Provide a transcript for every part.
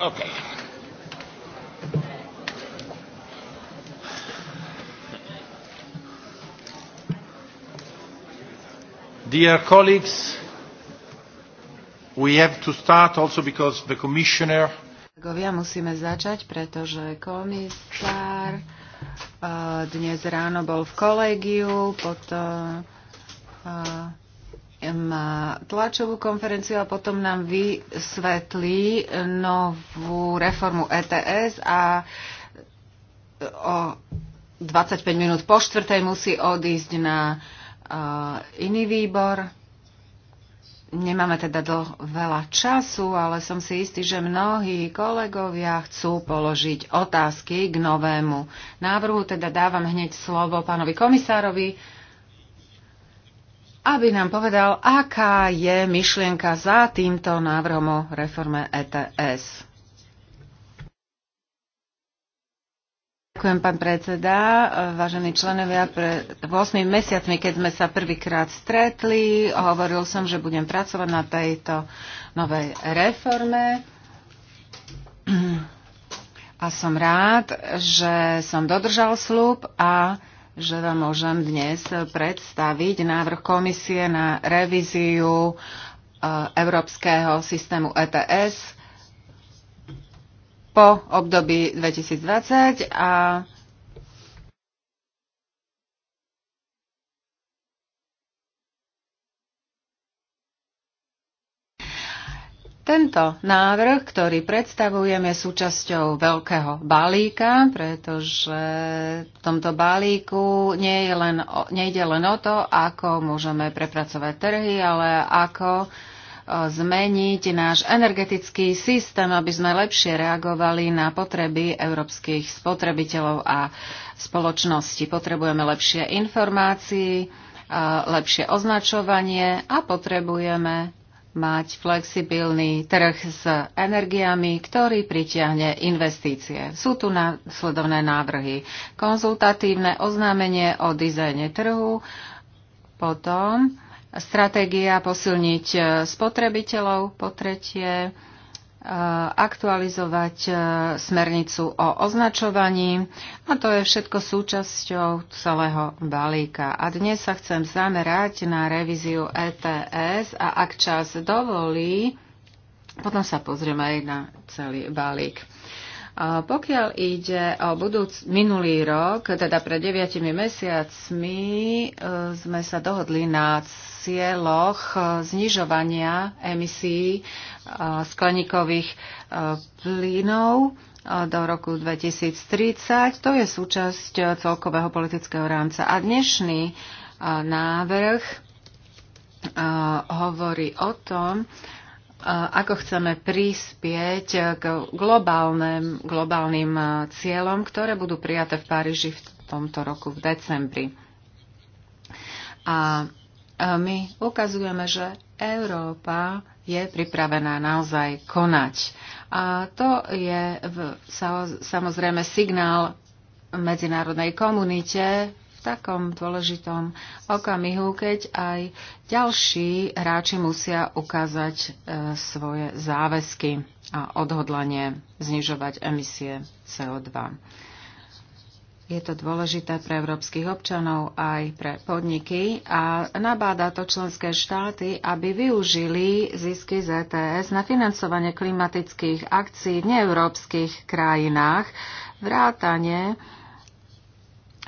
Okay. Dear colleagues, we have to start also because the commissioner Kolegovia, musíme začať, pretože komisár eh, dnes ráno bol v kolegiu, potom eh, má tlačovú konferenciu a potom nám vysvetlí novú reformu ETS a o 25 minút po štvrtej musí odísť na iný výbor. Nemáme teda do veľa času, ale som si istý, že mnohí kolegovia chcú položiť otázky k novému návrhu. Teda dávam hneď slovo pánovi komisárovi, aby nám povedal, aká je myšlienka za týmto návrhom o reforme ETS. Ďakujem, pán predseda. Vážení členovia, pred 8 mesiacmi, keď sme sa prvýkrát stretli, hovoril som, že budem pracovať na tejto novej reforme. A som rád, že som dodržal slúb a že vám môžem dnes predstaviť návrh komisie na revíziu e, európskeho systému ETS po období 2020 a Tento návrh, ktorý predstavujeme, je súčasťou veľkého balíka, pretože v tomto balíku nie je len, nejde len o to, ako môžeme prepracovať trhy, ale ako e, zmeniť náš energetický systém, aby sme lepšie reagovali na potreby európskych spotrebiteľov a spoločnosti. Potrebujeme lepšie informácie, lepšie označovanie a potrebujeme mať flexibilný trh s energiami, ktorý pritiahne investície. Sú tu následovné návrhy. Konzultatívne oznámenie o dizajne trhu, potom stratégia posilniť spotrebiteľov, po tretie Eh, aktualizovať eh, smernicu o označovaní a to je všetko súčasťou celého balíka. A dnes sa chcem zamerať na revíziu ETS a ak čas dovolí, potom sa pozrieme aj na celý balík. Pokiaľ ide o budúc minulý rok, teda pred deviatimi mesiacmi, eh, sme sa dohodli na cieľoch e, znižovania emisí e, skleníkových e, plynov do roku 2030. To je súčasť celkového politického rámca. A dnešný návrh hovorí o tom, ako chceme prispieť k globálnym, globálnym cieľom, ktoré budú prijaté v Paríži v tomto roku v decembri. A my ukazujeme, že Európa je pripravená naozaj konať. A to je v, samozrejme signál medzinárodnej komunite v takom dôležitom okamihu, keď aj ďalší hráči musia ukázať e, svoje záväzky a odhodlanie znižovať emisie CO2. Je to dôležité pre európskych občanov aj pre podniky a nabáda to členské štáty, aby využili zisky z ETS na financovanie klimatických akcií v neeurópskych krajinách, vrátanie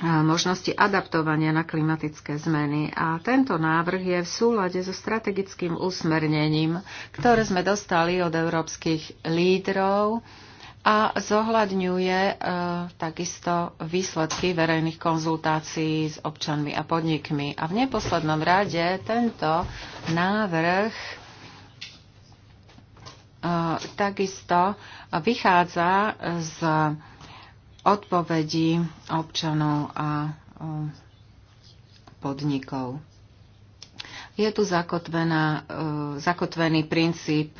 možnosti adaptovania na klimatické zmeny. A tento návrh je v súlade so strategickým usmernením, ktoré sme dostali od európskych lídrov a zohľadňuje e, takisto výsledky verejných konzultácií s občanmi a podnikmi. A v neposlednom rade tento návrh e, takisto vychádza z odpovedí občanov a e, podnikov. Je tu zakotvená, zakotvený princíp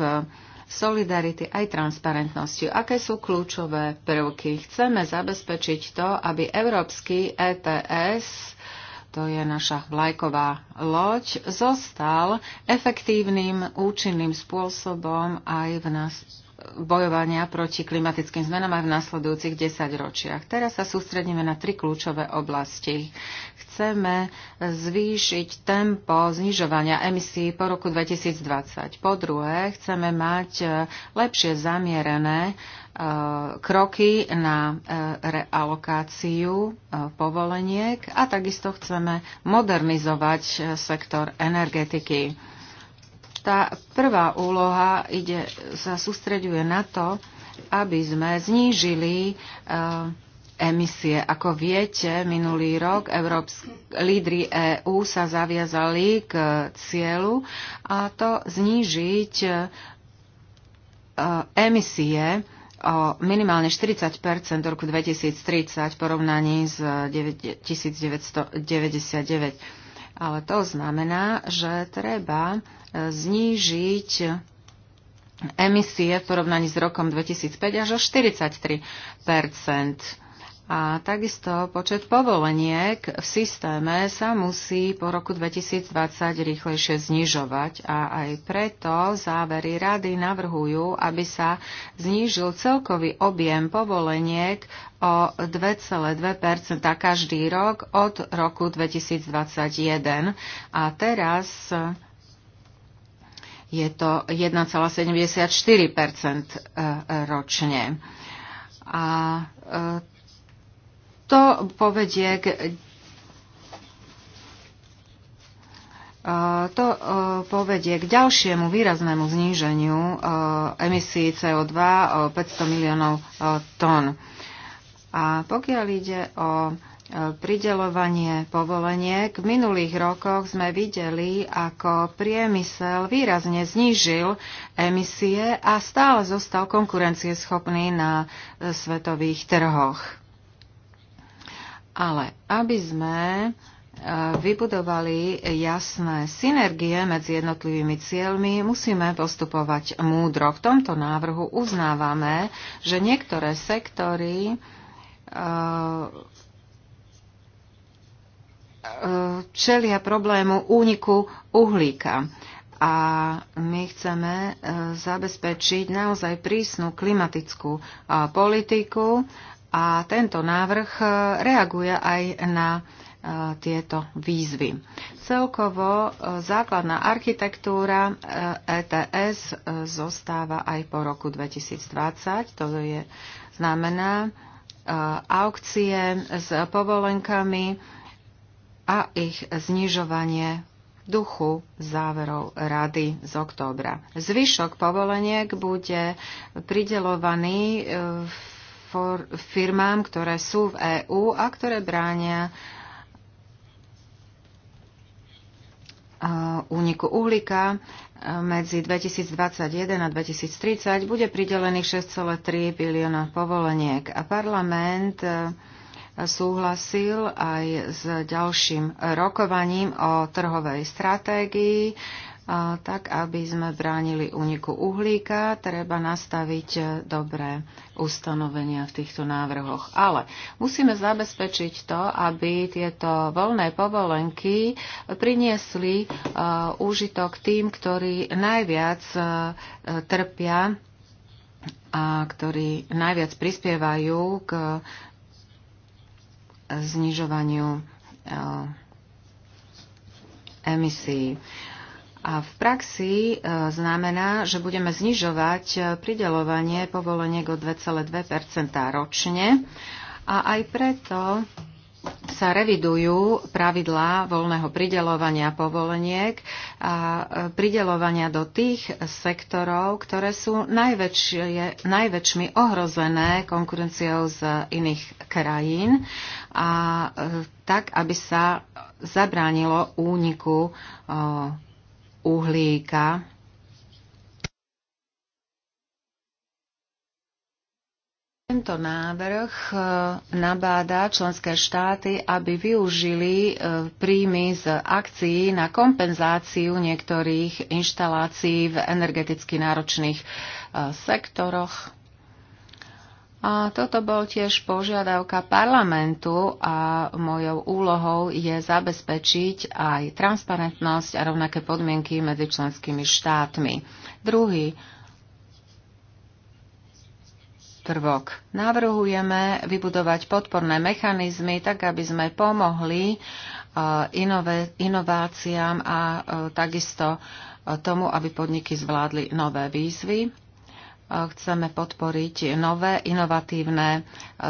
solidarity aj transparentnosti. Aké sú kľúčové prvky? Chceme zabezpečiť to, aby európsky ETS to je naša vlajková loď, zostal efektívnym, účinným spôsobom aj v nás bojovania proti klimatickým zmenám aj v nasledujúcich desaťročiach. Teraz sa sústredíme na tri kľúčové oblasti chceme zvýšiť tempo znižovania emisí po roku 2020. Po druhé, chceme mať e, lepšie zamierené e, kroky na e, realokáciu povoleniek a takisto chceme modernizovať sektor energetiky. Tá prvá úloha ide, sa sústreďuje na to, aby sme znížili uh, emisie. Ako viete, minulý rok Európsk, lídry EÚ sa zaviazali k cieľu a to znížiť e, emisie o minimálne 40 do roku 2030 v porovnaní s 1999. Ale to znamená, že treba e, znížiť emisie v porovnaní s rokom 2005 až o 43 a takisto počet povoleniek v systéme sa musí po roku 2020 rýchlejšie znižovať a aj preto závery rady navrhujú, aby sa znížil celkový objem povoleniek o 2,2 každý rok od roku 2021. A teraz je to 1,74 e, ročne. A e, to povedie k e, To e, povedie k ďalšiemu výraznému zníženiu e, emisí CO2 o 500 miliónov tón. A pokiaľ ide o pridelovanie povoleniek. V minulých rokoch sme videli, ako priemysel výrazne znížil emisie a stále zostal konkurencieschopný na svetových trhoch. Ale aby sme e, vybudovali jasné synergie medzi jednotlivými cieľmi, musíme postupovať múdro. V tomto návrhu uznávame, že niektoré sektory e, e, čelia problému úniku uhlíka. A my chceme zabezpečiť naozaj prísnu klimatickú politiku, a tento návrh e, reaguje aj na e, tieto výzvy. Celkovo e, základná architektúra ETS zostáva aj po roku 2020. To je, znamená aukcie s povolenkami a ich znižovanie duchu záverov rady z októbra. Zvyšok povoleniek bude pridelovaný v for, firmám, ktoré sú v EÚ a ktoré bránia úniku uhlíka medzi 2021 a 2030 bude pridelených 6,3 bilióna povoleniek a parlament súhlasil aj s ďalším rokovaním o trhovej stratégii tak aby sme bránili úniku uhlíka, treba nastaviť dobré ustanovenia v týchto návrhoch. Ale musíme zabezpečiť to, aby tieto voľné povolenky priniesli e, úžitok tým, ktorí najviac e, trpia a ktorí najviac prispievajú k znižovaniu e, emisí. A v praxi e, znamená, že budeme znižovať e, pridelovanie povoleniek o 2,2 ročne. A aj preto sa revidujú pravidlá voľného pridelovania povoleniek a e, pridelovania do tých sektorov, ktoré sú najväčšie, najväčšmi ohrozené konkurenciou z iných krajín a tak, aby sa zabránilo úniku uhlíka. Tento návrh e, nabáda členské štáty, aby využili e, príjmy z akcií na kompenzáciu niektorých inštalácií v energeticky náročných e, sektoroch. A toto bol tiež požiadavka parlamentu a mojou úlohou je zabezpečiť aj transparentnosť a rovnaké podmienky medzi členskými štátmi. Druhý prvok. Navrhujeme vybudovať podporné mechanizmy, tak aby sme pomohli e, inováciám a e, takisto e, tomu, aby podniky zvládli nové výzvy chceme podporiť nové inovatívne e,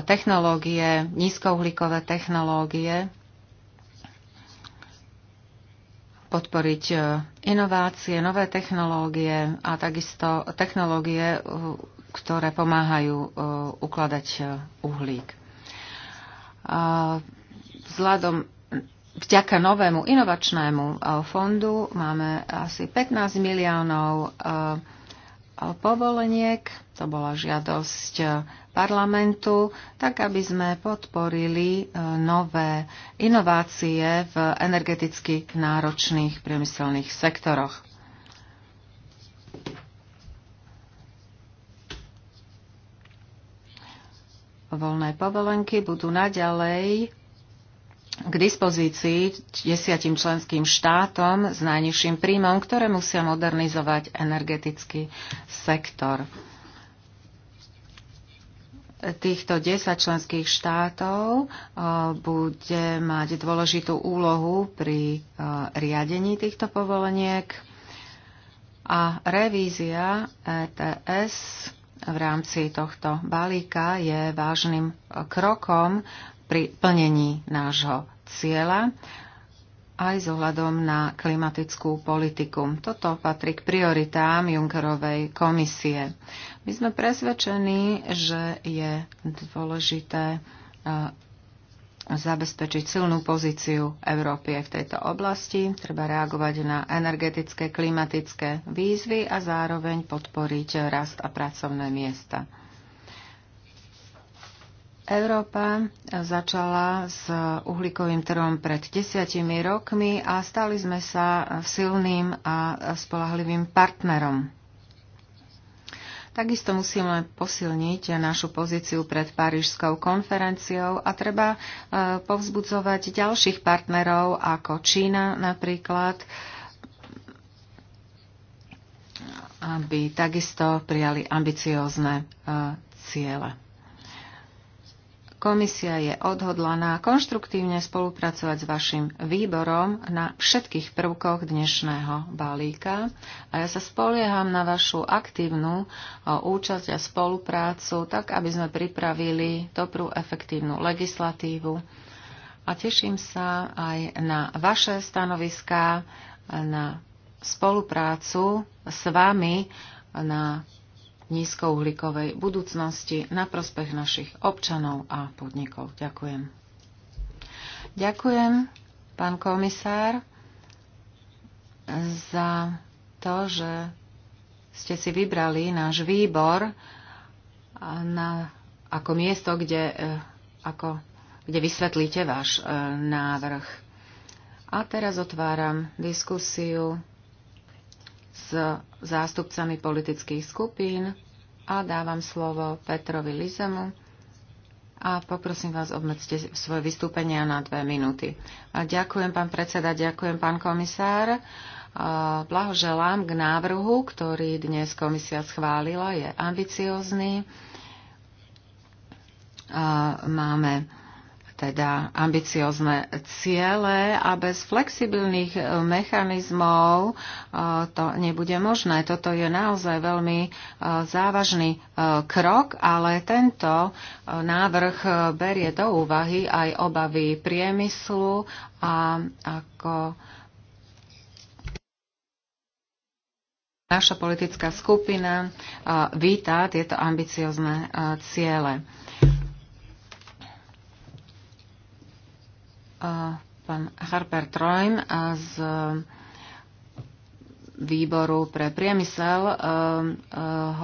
technológie, nízkouhlíkové technológie, podporiť e, inovácie, nové technológie a takisto technológie, e, ktoré pomáhajú ukladať uhlík. Vzhľadom vďaka novému inovačnému fondu máme asi 15 miliónov povoleniek, to bola žiadosť parlamentu, tak aby sme podporili e, nové inovácie v energeticky náročných priemyselných sektoroch. Voľné povolenky budú naďalej k dispozícii desiatim členským štátom s najnižším príjmom, ktoré musia modernizovať energetický sektor. Týchto 10 členských štátov e, bude mať dôležitú úlohu pri e, riadení týchto povoleniek a revízia ETS v rámci tohto balíka je vážnym e, krokom pri plnení nášho cieľa aj s ohľadom na klimatickú politiku. Toto patrí k prioritám Junckerovej komisie. My sme presvedčení, že je dôležité zabezpečiť silnú pozíciu Európy aj v tejto oblasti. Treba reagovať na energetické, klimatické výzvy a zároveň podporiť rast a pracovné miesta. Európa začala s uhlíkovým trhom pred desiatimi rokmi a stali sme sa silným a spolahlivým partnerom. Takisto musíme posilniť našu pozíciu pred Parížskou konferenciou a treba e, povzbudzovať ďalších partnerov ako Čína napríklad, aby takisto prijali ambiciózne e, ciele. Komisia je odhodlaná konštruktívne spolupracovať s vašim výborom na všetkých prvkoch dnešného balíka a ja sa spolieham na vašu aktívnu účasť a spoluprácu, tak aby sme pripravili dobrú efektívnu legislatívu. A teším sa aj na vaše stanoviská, na spoluprácu s vami na nízkouhlíkovej budúcnosti na prospech našich občanov a podnikov. Ďakujem. Ďakujem, pán komisár, za to, že ste si vybrali náš výbor na, ako miesto, kde, e, ako, kde vysvetlíte váš e, návrh. A teraz otváram diskusiu s zástupcami politických skupín a dávam slovo Petrovi Lizemu a poprosím vás, obmedzte svoje vystúpenia na dve minúty. A ďakujem, pán predseda, ďakujem, pán komisár. blahoželám k návrhu, ktorý dnes komisia schválila. Je ambiciózny. máme teda ambiciozne ciele a bez flexibilných e, mechanizmov e, to nebude možné. Toto je naozaj veľmi e, závažný krok, ale tento návrh berie do úvahy aj obavy priemyslu a ako naša politická skupina víta tieto ambiciozne ciele. pán Harper Troin z výboru pre priemysel eh, eh,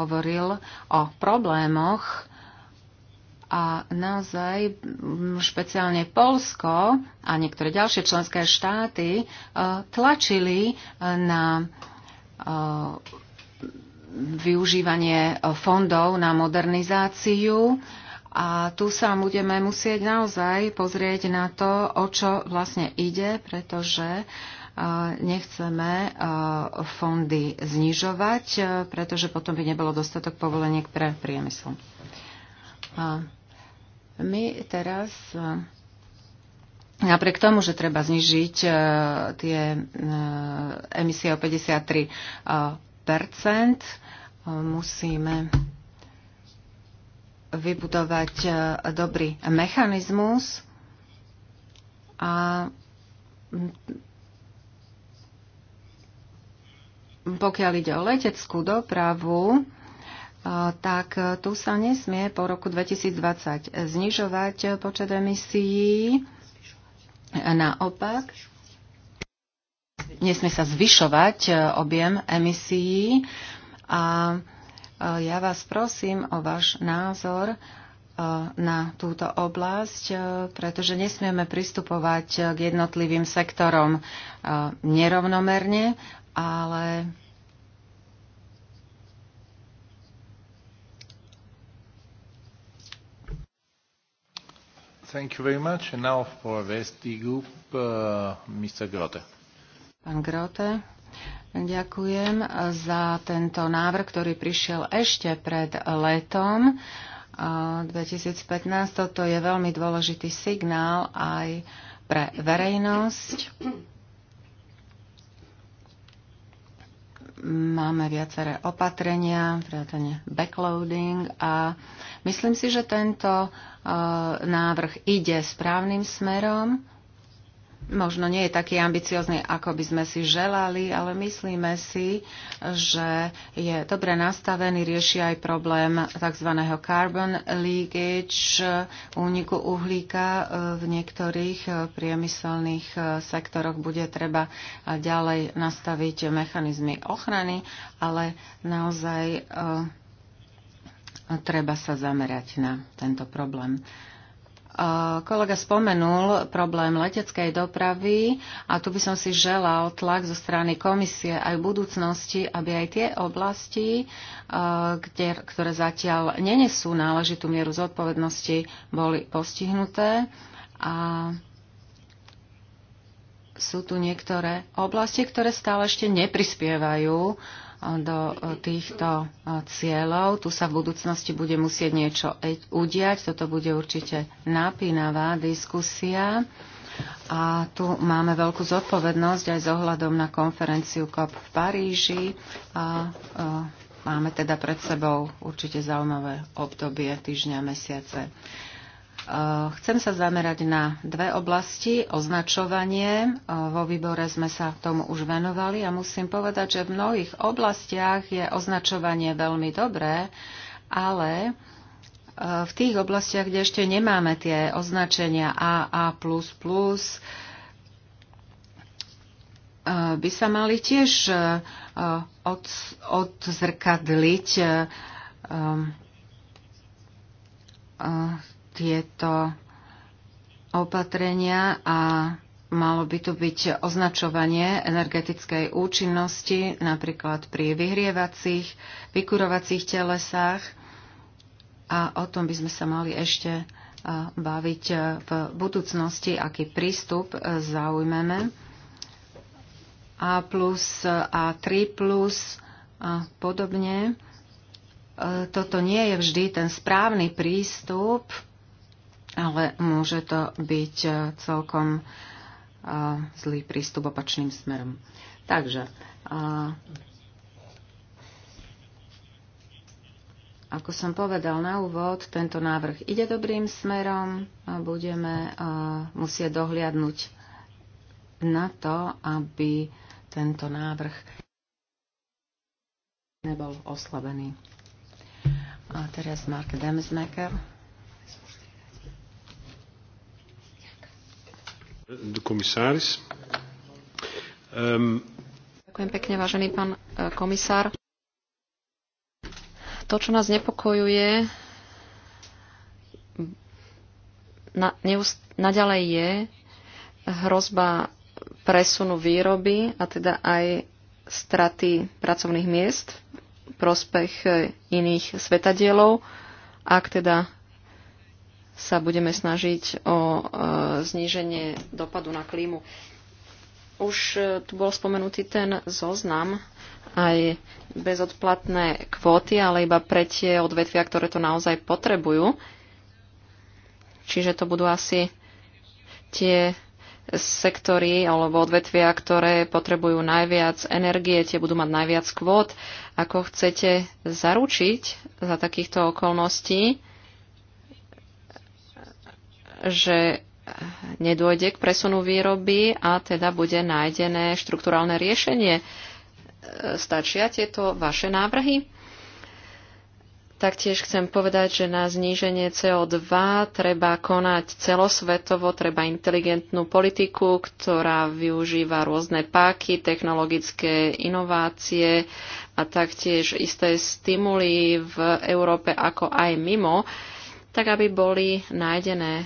hovoril o problémoch a naozaj mm, špeciálne Polsko a niektoré ďalšie členské štáty eh, tlačili na využívanie fondov na modernizáciu a tu sa budeme musieť naozaj pozrieť na to, o čo vlastne ide, pretože e, nechceme e, fondy znižovať, e, pretože potom by nebolo dostatok povoleniek pre priemysel. My teraz, napriek tomu, že treba znižiť tie emisie o 53 musíme vybudovať e, dobrý mechanizmus a pokiaľ ide o leteckú dopravu, e, tak tu sa nesmie po roku 2020 znižovať počet emisií. Naopak, nesmie sa zvyšovať e, objem emisií a Eh, ja vás prosím o váš názor eh, na túto oblasť, eh, pretože nesmieme pristupovať k jednotlivým sektorom nerovnomerne, ale Thank you very much. And now for Vesti Group, uh, Mr. Grote. Pán Grote. Ďakujem za tento návrh, ktorý prišiel ešte pred letom 2015. Toto je veľmi dôležitý signál aj pre verejnosť. Máme viaceré opatrenia, vrátane backloading a myslím si, že tento návrh ide správnym smerom možno nie je taký ambiciozný, ako by sme si želali, ale myslíme si, že je dobre nastavený, rieši aj problém tzv. carbon leakage, úniku uhlíka e, v niektorých e, priemyselných e, sektoroch bude treba ďalej nastaviť mechanizmy ochrany, ale naozaj treba sa zamerať na tento problém. Kolega spomenul problém leteckej dopravy a tu by som si želal tlak zo strany komisie aj v budúcnosti, aby aj tie oblasti, e, kde, ktoré zatiaľ nenesú náležitú mieru zodpovednosti, boli postihnuté. A sú tu niektoré oblasti, ktoré stále ešte neprispievajú uh, do e, týchto e, cieľov. Tu sa v budúcnosti bude musieť niečo e, udiať. Toto bude určite napínavá diskusia. A tu máme veľkú zodpovednosť aj s ohľadom na konferenciu COP v Paríži. A, a máme teda pred sebou určite zaujímavé obdobie, týždňa, mesiace. Eh, chcem sa zamerať na dve oblasti. Označovanie. Eh, vo výbore sme sa tomu už venovali a musím povedať, že v mnohých oblastiach je označovanie veľmi dobré, ale eh, v tých oblastiach, kde ešte nemáme tie označenia AA++, by sa mali tiež od, odzrkadliť tieto opatrenia a Malo by tu byť označovanie energetickej účinnosti, napríklad pri vyhrievacích, vykurovacích telesách. A o tom by sme sa mali ešte baviť v budúcnosti, aký prístup zaujmeme. A plus, A3 plus a podobne. Toto nie je vždy ten správny prístup ale môže to byť e, celkom e, zlý prístup opačným smerom. Takže, e, ako som povedal na úvod, tento návrh ide dobrým smerom a budeme musieť dohliadnúť na to, aby tento návrh nebol oslabený. A teraz Mark Demsmaker. Komisáris. Um... Ehm, Ďakujem pekne, vážený pán e, komisár. To, čo nás nepokojuje, na, neust- naďalej je hrozba presunu výroby a teda aj straty pracovných miest v prospech e, iných svetadielov, ak teda sa budeme snažiť o e, zníženie dopadu na klímu. Už e, tu bol spomenutý ten zoznam, aj bezodplatné kvóty, ale iba pre tie odvetvia, ktoré to naozaj potrebujú. Čiže to budú asi tie sektory alebo odvetvia, ktoré potrebujú najviac energie, tie budú mať najviac kvót. Ako chcete zaručiť za takýchto okolností, že nedôjde k presunu výroby a teda bude nájdené štruktúralne riešenie. E, stačia tieto vaše návrhy? Taktiež chcem povedať, že na zníženie CO2 treba konať celosvetovo, treba inteligentnú politiku, ktorá využíva rôzne páky, technologické inovácie a taktiež isté stimuly v Európe ako aj mimo. Uh, tak aby boli nájdené e,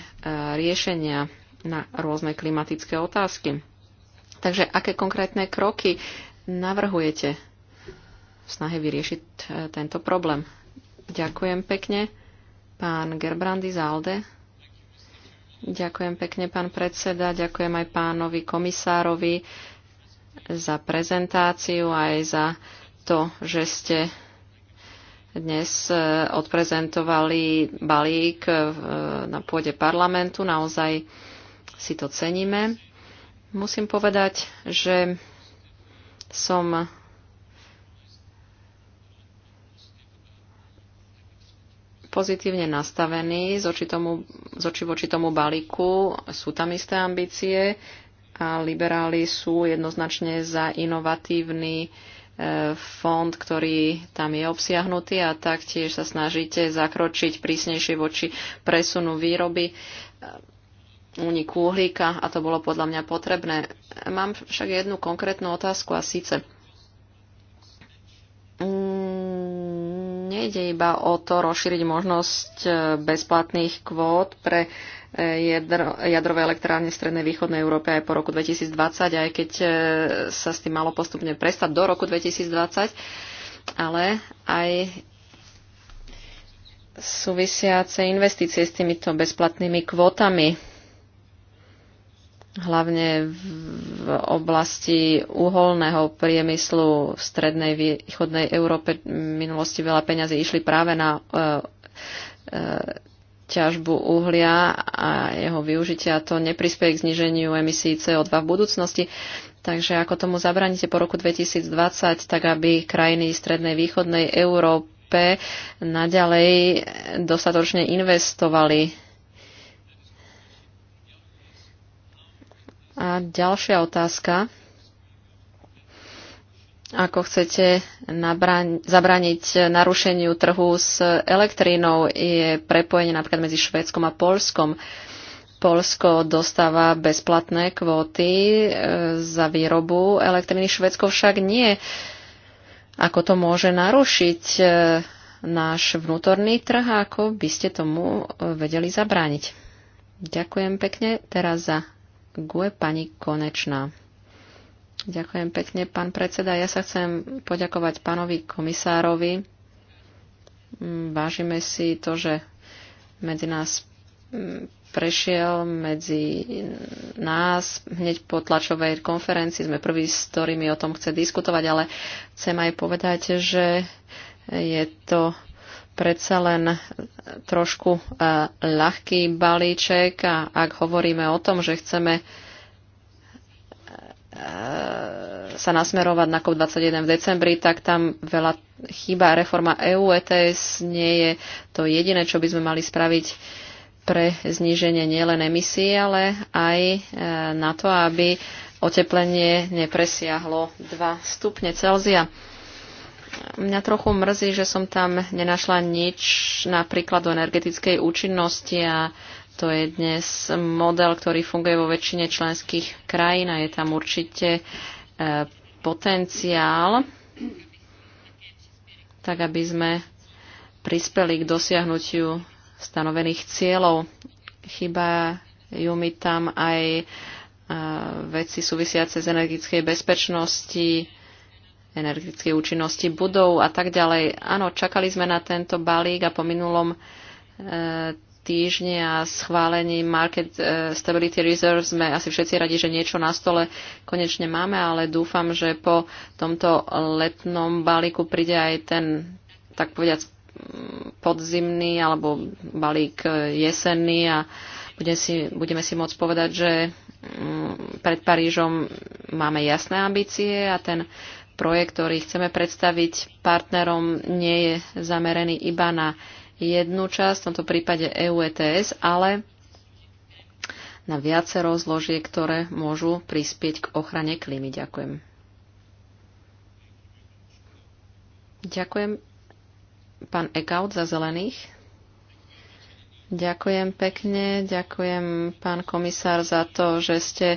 riešenia na rôzne klimatické otázky. Takže aké konkrétne kroky navrhujete v snahe vyriešiť e, tento problém? Ďakujem pekne, pán Gerbrandy Zalde. Ďakujem pekne, pán predseda. Ďakujem aj pánovi komisárovi za prezentáciu, aj za to, že ste dnes e, odprezentovali balík e, na pôde parlamentu. Naozaj si to ceníme. Musím povedať, že som pozitívne nastavený z oči, tomu, z oči voči tomu balíku. Sú tam isté ambície a liberáli sú jednoznačne za inovatívny E, fond, ktorý tam je obsiahnutý a taktiež sa snažíte zakročiť prísnejšie voči presunu výroby e, úniku uhlíka a to bolo podľa mňa potrebné. Mám však jednu konkrétnu otázku a síce mm, nejde iba o to rozšíriť možnosť e, bezplatných kvót pre jadrové elektrárne v Strednej východnej Európe aj po roku 2020, aj keď e, sa s tým malo postupne prestať do roku 2020, ale aj súvisiace investície s týmito bezplatnými kvótami, hlavne v oblasti uholného priemyslu v Strednej východnej Európe v minulosti veľa peňazí išli práve na e, e, ťažbu uhlia a jeho využitia. To neprispieje k zniženiu emisí CO2 v budúcnosti. Takže ako tomu zabraníte po roku 2020, tak aby krajiny strednej východnej Európe naďalej dostatočne investovali. A ďalšia otázka ako chcete nabraň, zabraniť narušeniu trhu s elektrínou. Je prepojenie napríklad medzi Švédskom a Polskom. Polsko dostáva bezplatné kvóty e, za výrobu elektriny, Švedsko však nie. Ako to môže narušiť e, náš vnútorný trh a ako by ste tomu e, vedeli zabrániť? Ďakujem pekne teraz za GUE pani Konečná. Ďakujem pekne, pán predseda. Ja sa chcem poďakovať pánovi komisárovi. Mm, vážime si to, že medzi nás mm, prešiel medzi nás hneď po tlačovej konferencii. Sme prví, s ktorými o tom chce diskutovať, ale chcem aj povedať, že je to predsa len trošku eh, ľahký balíček a ak hovoríme o tom, že chceme E, sa nasmerovať na COP21 v decembri, tak tam veľa chýba. Reforma EU ETS nie je to jediné, čo by sme mali spraviť pre zníženie nielen emisí, ale aj e, na to, aby oteplenie nepresiahlo 2 stupne Celzia. Mňa trochu mrzí, že som tam nenašla nič napríklad o energetickej účinnosti a to je dnes model, ktorý funguje vo väčšine členských krajín a je tam určite e, potenciál, tak aby sme prispeli k dosiahnutiu stanovených cieľov. Chyba ju mi tam aj e, veci súvisiace z energetickej bezpečnosti, energetickej účinnosti budov a tak ďalej. Áno, čakali sme na tento balík a po minulom e, týždne a schválením Market e, Stability Reserve sme asi všetci radi, že niečo na stole konečne máme, ale dúfam, že po tomto letnom balíku príde aj ten, tak povedať, podzimný alebo balík e, jesenný a budeme si, budeme si môcť povedať, že mm, pred Parížom máme jasné ambície a ten projekt, ktorý chceme predstaviť partnerom, nie je zameraný iba na jednu časť, v tomto prípade EU ETS, ale na viacero zložiek, ktoré môžu prispieť k ochrane klímy. Ďakujem. Ďakujem pán Ekaut za zelených. Ďakujem pekne, ďakujem pán komisár za to, že ste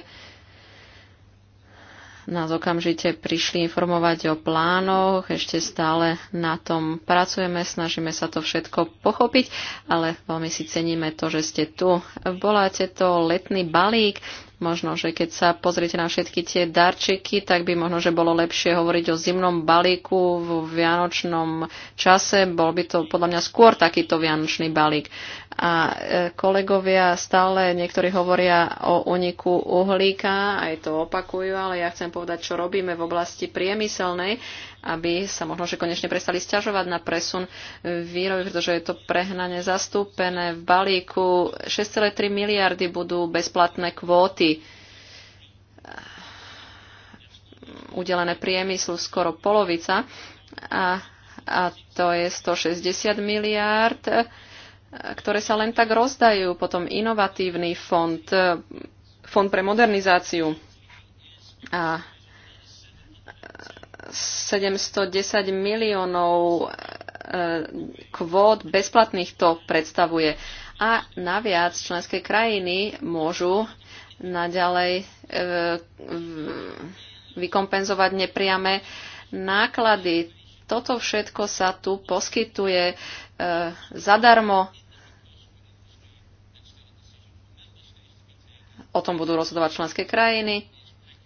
nás okamžite prišli informovať o plánoch, ešte stále na tom pracujeme, snažíme sa to všetko pochopiť, ale veľmi si ceníme to, že ste tu. Voláte to letný balík, Možno, že keď sa pozriete na všetky tie darčeky, tak by možno, že bolo lepšie hovoriť o zimnom balíku v vianočnom čase. Bol by to podľa mňa skôr takýto vianočný balík. A e, kolegovia stále niektorí hovoria o uniku uhlíka, aj to opakujú, ale ja chcem povedať, čo robíme v oblasti priemyselnej aby sa možno, že konečne prestali stiažovať na presun výroby, pretože je to prehnane zastúpené. V balíku 6,3 miliardy budú bezplatné kvóty udelené priemyslu skoro polovica a, a to je 160 miliárd, ktoré sa len tak rozdajú. Potom inovatívny fond, fond pre modernizáciu a 710 miliónov e, kvót bezplatných to predstavuje. A naviac členské krajiny môžu naďalej e, vykompenzovať nepriame náklady. Toto všetko sa tu poskytuje e, zadarmo. O tom budú rozhodovať členské krajiny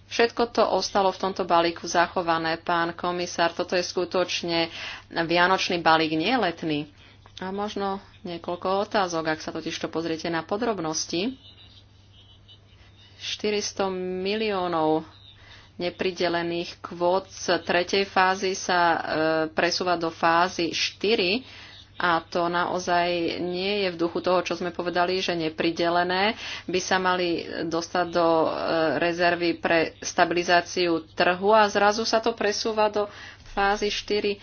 Všetko to ostalo v tomto balíku zachované, pán komisár. Toto je skutočne vianočný balík, nie letný. A možno niekoľko otázok, ak sa totižto pozriete na podrobnosti. 400 miliónov nepridelených kvót z tretej fázy sa e, presúva do fázy 4 a to naozaj nie je v duchu toho, čo sme povedali, že nepridelené by sa mali dostať do e, rezervy pre stabilizáciu trhu a zrazu sa to presúva do fázy 4.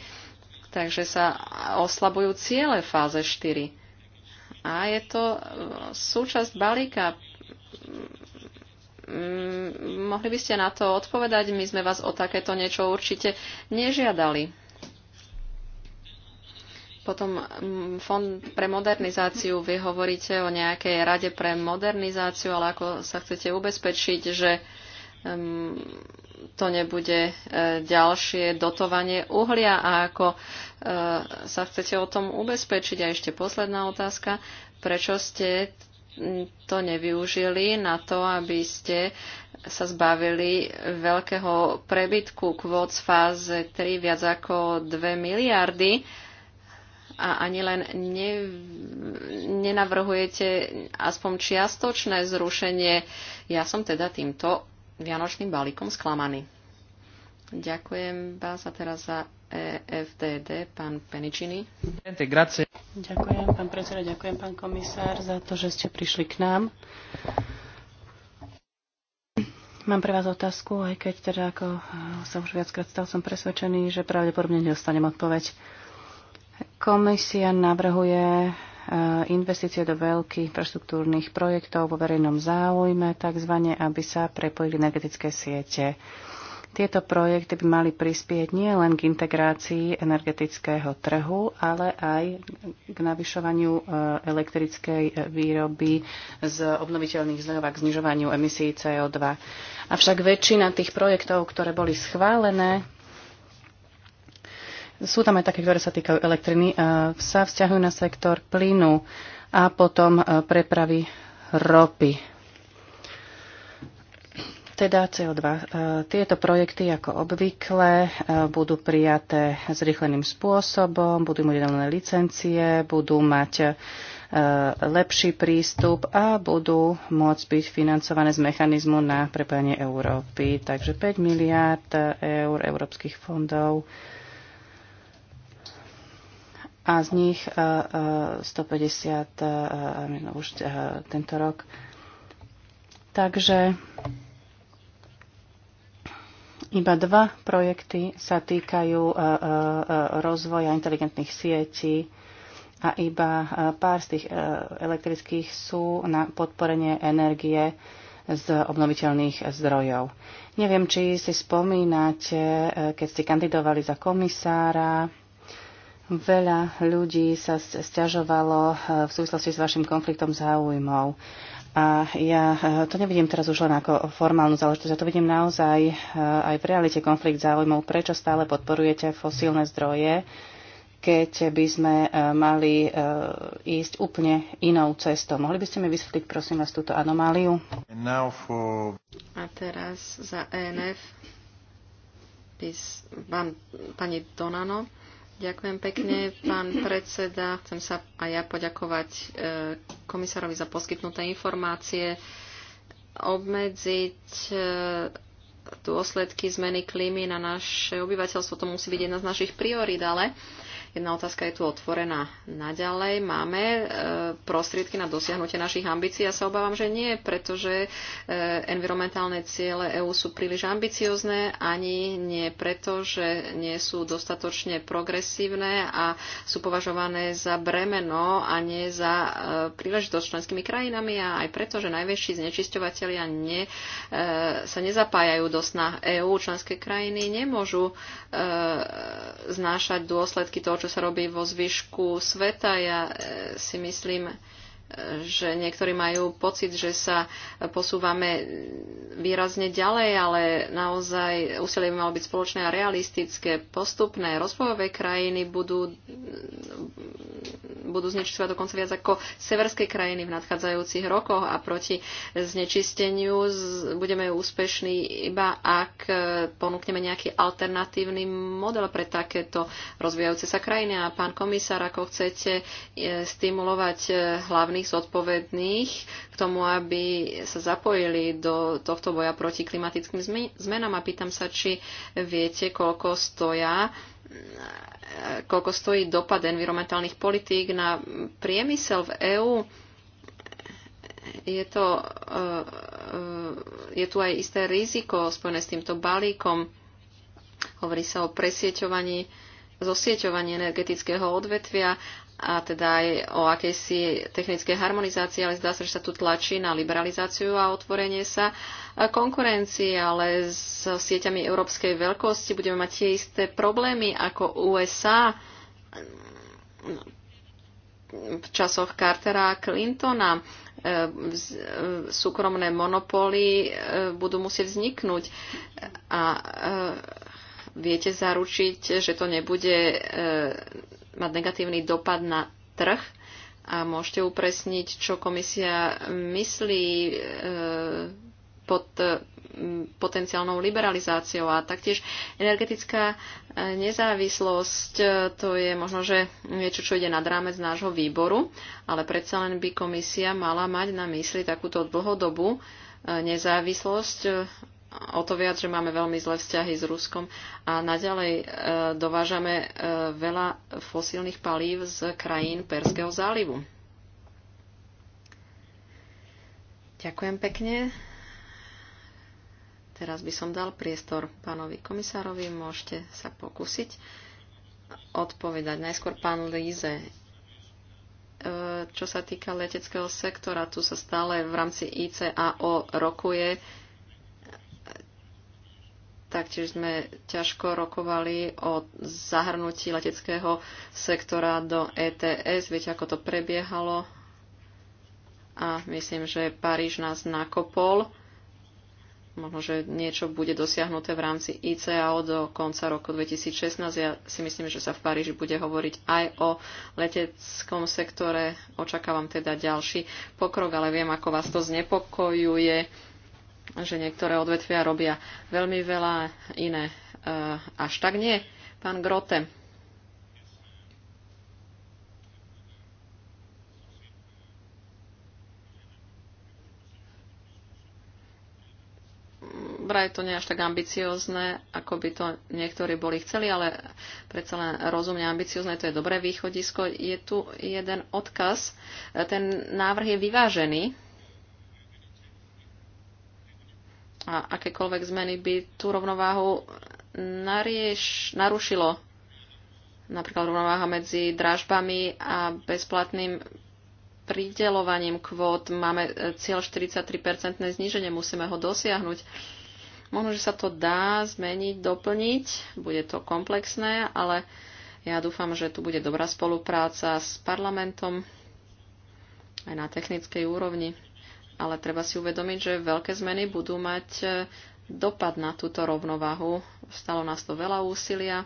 Takže sa oslabujú ciele fáze 4. A je to e, súčasť balíka mm, mm, mohli by ste na to odpovedať? My sme vás o takéto niečo určite nežiadali. Potom mm, Fond pre modernizáciu, vy hovoríte o nejakej rade pre modernizáciu, ale ako sa chcete ubezpečiť, že mm, to nebude e, ďalšie dotovanie uhlia a ako e, sa chcete o tom ubezpečiť. A ešte posledná otázka, prečo ste mm, to nevyužili na to, aby ste sa zbavili veľkého prebytku kvót z fáze 3 viac ako 2 miliardy a ani len ne, nenavrhujete aspoň čiastočné zrušenie. Ja som teda týmto vianočným balíkom sklamaný. Ďakujem vás a teraz za EFDD, pán Peničiny. Ďakujem, pán predseda, ďakujem, pán komisár, za to, že ste prišli k nám. Mám pre vás otázku, aj keď teda, ako som už viackrát stal, som presvedčený, že pravdepodobne nedostanem odpoveď. Komisia navrhuje eh, investície do veľkých infraštruktúrnych projektov vo verejnom záujme, takzvané, aby sa prepojili energetické siete. Tieto projekty by mali prispieť nie len k integrácii energetického trhu, ale aj k navyšovaniu eh, elektrickej eh, výroby z obnoviteľných zdrojov a k znižovaniu emisí CO2. Avšak väčšina tých projektov, ktoré boli schválené, sú tam aj také, ktoré sa týkajú elektriny, sa vzťahujú na sektor plynu a potom e, prepravy ropy. Teda CO2. E, tieto projekty, ako obvykle, e, budú prijaté zrýchleným spôsobom, budú mať udeľné licencie, budú mať lepší prístup a budú môcť byť financované z mechanizmu na prepojenie Európy. Takže 5 miliard eur európskych fondov a z nich 150 e, e, e, už tento rok. Takže iba dva projekty sa týkajú rozvoja inteligentných sietí a iba pár z tých elektrických sú na podporenie energie z obnoviteľných zdrojov. Neviem, či si spomínate, keď ste kandidovali za komisára, Veľa ľudí sa stiažovalo eh, v súvislosti s vašim konfliktom záujmov. A ja eh, to nevidím teraz už len ako formálnu záležitosť, ja to vidím naozaj eh, aj v realite konflikt záujmov. Prečo stále podporujete fosílne zdroje, keď by sme mali ísť úplne inou cestou? Mohli by ste mi vysvetliť, prosím vás, túto anomáliu? A teraz za ENF pán, pani Donano. Ďakujem pekne, pán predseda. Chcem sa aj ja poďakovať e, komisárovi za poskytnuté informácie. Obmedziť e, dôsledky zmeny klímy na naše obyvateľstvo, to musí byť jedna z našich priorít, ale Jedna otázka je tu otvorená. Naďalej máme e, prostriedky na dosiahnutie našich ambícií. Ja sa obávam, že nie, pretože e, environmentálne ciele EÚ sú príliš ambiciozne, ani nie preto, že nie sú dostatočne progresívne a sú považované za bremeno a nie za e, príležitosť členskými krajinami a aj preto, že najväčší znečisťovateľia nie, sa nezapájajú do snah EÚ. Členské krajiny nemôžu znášať dôsledky toho, čo čo sa robí vo zvyšku sveta. Ja e, si myslím, že niektorí majú pocit, že sa posúvame výrazne ďalej, ale naozaj úsilie by malo byť spoločné a realistické, postupné. Rozvojové krajiny budú, budú znečistovať dokonca viac ako severské krajiny v nadchádzajúcich rokoch a proti znečisteniu budeme úspešní iba ak ponúkneme nejaký alternatívny model pre takéto rozvíjajúce sa krajiny. A pán komisár, ako chcete e, stimulovať e, hlavne samých zodpovedných k tomu, aby sa zapojili do tohto boja proti klimatickým zmenám a pýtam sa, či viete, koľko stoja koľko stojí dopad environmentálnych politík na priemysel v EÚ. Je, to, eh, je tu aj isté riziko spojené s týmto balíkom. Hovorí sa o presieťovaní zosieťovaní energetického odvetvia a teda aj o akejsi technickej harmonizácii, ale zdá sa, že sa tu tlačí na liberalizáciu a otvorenie sa konkurencii, ale s sieťami európskej veľkosti budeme mať tie isté problémy ako USA v časoch Cartera a Clintona. E, e, súkromné monopóly e, budú musieť vzniknúť a viete zaručiť, že to nebude mať negatívny dopad na trh. A môžete upresniť, čo komisia myslí e, pod e, potenciálnou liberalizáciou a taktiež energetická e, nezávislosť, to je možno, že niečo, čo ide nad rámec nášho výboru, ale predsa len by komisia mala mať na mysli takúto dlhodobú nezávislosť o to viac, že máme veľmi zlé vzťahy s Ruskom a naďalej e, dovážame e, veľa fosílnych palív z krajín Perského zálivu. Ďakujem pekne. Teraz by som dal priestor pánovi komisárovi. Môžete sa pokúsiť odpovedať. Najskôr pán Líze. E, čo sa týka leteckého sektora, tu sa stále v rámci ICAO rokuje Taktiež sme ťažko rokovali o zahrnutí leteckého sektora do ETS. Viete, ako to prebiehalo? A myslím, že Paríž nás nakopol. Možno, že niečo bude dosiahnuté v rámci ICAO do konca roku 2016. Ja si myslím, že sa v Paríži bude hovoriť aj o leteckom sektore. Očakávam teda ďalší pokrok, ale viem, ako vás to znepokojuje že niektoré odvetvia robia veľmi veľa, iné e, až tak nie. Pán Grote. Vraj to nie až tak ambiciozne, ako by to niektorí boli chceli, ale predsa len rozumne ambiciozne, to je dobré východisko. Je tu jeden odkaz. E, ten návrh je vyvážený a akékoľvek zmeny by tú rovnováhu narieš, narušilo. Napríklad rovnováha medzi dražbami a bezplatným pridelovaním kvót. Máme e, cieľ 43% zníženie, musíme ho dosiahnuť. Možno, že sa to dá zmeniť, doplniť, bude to komplexné, ale ja dúfam, že tu bude dobrá spolupráca s parlamentom aj na technickej úrovni ale treba si uvedomiť, že veľké zmeny budú mať e, dopad na túto rovnováhu. Stalo nás to veľa úsilia.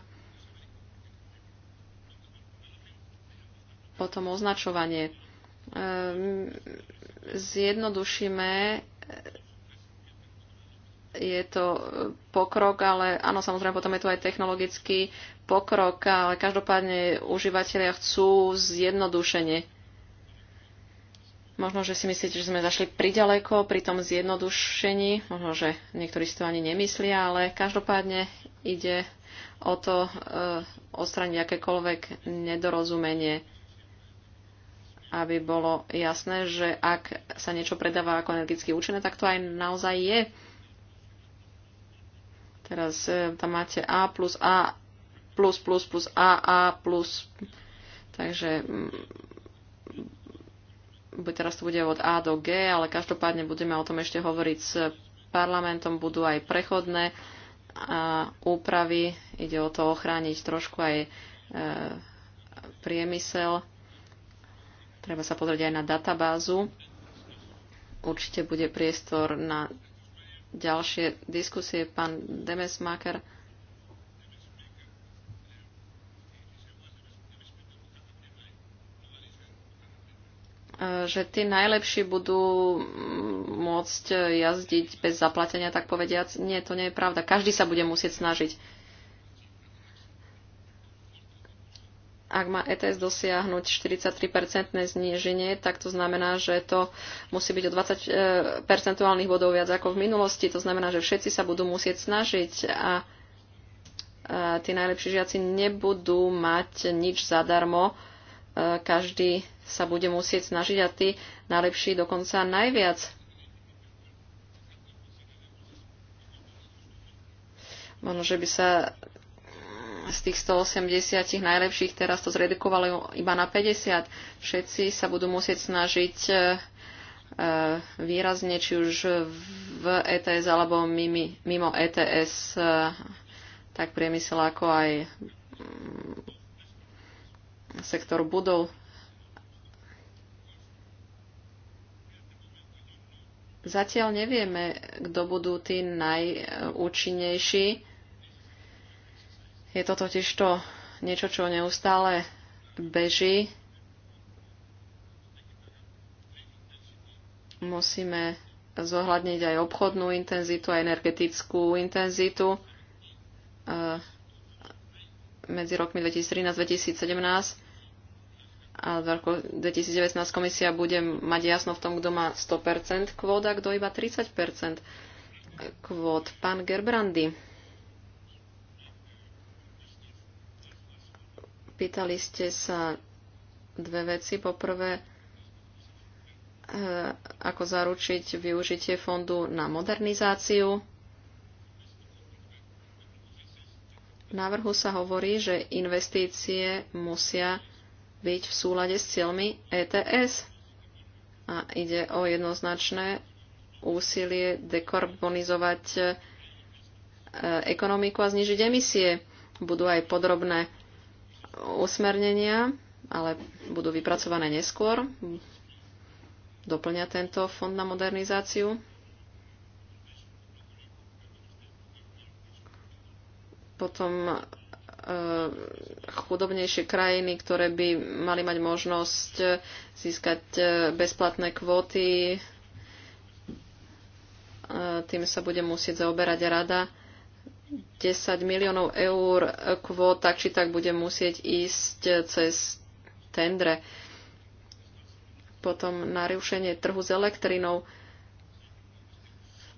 Potom označovanie. E, zjednodušíme e, je to pokrok, ale áno, samozrejme, potom je tu aj technologický pokrok, ale každopádne užívateľia chcú zjednodušenie Možno, že si myslíte, že sme zašli priďaleko pri tom zjednodušení, možno, že niektorí si to ani nemyslia, ale každopádne ide o to e, odstraniť akékoľvek nedorozumenie, aby bolo jasné, že ak sa niečo predáva ako energeticky účinné, tak to aj naozaj je. Teraz e, tam máte A plus A plus plus plus A A plus. Takže mm, teraz to bude od A do G, ale každopádne budeme o tom ešte hovoriť s parlamentom, budú aj prechodné úpravy, ide o to ochrániť trošku aj e, priemysel. Treba sa pozrieť aj na databázu. Určite bude priestor na ďalšie diskusie. Pán Demesmaker že tí najlepší budú mm, môcť e, jazdiť bez zaplatenia, tak povediac. Nie, to nie je pravda. Každý sa bude musieť snažiť. Ak má ETS dosiahnuť 43-percentné zníženie, tak to znamená, že to musí byť o 20 e, percentuálnych bodov viac ako v minulosti. To znamená, že všetci sa budú musieť snažiť a tí najlepší žiaci nebudú mať nič zadarmo každý sa bude musieť snažiť a ty najlepší dokonca najviac. Možno, že by sa z tých 180 najlepších teraz to zredukovalo iba na 50. Všetci sa budú musieť snažiť e, e, výrazne, či už v ETS alebo mimo ETS, e, tak priemysel ako aj mm, sektor budov. Zatiaľ nevieme, kto budú tí najúčinnejší. Je to totiž to niečo, čo neustále beží. Musíme zohľadniť aj obchodnú intenzitu, aj energetickú intenzitu. E, medzi rokmi 2013-2017 a v roku 2019 komisia bude mať jasno v tom, kto má 100% kvót a kto iba 30% kvót. Pán Gerbrandy, pýtali ste sa dve veci. Poprvé, eh, ako zaručiť využitie fondu na modernizáciu návrhu sa hovorí, že investície musia byť v súlade s cieľmi ETS. A ide o jednoznačné úsilie dekarbonizovať e, ekonomiku a znižiť emisie. Budú aj podrobné usmernenia, ale budú vypracované neskôr. Doplňa tento fond na modernizáciu. potom e, chudobnejšie krajiny, ktoré by mali mať možnosť e, získať e, bezplatné kvóty. Tým sa bude musieť zaoberať rada. 10 miliónov eur kvót tak či tak bude musieť ísť cez tendre. Potom narušenie trhu s elektrinou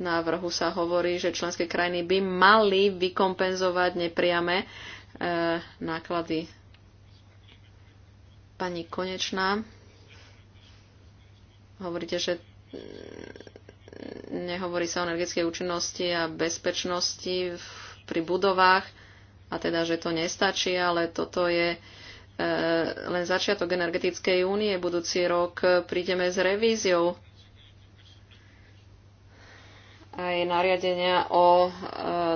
návrhu sa hovorí, že členské krajiny by mali vykompenzovať nepriame e, náklady. Pani Konečná, hovoríte, že mm, nehovorí sa o energetickej účinnosti a bezpečnosti v, pri budovách a teda, že to nestačí, ale toto je e, len začiatok energetickej únie. Budúci rok prídeme s revíziou aj nariadenia o e,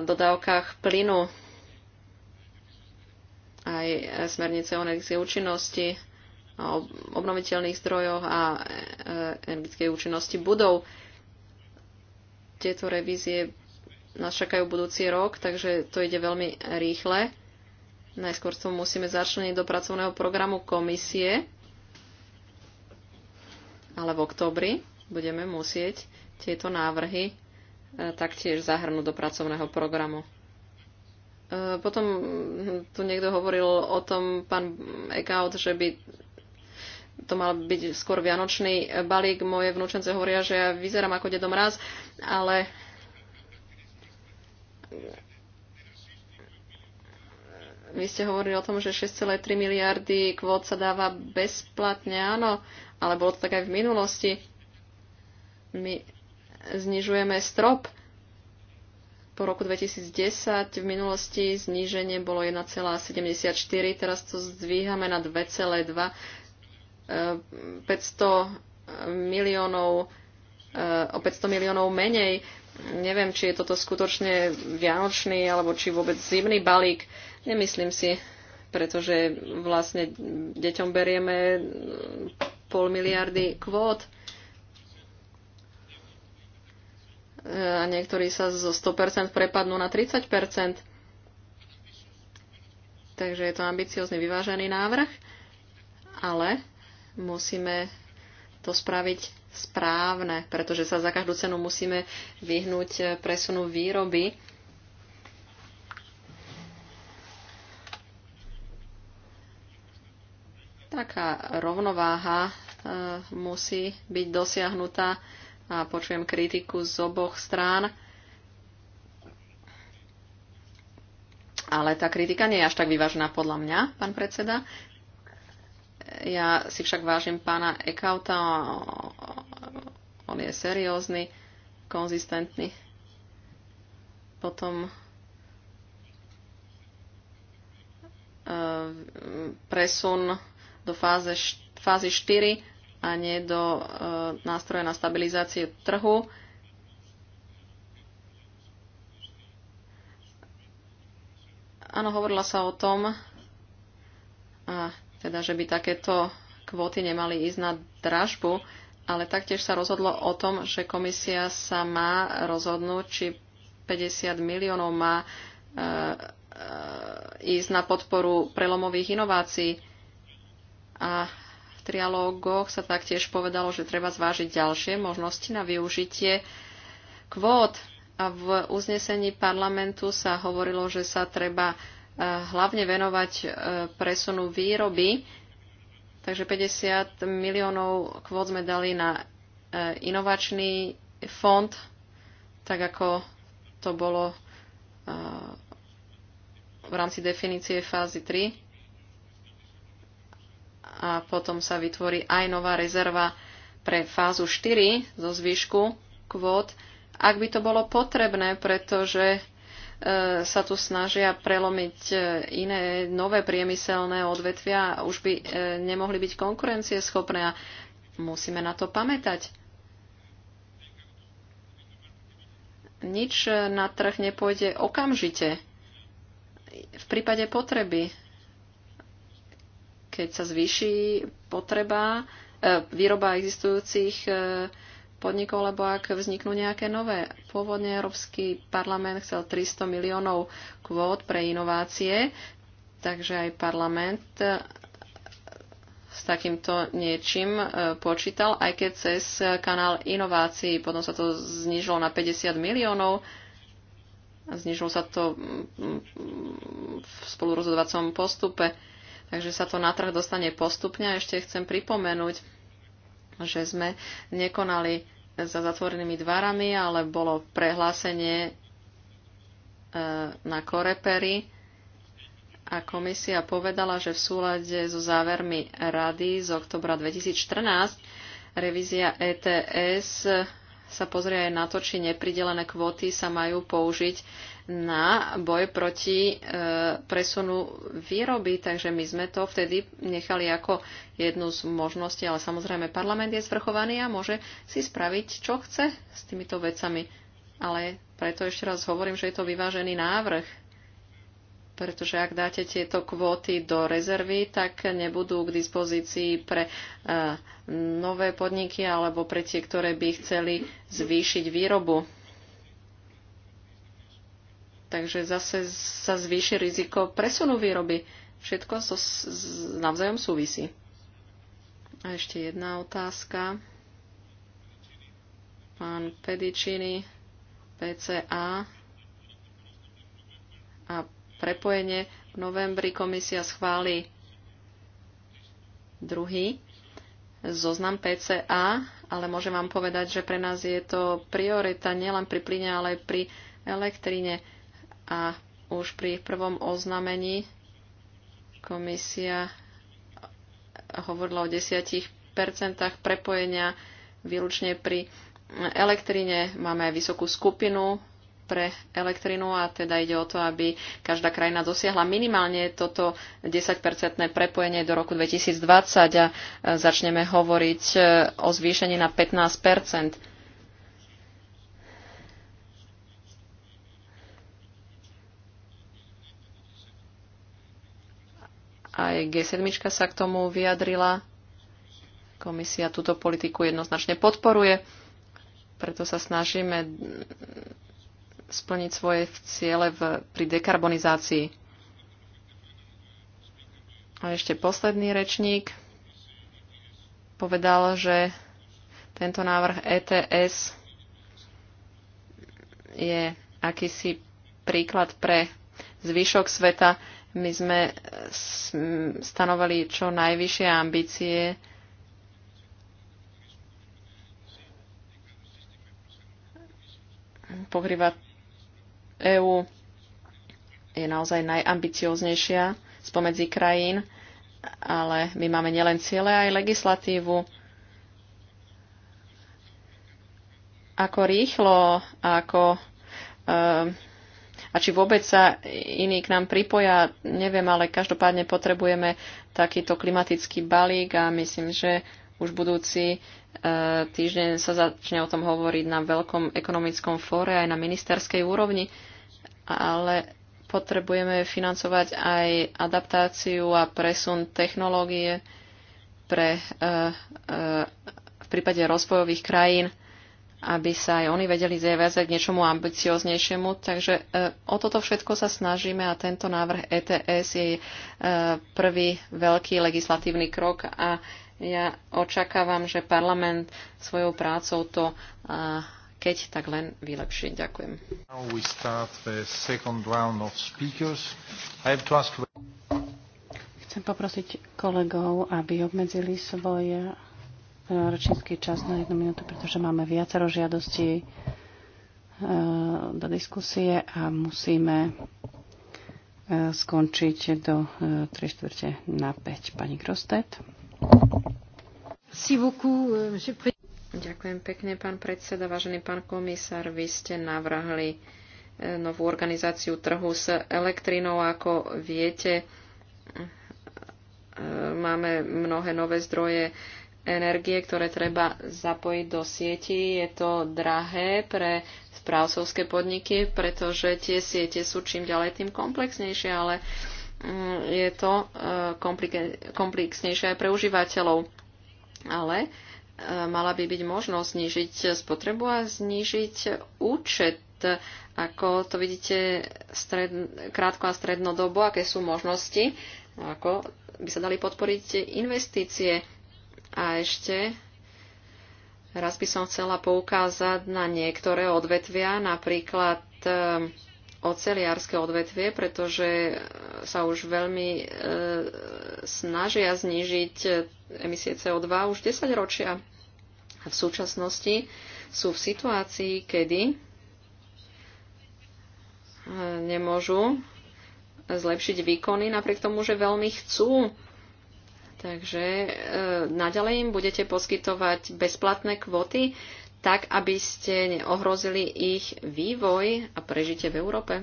dodávkach plynu, aj e, smernice o energetickej účinnosti, o obnoviteľných zdrojoch a e, energetickej účinnosti budov. Tieto revízie nás čakajú budúci rok, takže to ide veľmi rýchle. Najskôr to musíme začleniť do pracovného programu komisie, ale v oktobri budeme musieť tieto návrhy E, taktiež zahrnúť do pracovného programu. E, potom tu niekto hovoril o tom, pán Ekaut, že by to mal byť skôr vianočný balík. Moje vnúčence hovoria, že ja vyzerám ako dedom raz, ale vy ste hovorili o tom, že 6,3 miliardy kvót sa dáva bezplatne, áno, ale bolo to tak aj v minulosti. My znižujeme strop. Po roku 2010 v minulosti zníženie bolo 1,74, teraz to zdvíhame na 2,2. 500 e, miliónov, e, o 500 miliónov menej. Neviem, či je toto skutočne vianočný alebo či vôbec zimný balík. Nemyslím si, pretože vlastne deťom berieme pol miliardy kvót. a niektorí sa zo 100% prepadnú na 30%. Takže je to ambiciózny, vyvážený návrh, ale musíme to spraviť správne, pretože sa za každú cenu musíme vyhnúť presunu výroby. Taká rovnováha e, musí byť dosiahnutá a počujem kritiku z oboch strán. Ale tá kritika nie je až tak vyvážená podľa mňa, pán predseda. Ja si však vážim pána Ekauta, on je seriózny, konzistentný. Potom eh, presun do fáze, fázy 4 a nie do e, nástroja na stabilizáciu trhu. Áno, hovorila sa o tom, a teda, že by takéto kvóty nemali ísť na dražbu, ale taktiež sa rozhodlo o tom, že komisia sa má rozhodnúť, či 50 miliónov má e, e, ísť na podporu prelomových inovácií. A trialógoch sa taktiež povedalo, že treba zvážiť ďalšie možnosti na využitie kvót. A v uznesení parlamentu sa hovorilo, že sa treba e, hlavne venovať e, presunu výroby. Takže 50 miliónov kvót sme dali na e, inovačný fond, tak ako to bolo v rámci definície fázy 3 a potom sa vytvorí aj nová rezerva pre fázu 4 zo zvyšku kvót, ak by to bolo potrebné, pretože e, sa tu snažia prelomiť e, iné nové priemyselné odvetvia a už by e, nemohli byť konkurencieschopné a musíme na to pamätať. Nič na trh nepôjde okamžite. V prípade potreby keď sa zvýši potreba, e, výroba existujúcich e, podnikov, lebo ak vzniknú nejaké nové. Pôvodne Európsky parlament chcel 300 miliónov kvót pre inovácie, takže aj parlament e, s takýmto niečím počítal, aj keď cez kanál inovácií potom sa to znižilo na 50 miliónov. Znižilo sa to mm, mm, mm, v spolurozhodovacom postupe takže sa to na trh dostane postupne. A ešte chcem pripomenúť, že sme nekonali za zatvorenými dvarami, ale bolo prehlásenie e, na Korepery a komisia povedala, že v súlade so závermi rady z oktobra 2014 revízia ETS sa pozrie aj na to, či nepridelené kvóty sa majú použiť na boj proti e, presunu výroby. Takže my sme to vtedy nechali ako jednu z možností, ale samozrejme parlament je zvrchovaný a môže si spraviť, čo chce s týmito vecami. Ale preto ešte raz hovorím, že je to vyvážený návrh pretože ak dáte tieto kvóty do rezervy, tak nebudú k dispozícii pre e, nové podniky alebo pre tie, ktoré by chceli zvýšiť výrobu. Takže zase sa zvýši riziko presunu výroby. Všetko so, s, navzájom súvisí. A ešte jedna otázka. Pán Pedicini, PCA a prepojenie. V novembri komisia schváli druhý zoznam PCA, ale môžem vám povedať, že pre nás je to priorita nielen pri plyne, ale aj pri elektrine. A už pri prvom oznamení komisia hovorila o 10% prepojenia výlučne pri elektrine. Máme aj vysokú skupinu pre elektrinu a teda ide o to, aby každá krajina dosiahla minimálne toto 10-percentné prepojenie do roku 2020 a e, začneme hovoriť e, o zvýšení na 15 Aj G7 sa k tomu vyjadrila. Komisia túto politiku jednoznačne podporuje, preto sa snažíme splniť svoje ciele v, pri dekarbonizácii. A ešte posledný rečník povedal, že tento návrh ETS je akýsi príklad pre zvyšok sveta. My sme mm, stanovali čo najvyššie ambície pokrýva EÚ je naozaj najambicióznejšia spomedzi krajín, ale my máme nielen ciele, aj legislatívu. Ako rýchlo, ako ehm, a či vôbec sa iní k nám pripoja, neviem, ale každopádne potrebujeme takýto klimatický balík a myslím, že už budúci e, týždeň sa začne o tom hovoriť na veľkom ekonomickom fóre aj na ministerskej úrovni, ale potrebujeme financovať aj adaptáciu a presun technológie pre, e, e, v prípade rozvojových krajín, aby sa aj oni vedeli zaviazať k niečomu ambicioznejšiemu. Takže o toto všetko sa snažíme a tento návrh ETS je prvý veľký legislatívny krok a ja očakávam, že parlament svojou prácou to keď tak len vylepší. Ďakujem. Chcem poprosiť kolegov, aby obmedzili svoj e, ročnícky čas na jednu minútu, pretože máme viacero žiadostí e, do diskusie a musíme e, skončiť do 3 čtvrte na 5. Pani Grostet. Euh, Ďakujem pekne, pán predseda. Vážený pán komisár, vy ste navrhli e, novú organizáciu trhu s elektrinou. Ako viete, e, máme mnohé nové zdroje energie, ktoré treba zapojiť do sieti. Je to drahé pre správcovské podniky, pretože tie siete sú čím ďalej tým komplexnejšie, ale Mm, je to e, komplexnejšie aj pre užívateľov. Ale e, mala by byť možnosť znížiť spotrebu a znížiť účet. Ako to vidíte stred, krátko a strednodobo, aké sú možnosti, ako by sa dali podporiť investície. A ešte raz by som chcela poukázať na niektoré odvetvia, napríklad e, oceliárske odvetvie, pretože sa už veľmi e, snažia znížiť e, emisie CO2 už 10 ročia. A v súčasnosti sú v situácii, kedy e, nemôžu zlepšiť výkony, napriek tomu, že veľmi chcú. Takže e, naďalej im budete poskytovať bezplatné kvoty tak aby ste neohrozili ich vývoj a prežitie v Európe?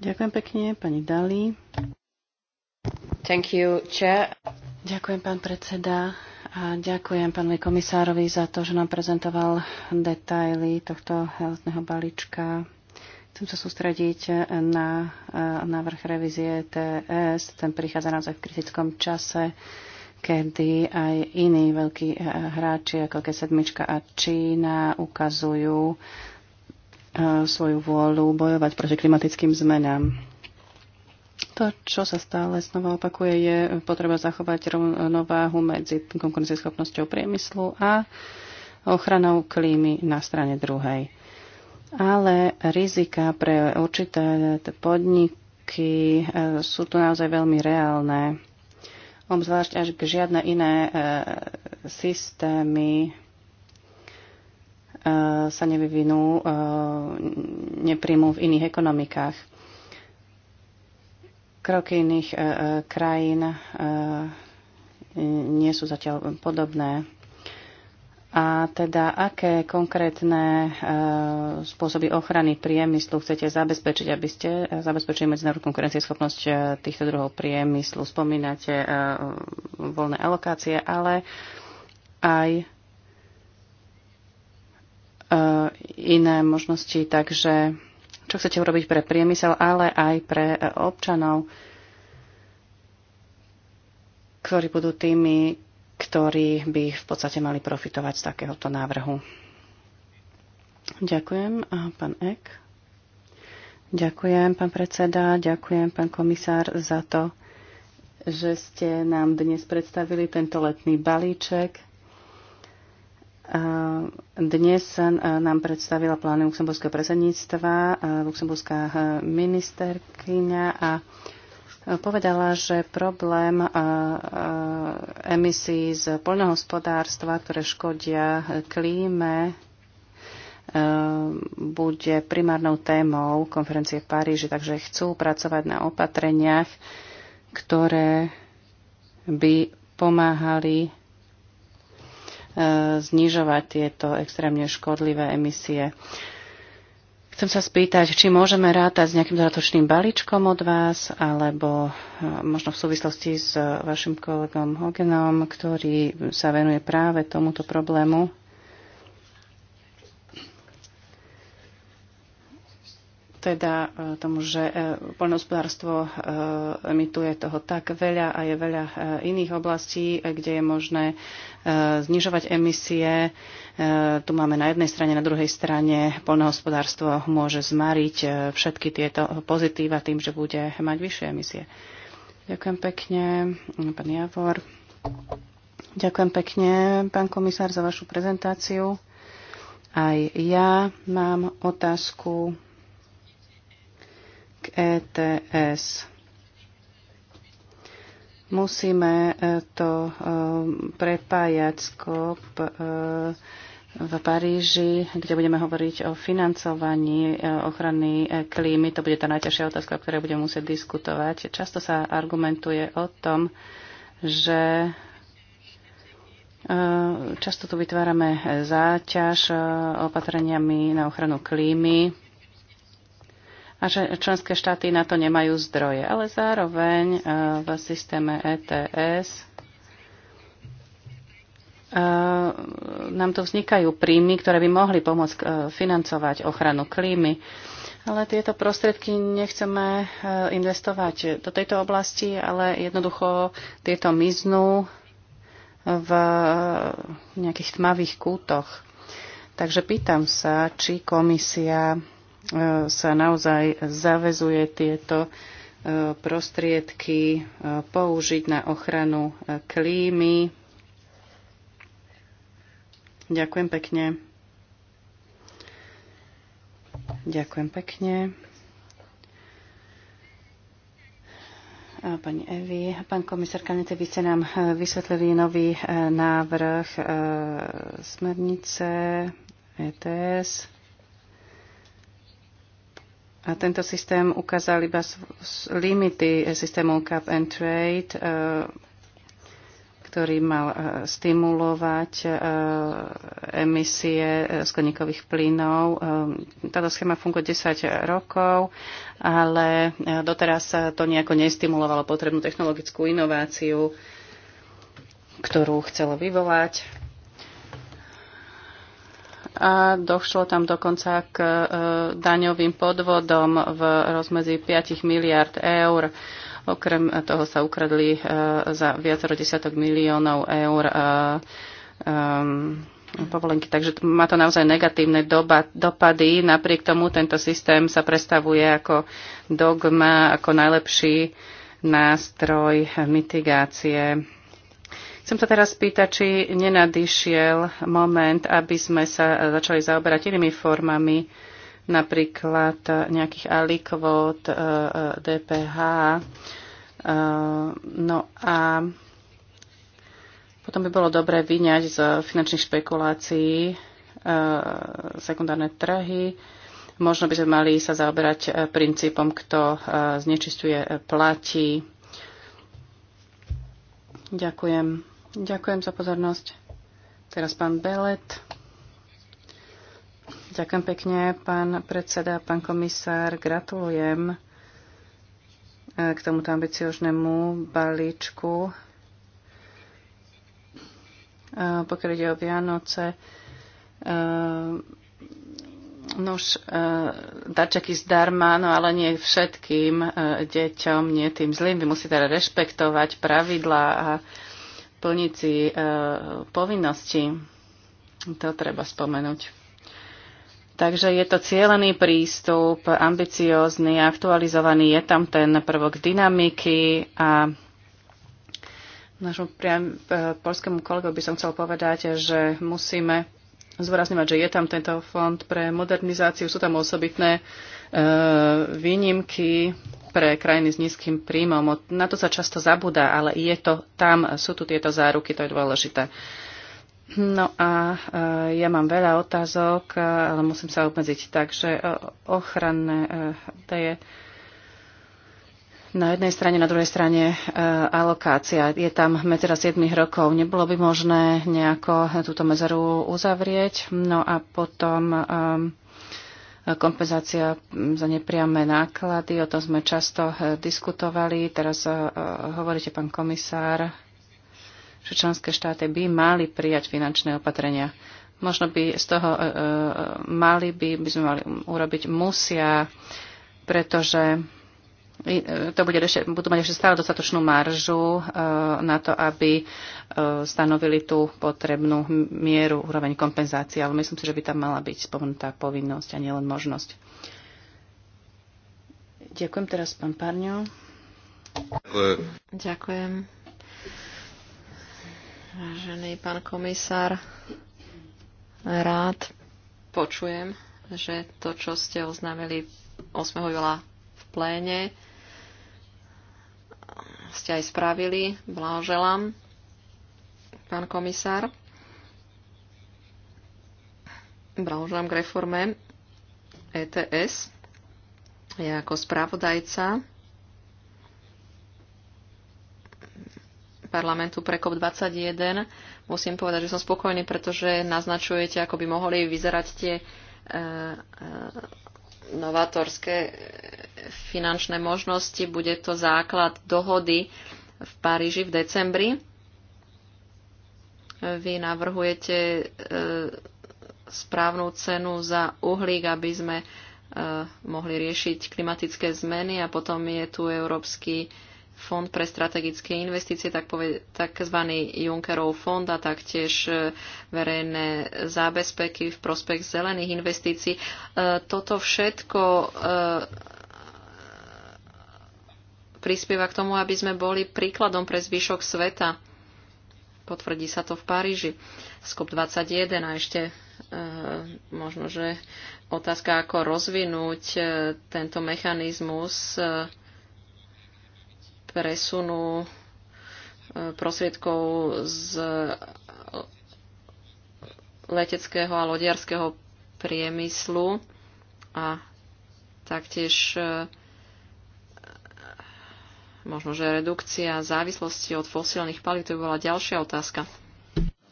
Ďakujem pekne, pani Dali. Thank you, chair. Ďakujem, pán predseda. A ďakujem pánovi komisárovi za to, že nám prezentoval detaily tohto hlasného balíčka. Chcem sa sústrediť na návrh revízie TS. Ten prichádza naozaj v kritickom čase kedy aj iní veľkí eh, hráči ako G7 a Čína ukazujú eh, svoju vôľu bojovať proti klimatickým zmenám. To, čo sa stále znova opakuje, je potreba zachovať rovnováhu medzi konkurencieschopnosťou priemyslu a ochranou klímy na strane druhej. Ale rizika pre určité podniky eh, sú tu naozaj veľmi reálne obzvlášť až k žiadne iné e, systémy e, sa nevyvinú, e, nepríjmú v iných ekonomikách. Kroky iných e, krajín nie sú zatiaľ podobné. A teda, aké konkrétne e, spôsoby ochrany priemyslu chcete zabezpečiť, aby ste eh, zabezpečili medzinárodnú konkurencieschopnosť eh, týchto druhov priemyslu? Spomínate e, voľné alokácie, ale aj e, iné možnosti. Takže, čo chcete urobiť pre priemysel, ale aj pre občanov, ktorí budú tými, ktorí by v podstate mali profitovať z takéhoto návrhu. Ďakujem. A pán Ek. Ďakujem, pán predseda. Ďakujem, pán komisár, za to, že ste nám dnes predstavili tento letný balíček. Dnes nám predstavila plány luxemburského predsedníctva, luxemburská ministerkyňa a povedala, že problém emisí z poľnohospodárstva, ktoré škodia klíme, e, bude primárnou témou konferencie v Paríži, takže chcú pracovať na opatreniach, ktoré by pomáhali e, znižovať tieto extrémne škodlivé emisie. Chcem sa spýtať, či môžeme rátať s nejakým dodatočným balíčkom od vás, alebo e, možno v súvislosti s vašim kolegom Hogenom, ktorý sa venuje práve tomuto problému. teda e, tomu, že e, poľnohospodárstvo e, emituje toho tak veľa a je veľa iných oblastí, kde je možné znižovať emisie. Tu máme na jednej strane, na druhej strane poľnohospodárstvo môže zmariť všetky tieto pozitíva tým, že bude mať vyššie emisie. Ďakujem pekne, pán Javor. Ďakujem pekne, pán komisár, za vašu prezentáciu. Aj ja mám otázku ETS. Musíme e, to e, prepájať skop e, v Paríži, kde budeme hovoriť o financovaní ochrany klímy. To bude tá najťažšia otázka, o ktorej budeme musieť diskutovať. Často sa argumentuje o tom, že často tu vytvárame záťaž opatreniami na ochranu klímy a že členské štáty na to nemajú zdroje. Ale zároveň e, v systéme ETS e, nám tu vznikajú príjmy, ktoré by mohli pomôcť e, financovať ochranu klímy. Ale tieto prostriedky nechceme investovať do tejto oblasti, ale jednoducho tieto miznú v nejakých tmavých kútoch. Takže pýtam sa, či komisia sa naozaj zavezuje tieto e, prostriedky e, použiť na ochranu e, klímy. Ďakujem pekne. Ďakujem pekne. Pani Evi, pán komisár Kanete, vy ste nám vysvetlili nový návrh smernice ETS. A tento systém ukázal iba limity systému cap and trade, e, ktorý mal e, stimulovať e, emisie skleníkových plynov. Táto schéma funguje 10 rokov, ale doteraz sa to nejako nestimulovalo potrebnú technologickú inováciu, ktorú chcelo vyvolať a došlo tam dokonca k e, daňovým podvodom v rozmedzi 5 miliard eur. Okrem toho sa ukradli e, za viacero desiatok miliónov eur e, povolenky. Takže má to naozaj negatívne doba, dopady. Napriek tomu tento systém sa predstavuje ako dogma, ako najlepší nástroj mitigácie Chcem sa teraz spýtať, či nenadišiel moment, aby sme sa začali zaoberať inými formami, napríklad nejakých alikvót, DPH. Eh, eh, eh, no a potom by bolo dobré vyňať z finančných špekulácií sekundárne trhy. Možno by sme mali sa zaoberať princípom, kto znečistuje, platí. Ďakujem. Ďakujem za pozornosť. Teraz pán Belet. Ďakujem pekne, pán predseda, pán komisár. Gratulujem eh, k tomuto ambiciožnému balíčku. Eh, pokiaľ ide o Vianoce, eh, No už darčeky zdarma, no ale nie všetkým deťom, nie tým zlým. Vy musíte teda rešpektovať pravidlá a plniť si e, povinnosti. To treba spomenúť. Takže je to cieľený prístup, ambiciózny, aktualizovaný, je tam ten prvok dynamiky a našom priam, e, polskému kolegovi by som chcel povedať, že musíme zvorazňovať, že je tam tento fond pre modernizáciu, sú tam osobitné výnimky pre krajiny s nízkym príjmom. Na to sa často zabúda, ale je to tam, sú tu tieto záruky, to je dôležité. No a e, ja mám veľa otázok, e, ale musím sa obmedziť. Takže e, ochranné je na jednej strane, na druhej strane alokácia. Je tam medzera 7 rokov. Nebolo by možné nejako túto medzeru uzavrieť. No a potom kompenzácia mm, za nepriame náklady, o tom sme často eh, diskutovali. Teraz eh, eh, hovoríte, pán komisár, že členské štáty by mali prijať finančné opatrenia. Možno by z toho mali by, by sme mali urobiť musia, pretože E, to bude ešte, budú mať ešte stále dostatočnú maržu e, na to, aby e, stanovili tú potrebnú mieru úroveň kompenzácie, ale myslím si, že by tam mala byť spomenutá povinnosť a nielen možnosť. Ďakujem teraz, pán Parňo. Ďakujem. Vážený pán komisár, rád počujem, že to, čo ste oznámili 8. júla v pléne, ste aj spravili. Bláželám, pán komisár. Bláželám k reforme ETS. Ja ako spravodajca parlamentu pre COP21 musím povedať, že som spokojný, pretože naznačujete, ako by mohli vyzerať tie eh, eh, novatorské finančné možnosti. Bude to základ dohody v Paríži v decembri. Vy navrhujete e, správnu cenu za uhlík, aby sme e, mohli riešiť klimatické zmeny a potom je tu Európsky fond pre strategické investície, tak poved, takzvaný Junckerov fond a taktiež e, verejné zábezpeky v prospech zelených investícií. Toto všetko prispieva k tomu, aby sme boli príkladom pre zvyšok sveta. Potvrdí sa to v Paríži. Skop 21 a ešte e, možno, že otázka, ako rozvinúť e, tento mechanizmus e, presunu e, prostriedkov z leteckého a lodiarského priemyslu a taktiež e, Možno, že redukcia závislosti od fosílnych palív to by bola ďalšia otázka.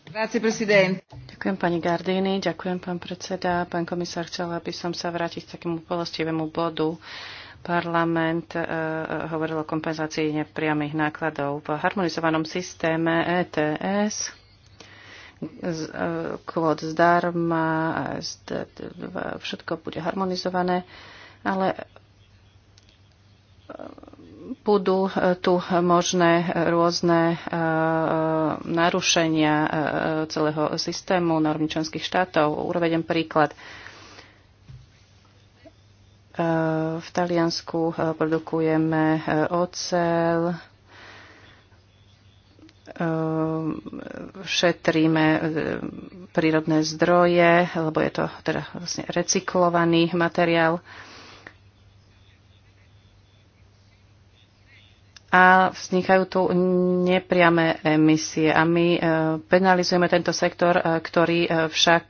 Ďakujem pani Gardini, ďakujem pán predseda. Pán komisár, chcela by som sa vrátiť k takému bolestivému bodu. Parlament e, e, hovoril o kompenzácii nepriamých nákladov v harmonizovanom systéme ETS z, e, zdarma, všetko bude harmonizované, ale e, budú eh, tu možné eh, rôzne eh, narušenia celého systému normičanských štátov. Uvedem príklad. V Taliansku produkujeme ocel, šetríme prírodné zdroje, lebo je to teda vlastne recyklovaný materiál. a vznikajú tu nepriame emisie. A my e, penalizujeme tento sektor, e, ktorý e, však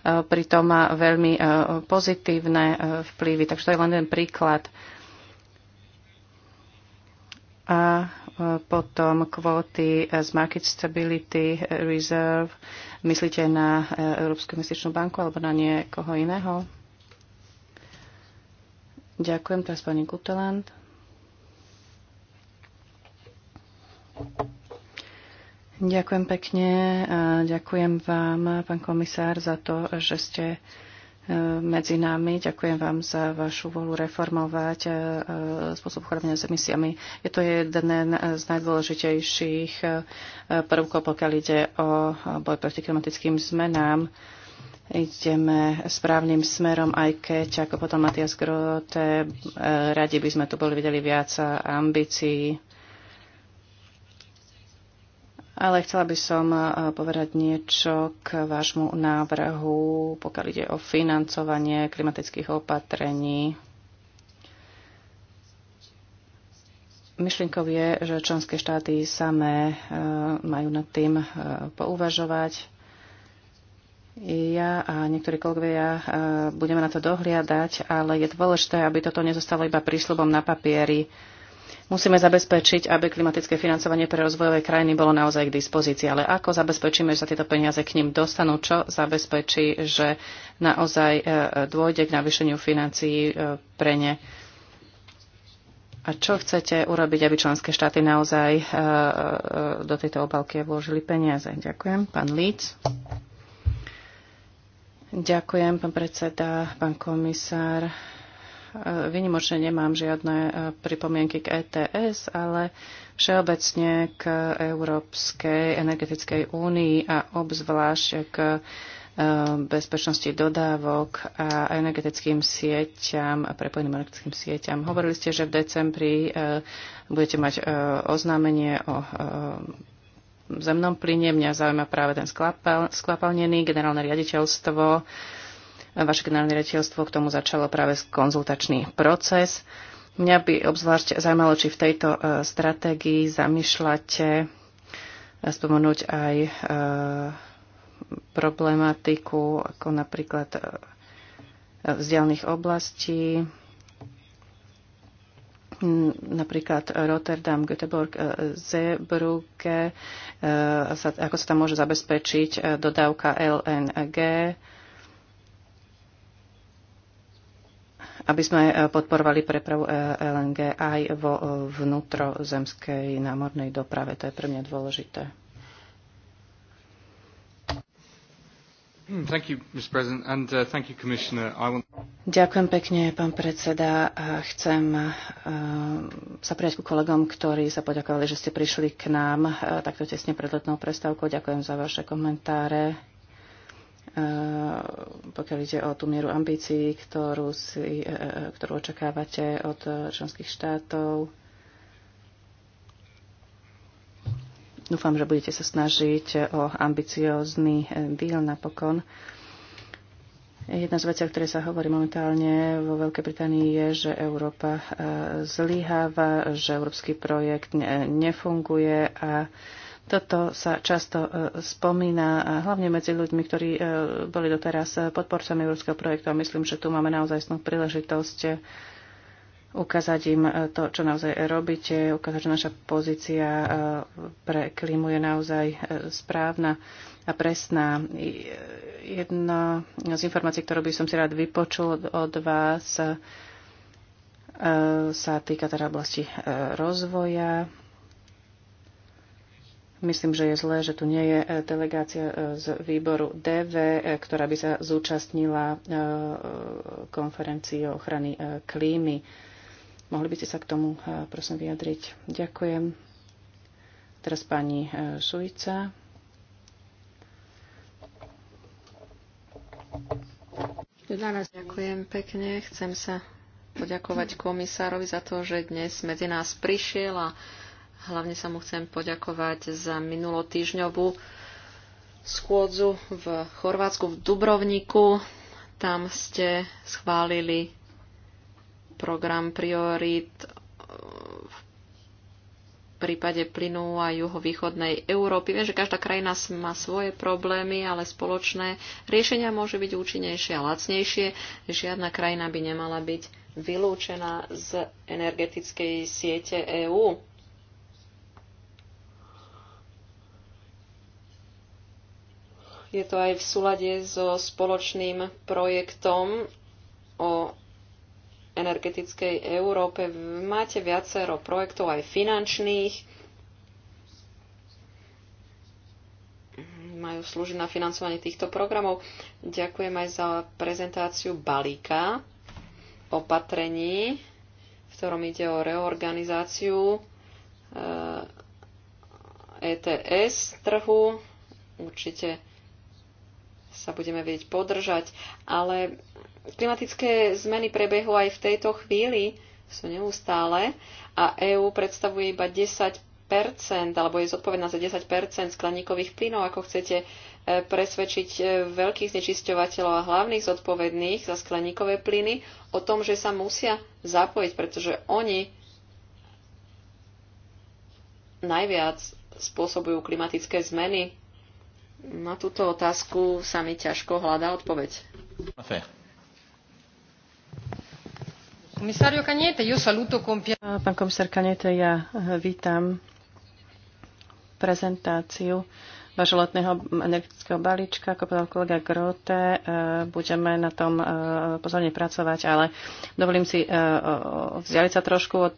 pritom má veľmi pozitívne vplyvy. Takže to je len ten príklad. A potom kvóty z Market Stability Reserve. Myslíte na Európsku investičnú banku alebo na niekoho iného? Ďakujem, teraz pani Guteland. Ďakujem pekne a ďakujem vám, pán komisár, za to, že ste e, medzi nami. Ďakujem vám za vašu volu reformovať e, spôsob chorovania s emisiami. Je to jeden z najdôležitejších e, prvkov, pokiaľ ide o boj proti klimatickým zmenám. Ideme správnym smerom, aj keď, ako potom Matias Grote, radi by sme tu boli videli viac ambícií ale chcela by som eh, povedať niečo k vášmu návrhu, pokiaľ ide o financovanie klimatických opatrení. Myšlienkou je, že členské štáty samé eh, majú nad tým eh, pouvažovať. Ja a niektorí kolegovia budeme na to dohliadať, ale je dôležité, aby toto nezostalo iba prísľubom na papieri Musíme zabezpečiť, aby klimatické financovanie pre rozvojové krajiny bolo naozaj k dispozícii. Ale ako zabezpečíme, že sa tieto peniaze k ním dostanú? Čo zabezpečí, že naozaj e, dôjde k navýšeniu financií e, pre ne? A čo chcete urobiť, aby členské štáty naozaj e, do tejto obalky vložili peniaze? Ďakujem. Pán Líc. Ďakujem, pán predseda, pán komisár. E, vynimočne nemám žiadne e, pripomienky k ETS, ale všeobecne k Európskej energetickej únii a obzvlášť k e, bezpečnosti dodávok a energetickým sieťam a prepojeným energetickým sieťam. Hovorili ste, že v decembri budete mať oznámenie o zemnom plyne. Mňa zaujíma práve ten sklapalnený generálne riaditeľstvo Vaše generálne retielstvo k tomu začalo práve konzultačný proces. Mňa by obzvlášť zaujímalo, či v tejto e, stratégii zamýšľate e, spomenúť aj e, problematiku, ako napríklad vzdialných oblastí, napríklad Rotterdam, Göteborg, Zeebrugge, ako sa tam môže zabezpečiť dodávka LNG, aby sme e, podporovali prepravu e, LNG aj vo e, vnútrozemskej námornej doprave. To je pre mňa dôležité. Hmm, you, And, uh, you, want... Ďakujem pekne, pán predseda. Chcem uh, sa prijať ku kolegom, ktorí sa poďakovali, že ste prišli k nám uh, takto tesne pred letnou prestávkou. Ďakujem za vaše komentáre. Eh, pokiaľ ide o tú mieru ambícií, ktorú, si, eh, eh, ktorú očakávate od členských štátov. Dúfam, že budete sa snažiť o ambiciózny deal napokon. Jedna z vecí, o ktorej sa hovorí momentálne vo Veľkej Británii, je, že Európa zlyháva, že európsky projekt nefunguje a toto sa často e, spomína, e, hlavne medzi ľuďmi, ktorí e, boli doteraz podporcami európskeho projektu a myslím, že tu máme naozaj snú príležitosť ukázať im to, čo naozaj robíte, ukázať, že naša pozícia pre klímu je naozaj správna a presná. Jedna z informácií, ktorú by som si rád vypočul od vás, sa týka teda oblasti rozvoja Myslím, že je zlé, že tu nie je e, delegácia e, z výboru DV, e, ktorá by sa zúčastnila konferencii o ochrany klímy. Mohli by ste sa k tomu, prosím, vyjadriť. Ďakujem. Teraz pani Šujca. Ďakujem pekne. Chcem sa poďakovať komisárovi za to, že dnes medzi nás prišiel a Hlavne sa mu chcem poďakovať za minulotýžňovú schôdzu v Chorvátsku v Dubrovniku. Tam ste schválili program Priorit e, v prípade plynu a juhovýchodnej Európy. Viem, že každá krajina má svoje problémy, ale spoločné riešenia môže byť účinnejšie a lacnejšie. Žiadna krajina by nemala byť vylúčená z energetickej siete EÚ. Je to aj v súlade so spoločným projektom o energetickej Európe. Máte viacero projektov aj finančných. Majú slúžiť na financovanie týchto programov. Ďakujem aj za prezentáciu balíka opatrení, v ktorom ide o reorganizáciu ETS eh, e trhu. Určite sa budeme vedieť podržať. Ale klimatické zmeny prebehu aj v tejto chvíli, sú neustále a EÚ predstavuje iba 10 alebo je zodpovedná za 10 skleníkových plynov, ako chcete e, presvedčiť e, veľkých znečisťovateľov a hlavných zodpovedných za skleníkové plyny o tom, že sa musia zapojiť, pretože oni najviac spôsobujú klimatické zmeny. Na túto otázku sa mi ťažko hľadá odpoveď. Pán komisár Kanete, ja eh, vítam prezentáciu vášho letného energetického balíčka, ako povedal kolega Grote, e, budeme na tom e, pozorne pracovať, ale dovolím si e, vzdialiť sa trošku od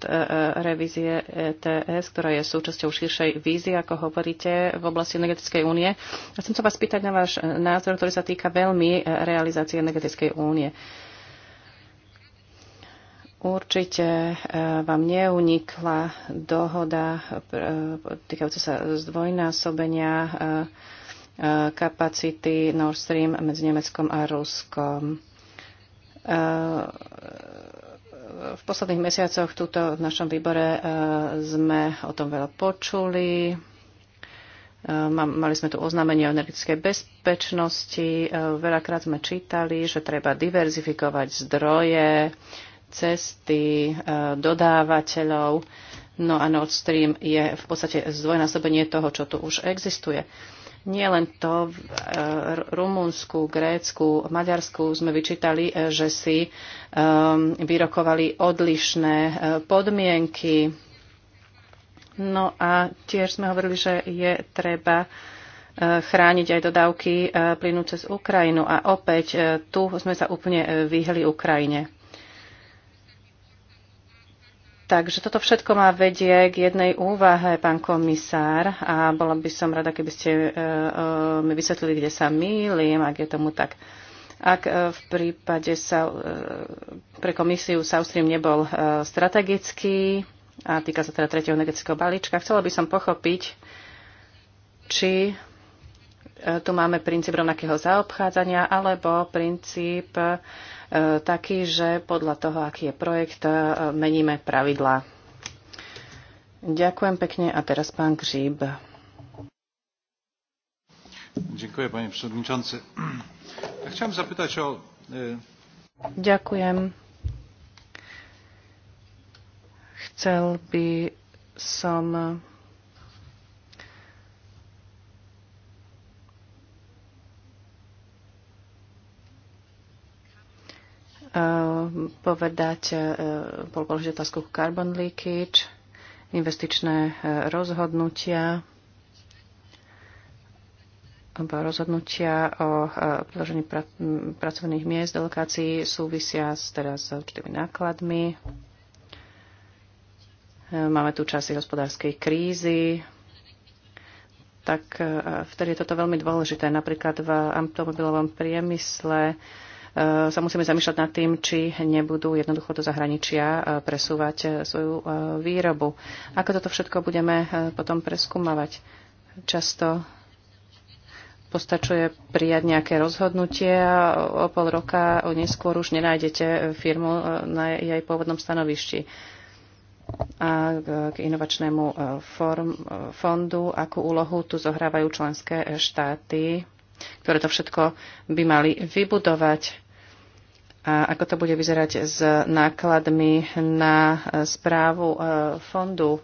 revízie ETS, ktorá je súčasťou širšej vízie, ako hovoríte, v oblasti energetickej únie. A chcem sa vás spýtať na váš názor, ktorý sa týka veľmi realizácie energetickej únie. Určite e, vám neunikla dohoda e, týkajúca sa zdvojnásobenia e, kapacity Nord Stream medzi Nemeckom a Ruskom. V posledných mesiacoch tuto v našom výbore sme o tom veľa počuli. Mali sme tu oznámenie o energetickej bezpečnosti. Veľakrát sme čítali, že treba diverzifikovať zdroje, cesty, e, dodávateľov. No a Nord Stream je v podstate zdvojnásobenie toho, čo tu už existuje. Nie len to, v e, Rumunsku, Grécku, Maďarsku sme vyčítali, e, že si vyrokovali odlišné podmienky. No a tiež sme hovorili, že je treba chrániť aj dodávky plynu cez Ukrajinu. A opäť tu sme sa úplne vyhli Ukrajine. Takže toto všetko má vedie k jednej úvahe, pán komisár, a bola by som rada, keby ste e, e, mi vysvetlili, kde sa mýlim, ak je tomu tak. Ak e, v prípade sa, pre komisiu Southstream nebol strategický, a týka sa teda tretieho energetického balíčka, chcela by som pochopiť, či E, tu máme princíp rovnakého zaobchádzania alebo princíp e, taký, že podľa toho, aký je projekt, e, meníme pravidlá. Ďakujem pekne a teraz pán Kříb. Ďakujem, pani przewodniczący. Ja chcem zapýtať, o... Ďakujem. Chcel by som povedať, e, bol položiť otázku carbon leakage, investičné e, rozhodnutia, alebo rozhodnutia o e, predložení pra- pracovných miest, lokácií súvisia s, teraz s určitými nákladmi. Máme tu časy hospodárskej krízy, tak vtedy je toto veľmi dôležité. Napríklad v automobilovom priemysle sa musíme zamýšľať nad tým, či nebudú jednoducho do zahraničia e, presúvať e, svoju e, výrobu. Ako toto všetko budeme potom preskúmavať? Často postačuje prijať nejaké rozhodnutie a o pol roka neskôr už nenájdete firmu na jej pôvodnom stanovišti a k inovačnému form, fondu, akú úlohu tu zohrávajú členské štáty, ktoré to všetko by mali vybudovať a ako to bude vyzerať s nákladmi na e, správu e, fondu.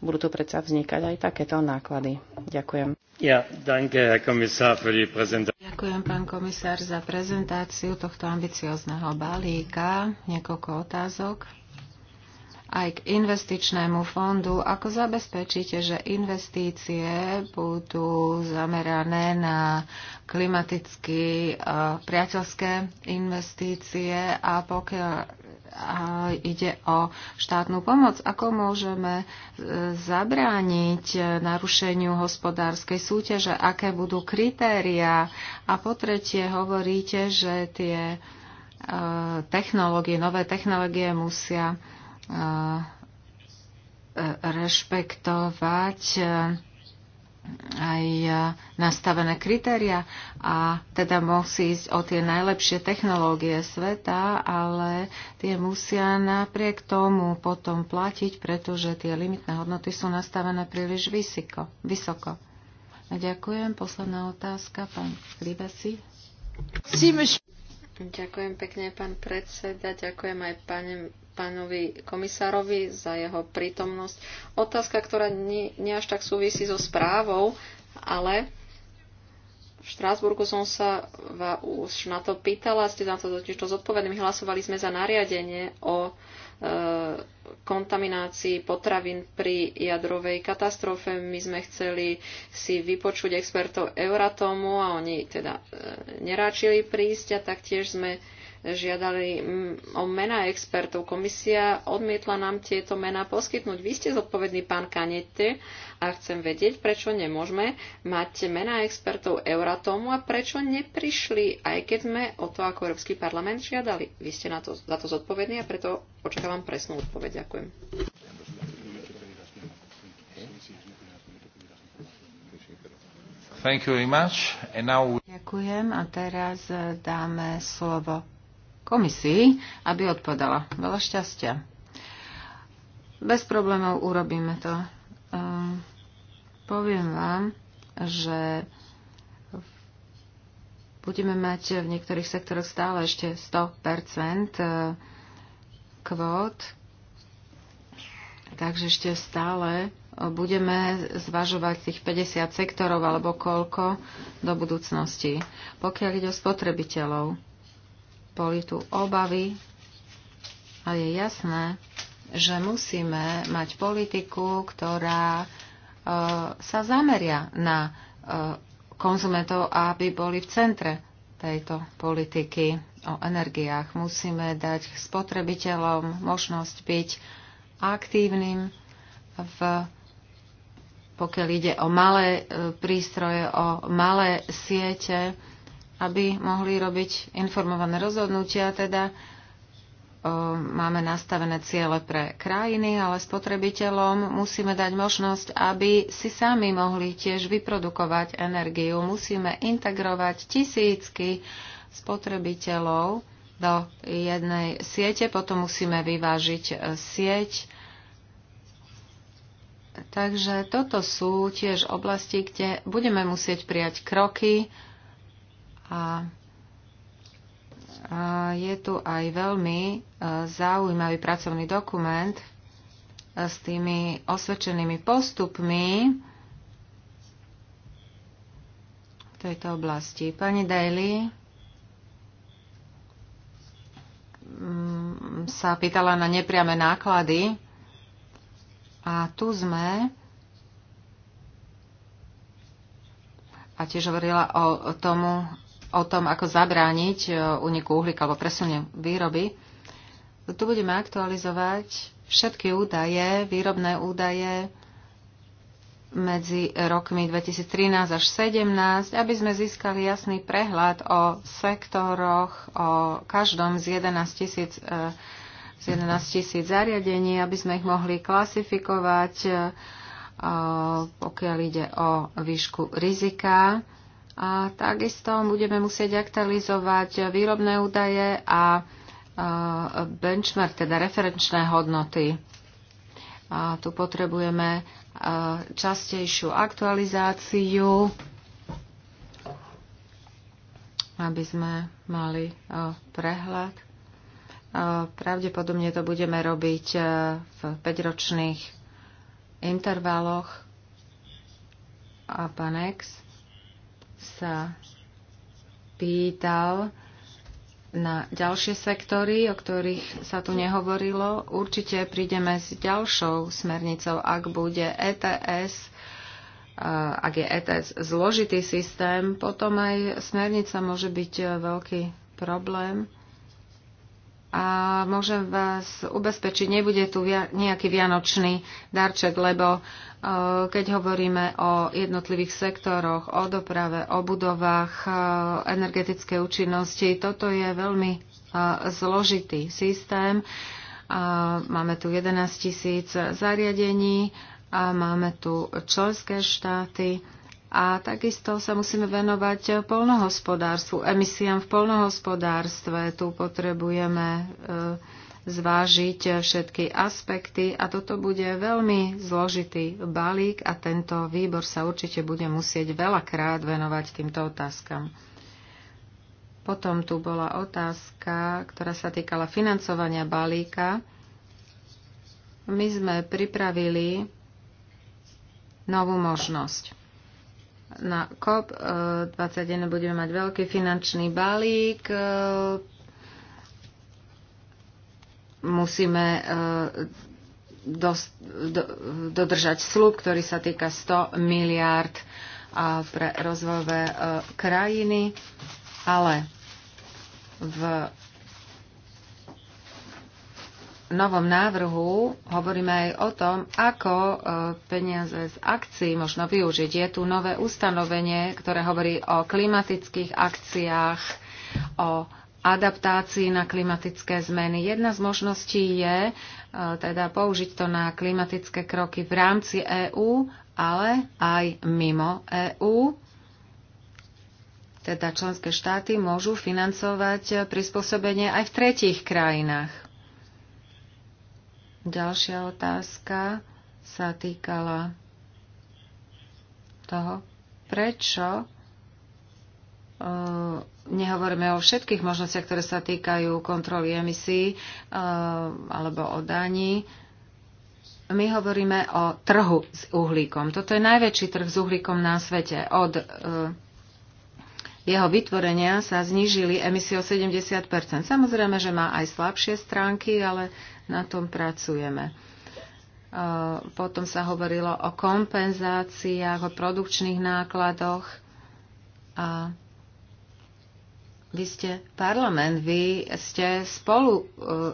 Budú tu predsa vznikať aj takéto náklady. Ďakujem. Ja, danke, Herr Kommissar, für die Ďakujem, pán komisár, za prezentáciu tohto ambiciozného balíka. Niekoľko otázok aj k investičnému fondu. Ako zabezpečíte, že investície budú zamerané na klimaticky priateľské investície a pokiaľ ide o štátnu pomoc, ako môžeme e, zabrániť narušeniu hospodárskej súťaže, aké budú kritéria a po tretie hovoríte, že tie e, technológie, nové technológie musia E, rešpektovať e, aj e, nastavené kritéria a teda musí ísť o tie najlepšie technológie sveta, ale tie musia napriek tomu potom platiť, pretože tie limitné hodnoty sú nastavené príliš vysoko. vysoko. A ďakujem. Posledná otázka, pán Kribesi. Ďakujem pekne, pán predseda. Ďakujem aj pani pánovi komisárovi za jeho prítomnosť. Otázka, ktorá nie, nie až tak súvisí so správou, ale v Štrásburgu som sa už na to pýtala, ste na to totiž to zodpovedným. Hlasovali sme za nariadenie o e, kontaminácii potravín pri jadrovej katastrofe. My sme chceli si vypočuť expertov Euratomu a oni teda e, neráčili prísť a taktiež sme žiadali mm, o mena expertov. Komisia odmietla nám tieto mená poskytnúť. Vy ste zodpovedný, pán Kanete, a chcem vedieť, prečo nemôžeme mať mená expertov Euratomu a prečo neprišli, aj keď sme o to ako Európsky parlament žiadali. Vy ste na to, za to zodpovední a preto očakávam presnú odpoveď. Ďakujem. Now... Ďakujem a teraz eh, dáme slovo komisii, aby odpadala Veľa šťastia. Bez problémov urobíme to. Um, poviem vám, že budeme mať v niektorých sektoroch stále ešte 100% e, kvót, takže ešte stále e, budeme zvažovať tých 50 sektorov alebo koľko do budúcnosti. Pokiaľ ide o spotrebiteľov, boli tu obavy a je jasné, že musíme mať politiku, ktorá e, sa zameria na e, konzumentov, aby boli v centre tejto politiky o energiách. Musíme dať spotrebiteľom možnosť byť aktívnym v pokiaľ ide o malé e, prístroje, o malé siete, aby mohli robiť informované rozhodnutia, teda máme nastavené ciele pre krajiny, ale spotrebiteľom musíme dať možnosť, aby si sami mohli tiež vyprodukovať energiu. Musíme integrovať tisícky spotrebiteľov do jednej siete, potom musíme vyvážiť e, sieť. Takže toto sú tiež oblasti, kde budeme musieť prijať kroky, a je tu aj veľmi e, zaujímavý pracovný dokument e, s tými osvedčenými postupmi v tejto oblasti. Pani Daly mm, sa pýtala na nepriame náklady a tu sme a tiež hovorila o tomu, o tom, ako zabrániť uniku e, uhlíka alebo presunie výroby. Tu budeme aktualizovať všetky údaje, výrobné údaje medzi rokmi 2013 až 2017, aby sme získali jasný prehľad o sektoroch, o každom z 11 tisíc e, z 11 tisíc zariadení, aby sme ich mohli klasifikovať, e, pokiaľ ide o výšku rizika a takisto budeme musieť aktualizovať výrobné údaje a benchmark, teda referenčné hodnoty. A tu potrebujeme častejšiu aktualizáciu, aby sme mali prehľad. Pravdepodobne to budeme robiť v 5-ročných intervaloch. A pán X sa pýtal na ďalšie sektory, o ktorých sa tu nehovorilo. Určite prídeme s ďalšou smernicou, ak bude ETS, ak je ETS zložitý systém, potom aj smernica môže byť e, veľký problém a môžem vás ubezpečiť, nebude tu nejaký vianočný darček, lebo e, keď hovoríme o jednotlivých sektoroch, o doprave, o budovách, e, energetické energetickej účinnosti, toto je veľmi e, zložitý systém. Máme tu 11 tisíc zariadení a máme tu členské štáty a takisto sa musíme venovať polnohospodárstvu, emisiám v polnohospodárstve. Tu potrebujeme e, zvážiť všetky aspekty a toto bude veľmi zložitý balík a tento výbor sa určite bude musieť veľakrát venovať týmto otázkam. Potom tu bola otázka, ktorá sa týkala financovania balíka. My sme pripravili novú možnosť na COP21 eh, budeme mať veľký finančný balík. Eh, musíme eh, dodržať slúb, ktorý sa týka 100 miliárd pre rozvojové krajiny, ale v novom návrhu hovoríme aj o tom, ako e, peniaze z akcií možno využiť. Je tu nové ustanovenie, ktoré hovorí o klimatických akciách, o adaptácii na klimatické zmeny. Jedna z možností je e, teda použiť to na klimatické kroky v rámci EÚ, ale aj mimo EÚ. Teda členské štáty môžu financovať prispôsobenie aj v tretích krajinách. Ďalšia otázka sa týkala toho, prečo e, nehovoríme o všetkých možnostiach, ktoré sa týkajú kontroly emisí e, alebo o daní. My hovoríme o trhu s uhlíkom. Toto je najväčší trh s uhlíkom na svete. Od e, jeho vytvorenia sa znížili emisie o 70 Samozrejme, že má aj slabšie stránky, ale na tom pracujeme. E, potom sa hovorilo o kompenzáciách, o produkčných nákladoch. A vy ste parlament, vy ste spolu e,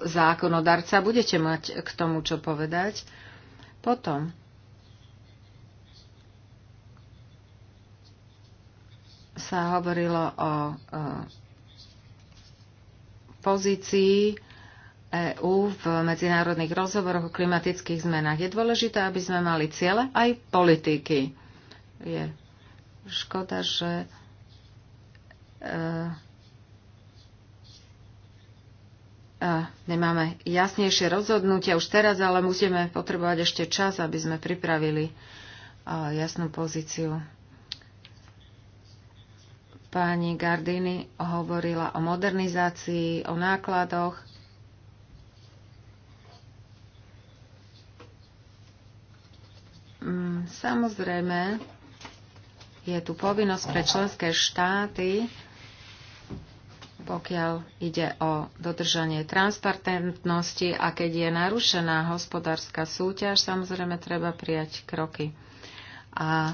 zákonodarca, budete mať k tomu čo povedať. Potom sa hovorilo o pozícii EÚ v medzinárodných rozhovoroch o klimatických zmenách. Je dôležité, aby sme mali ciele aj politiky. Je škoda, že e, e, nemáme jasnejšie rozhodnutia už teraz, ale musíme potrebovať ešte čas, aby sme pripravili e, jasnú pozíciu. Pani Gardini hovorila o modernizácii, o nákladoch. Mm, samozrejme, je tu povinnosť pre členské štáty, pokiaľ ide o dodržanie transparentnosti a keď je narušená hospodárska súťaž, samozrejme treba prijať kroky. A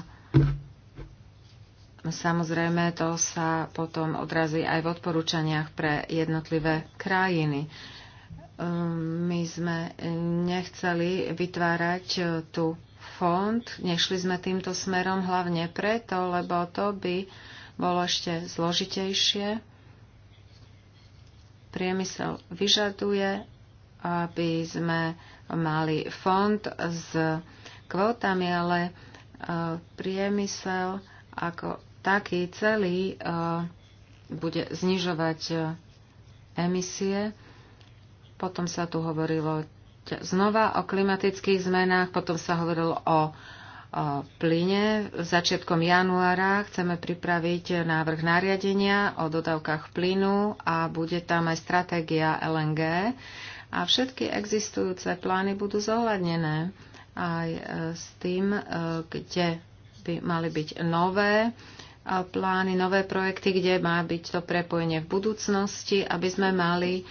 Samozrejme, to sa potom odrazí aj v odporúčaniach pre jednotlivé krajiny. Ehm, my sme nechceli vytvárať e, tu fond, nešli sme týmto smerom hlavne preto, lebo to by bolo ešte zložitejšie. Priemysel vyžaduje, aby sme mali fond s kvótami, ale e, priemysel ako taký celý eh, bude znižovať eh, emisie. Potom sa tu hovorilo znova o klimatických zmenách, potom sa hovorilo o, eh, plyne. Začiatkom januára chceme pripraviť návrh nariadenia o dodávkach plynu a bude tam aj stratégia LNG a všetky existujúce plány budú zohľadnené aj s tým, kde by mali byť nové plány, nové projekty, kde má byť to prepojenie v budúcnosti, aby sme mali e,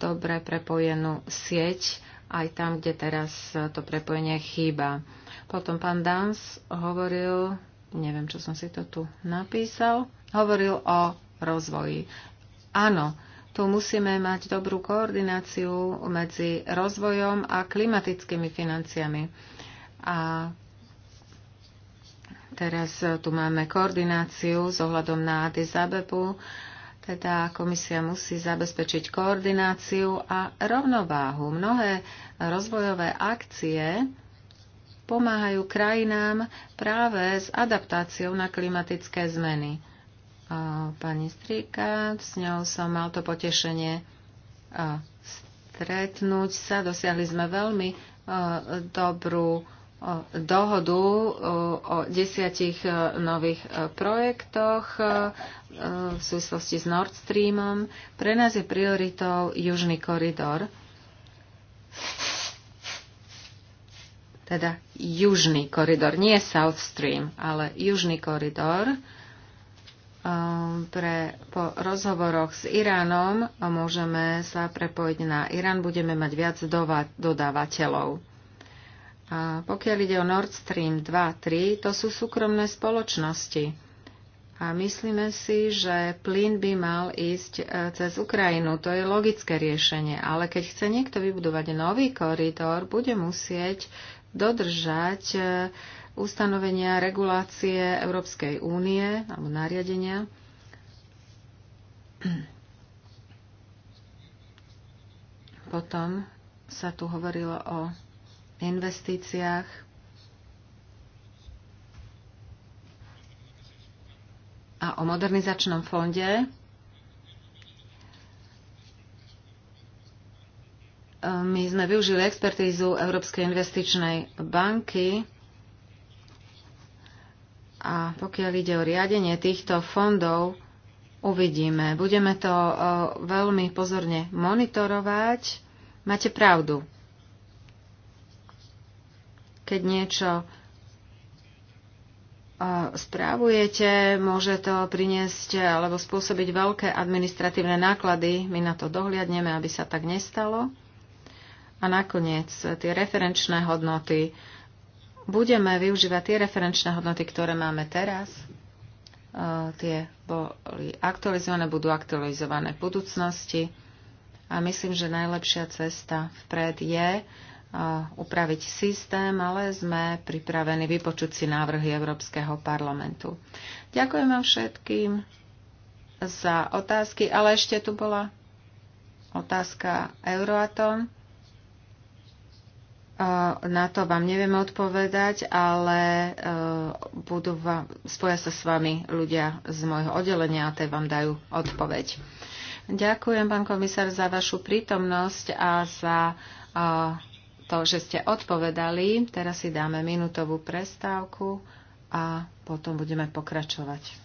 dobre prepojenú sieť aj tam, kde teraz e, to prepojenie chýba. Potom pán Dans hovoril, neviem, čo som si to tu napísal, hovoril o rozvoji. Áno, tu musíme mať dobrú koordináciu medzi rozvojom a klimatickými financiami. A Teraz e, tu máme koordináciu s ohľadom na Addis Abebu, teda komisia musí zabezpečiť koordináciu a rovnováhu. Mnohé rozvojové akcie pomáhajú krajinám práve s adaptáciou na klimatické zmeny. E, pani Strika, s ňou som mal to potešenie e, stretnúť sa. Dosiahli sme veľmi dobrú dohodu o desiatich e, nových e, projektoch e, v súvislosti s Nord Streamom. Pre nás je prioritou Južný koridor, teda Južný koridor, nie South Stream, ale Južný koridor. Pre, po rozhovoroch s Iránom môžeme sa prepojiť na Irán, budeme mať viac dodávateľov a pokiaľ ide o Nord Stream 2, 3, to sú súkromné spoločnosti. A myslíme si, že plyn by mal ísť e, cez Ukrajinu. To je logické riešenie. Ale keď chce niekto vybudovať nový koridor, bude musieť dodržať e, ustanovenia regulácie Európskej únie alebo nariadenia. Potom sa tu hovorilo o investíciách a o modernizačnom fonde. My sme využili expertízu Európskej investičnej banky a pokiaľ ide o riadenie týchto fondov, uvidíme. Budeme to eh, veľmi pozorne monitorovať. Máte pravdu keď niečo správujete, môže to priniesť alebo spôsobiť veľké administratívne náklady. My na to dohliadneme, aby sa tak nestalo. A nakoniec tie referenčné hodnoty. Budeme využívať tie referenčné hodnoty, ktoré máme teraz. Tie boli aktualizované, budú aktualizované v budúcnosti. A myslím, že najlepšia cesta vpred je, upraviť systém, ale sme pripravení vypočuť si návrhy Európskeho parlamentu. Ďakujem vám všetkým za otázky, ale ešte tu bola otázka Euroatom. E, na to vám nevieme odpovedať, ale e, budú vám, spoja sa s vami ľudia z môjho oddelenia a tie vám dajú odpoveď. Ďakujem, pán komisár, za vašu prítomnosť a za e, to, že ste odpovedali. Teraz si dáme minútovú prestávku a potom budeme pokračovať.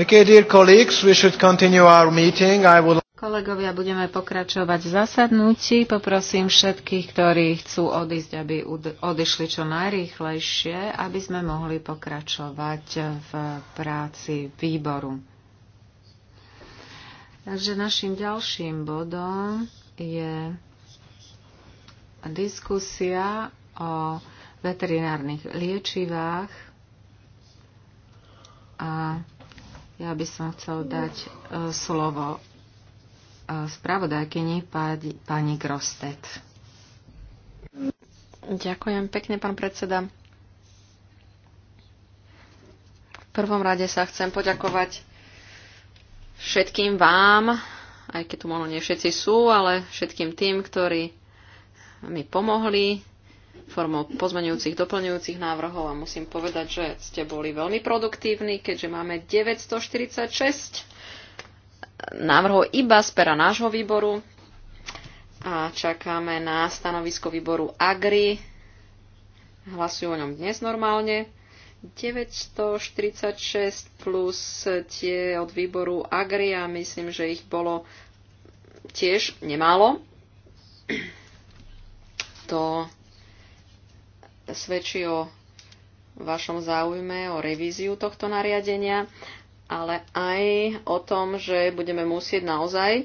Okay, dear colleagues, we should continue our meeting. I would... Kolegovia, budeme pokračovať v zasadnutí. Poprosím všetkých, ktorí chcú odísť, aby odišli čo najrýchlejšie, aby sme mohli pokračovať v práci výboru. Takže našim ďalším bodom je diskusia o veterinárnych liečivách a ja by som chcel dať e, slovo e, spravodajkyni pani Grostet. Ďakujem pekne, pán predseda. V prvom rade sa chcem poďakovať všetkým vám, aj keď tu možno nie všetci sú, ale všetkým tým, ktorí mi pomohli formou pozmeňujúcich, doplňujúcich návrhov a musím povedať, že ste boli veľmi produktívni, keďže máme 946 návrhov iba z pera nášho výboru a čakáme na stanovisko výboru AGRI. Hlasujú o ňom dnes normálne. 946 plus tie od výboru Agri a myslím, že ich bolo tiež nemálo. To svedčí o vašom záujme o revíziu tohto nariadenia, ale aj o tom, že budeme musieť naozaj e,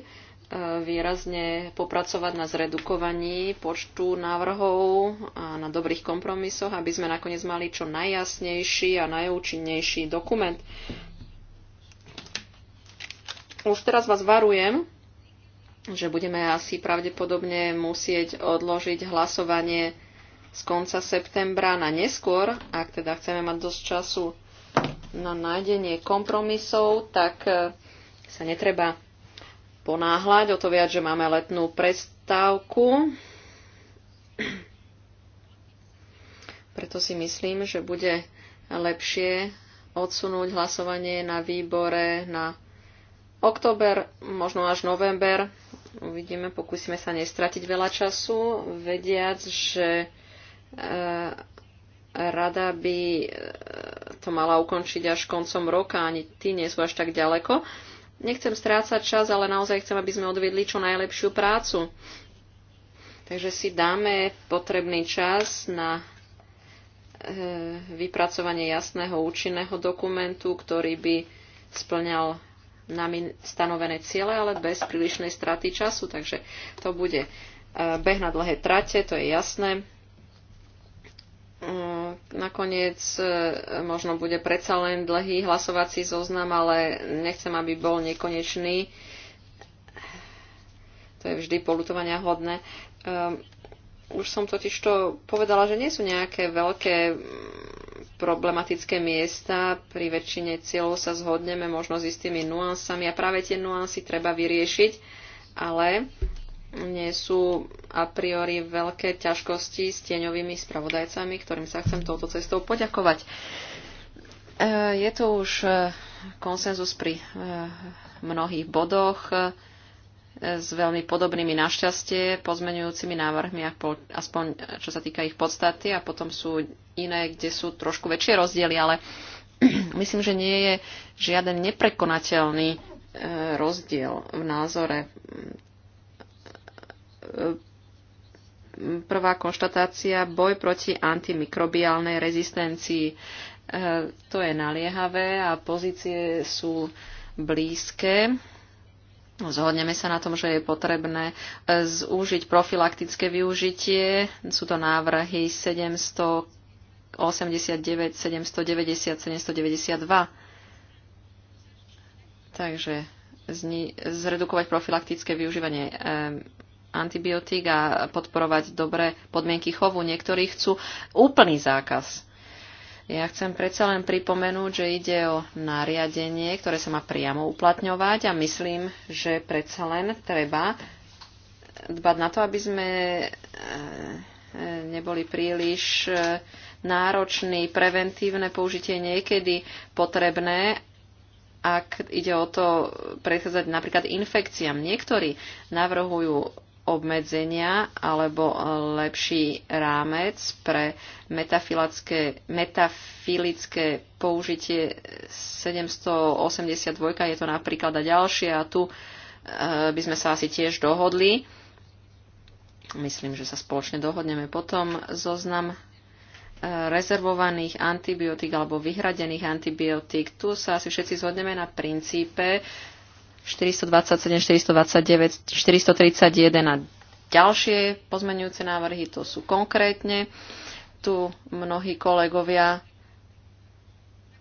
výrazne popracovať na zredukovaní počtu návrhov a na dobrých kompromisoch, aby sme nakoniec mali čo najjasnejší a najúčinnejší dokument. Už teraz vás varujem, že budeme asi pravdepodobne musieť odložiť hlasovanie z konca septembra na neskôr, ak teda chceme mať dosť času na nájdenie kompromisov, tak e, sa netreba ponáhľať, o to viac, že máme letnú prestávku. Preto si myslím, že bude lepšie odsunúť hlasovanie na výbore na október, možno až november. Uvidíme, pokúsime sa nestratiť veľa času, vediac, že Eh, rada by eh, to mala ukončiť až koncom roka, ani ty nie sú až tak ďaleko. Nechcem strácať čas, ale naozaj chcem, aby sme odvedli čo najlepšiu prácu. Takže si dáme potrebný čas na eh, vypracovanie jasného účinného dokumentu, ktorý by splňal nami stanovené ciele, ale bez prílišnej straty času. Takže to bude beh na dlhé trate, to je jasné. Mm, nakoniec e, možno bude predsa len dlhý hlasovací zoznam, ale nechcem, aby bol nekonečný. To je vždy polutovania hodné. Ehm, už som totiž to povedala, že nie sú nejaké veľké mm, problematické miesta. Pri väčšine cieľov sa zhodneme možno s istými nuansami a práve tie nuansy treba vyriešiť, ale nie sú a priori veľké ťažkosti s tieňovými spravodajcami, ktorým sa chcem touto cestou poďakovať. E, je to už e, konsenzus pri e, mnohých bodoch s veľmi podobnými našťastie pozmenujúcimi návrhmi, aspoň čo sa týka ich podstaty a potom sú iné, kde sú trošku väčšie rozdiely, ale myslím, že nie je žiaden neprekonateľný rozdiel v názore prvá konštatácia, boj proti antimikrobiálnej rezistencii. E, to je naliehavé a pozície sú blízke. Zhodneme sa na tom, že je potrebné e, zúžiť profilaktické využitie. Sú to návrhy 789, 790, 792. Takže zredukovať profilaktické využívanie e, antibiotík a podporovať dobré podmienky chovu. Niektorí chcú úplný zákaz. Ja chcem predsa len pripomenúť, že ide o nariadenie, ktoré sa má priamo uplatňovať a myslím, že predsa len treba dbať na to, aby sme eh, eh, neboli príliš eh, nároční. Preventívne použitie niekedy potrebné, ak ide o to predchádzať napríklad infekciám. Niektorí navrhujú obmedzenia alebo e, lepší rámec pre metafilické, metafilické použitie 782, je to napríklad a ďalšie a tu e, by sme sa asi tiež dohodli. Myslím, že sa spoločne dohodneme potom zoznam e, rezervovaných antibiotík alebo vyhradených antibiotík. Tu sa asi všetci zhodneme na princípe, 427, 429, 431 a ďalšie pozmenujúce návrhy, to sú konkrétne. Tu mnohí kolegovia,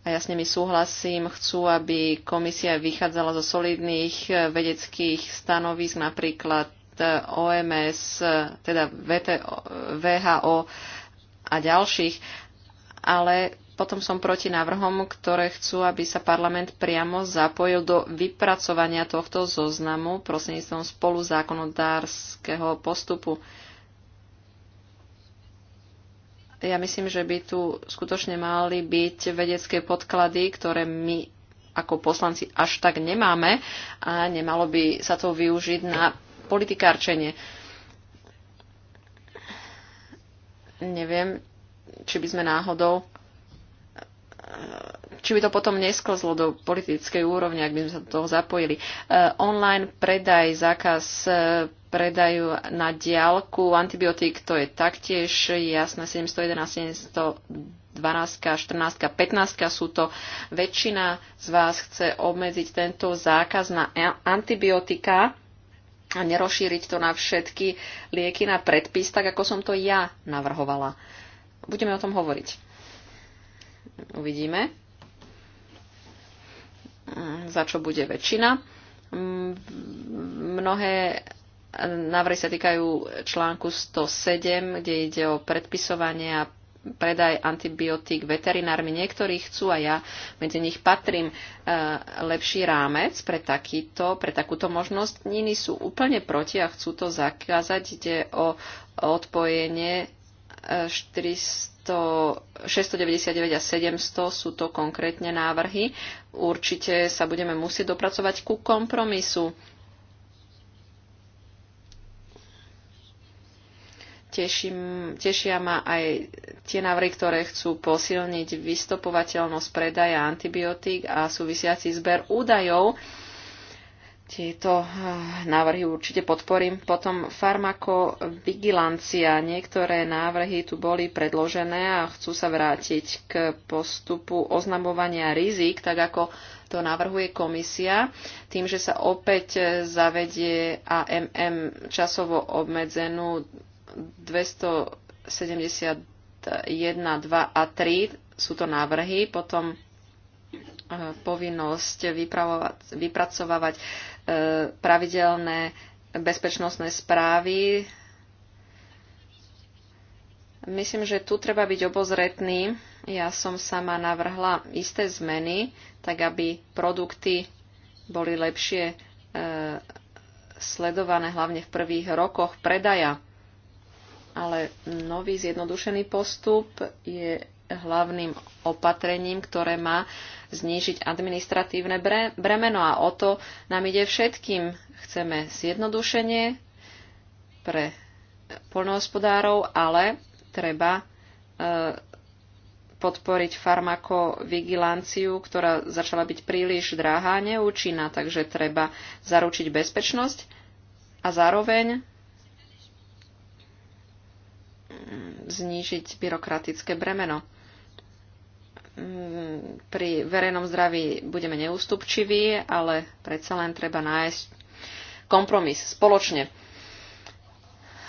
a ja s nimi súhlasím, chcú, aby komisia vychádzala zo solidných eh, vedeckých stanovisk, napríklad eh, OMS, eh, teda VTO, VHO a ďalších, ale potom som proti návrhom, ktoré chcú, aby sa parlament priamo zapojil do vypracovania tohto zoznamu prostredníctvom spoluzákonodárskeho postupu. Ja myslím, že by tu skutočne mali byť vedecké podklady, ktoré my ako poslanci až tak nemáme a nemalo by sa to využiť na politikárčenie. Neviem, či by sme náhodou či by to potom nesklzlo do politickej úrovne, ak by sme sa do toho zapojili. E, online predaj, zákaz e, predajú na diálku antibiotík, to je taktiež jasné, 711, 712, 14, 15 sú to. Väčšina z vás chce obmedziť tento zákaz na antibiotika a nerošíriť to na všetky lieky na predpis, tak ako som to ja navrhovala. Budeme o tom hovoriť. Uvidíme, za čo bude väčšina. Mnohé návrhy sa týkajú článku 107, kde ide o predpisovanie a predaj antibiotík veterinármi. Niektorí chcú a ja medzi nich patrím e, lepší rámec pre, takýto, pre takúto možnosť. Iní sú úplne proti a chcú to zakázať. Ide o odpojenie 699 a 700 sú to konkrétne návrhy. Určite sa budeme musieť dopracovať ku kompromisu. Teším, tešia ma aj tie návrhy, ktoré chcú posilniť vystopovateľnosť predaja antibiotík a súvisiaci zber údajov tieto eh, návrhy určite podporím. Potom farmakovigilancia. Niektoré návrhy tu boli predložené a chcú sa vrátiť k postupu oznamovania rizik, tak ako to navrhuje komisia. Tým, že sa opäť eh, zavedie AMM časovo obmedzenú 271, 2 a 3 sú to návrhy. Potom eh, povinnosť vypracovávať pravidelné bezpečnostné správy. Myslím, že tu treba byť obozretný. Ja som sama navrhla isté zmeny, tak aby produkty boli lepšie e, sledované, hlavne v prvých rokoch predaja. Ale nový zjednodušený postup je hlavným opatrením, ktoré má znížiť administratívne bremeno a o to nám ide všetkým. Chceme zjednodušenie pre poľnohospodárov, ale treba e, podporiť farmakovigilanciu, ktorá začala byť príliš drahá a neúčinná, takže treba zaručiť bezpečnosť a zároveň mm, znížiť byrokratické bremeno. Mm, pri verejnom zdraví budeme neústupčiví, ale predsa len treba nájsť kompromis spoločne.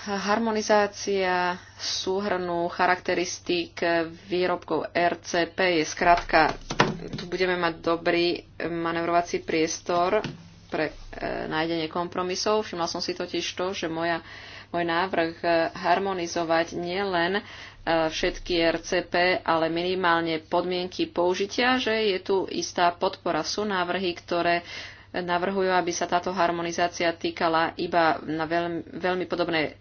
Harmonizácia súhrnu charakteristík výrobkov RCP je skratka, tu budeme mať dobrý manevrovací priestor pre e, nájdenie kompromisov. Všimla som si totiž to, že moja, môj návrh e, harmonizovať nielen E, všetky RCP, ale minimálne podmienky použitia, že je tu istá podpora. Sú návrhy, ktoré navrhujú, aby sa táto harmonizácia týkala iba na veľmi, veľmi podobné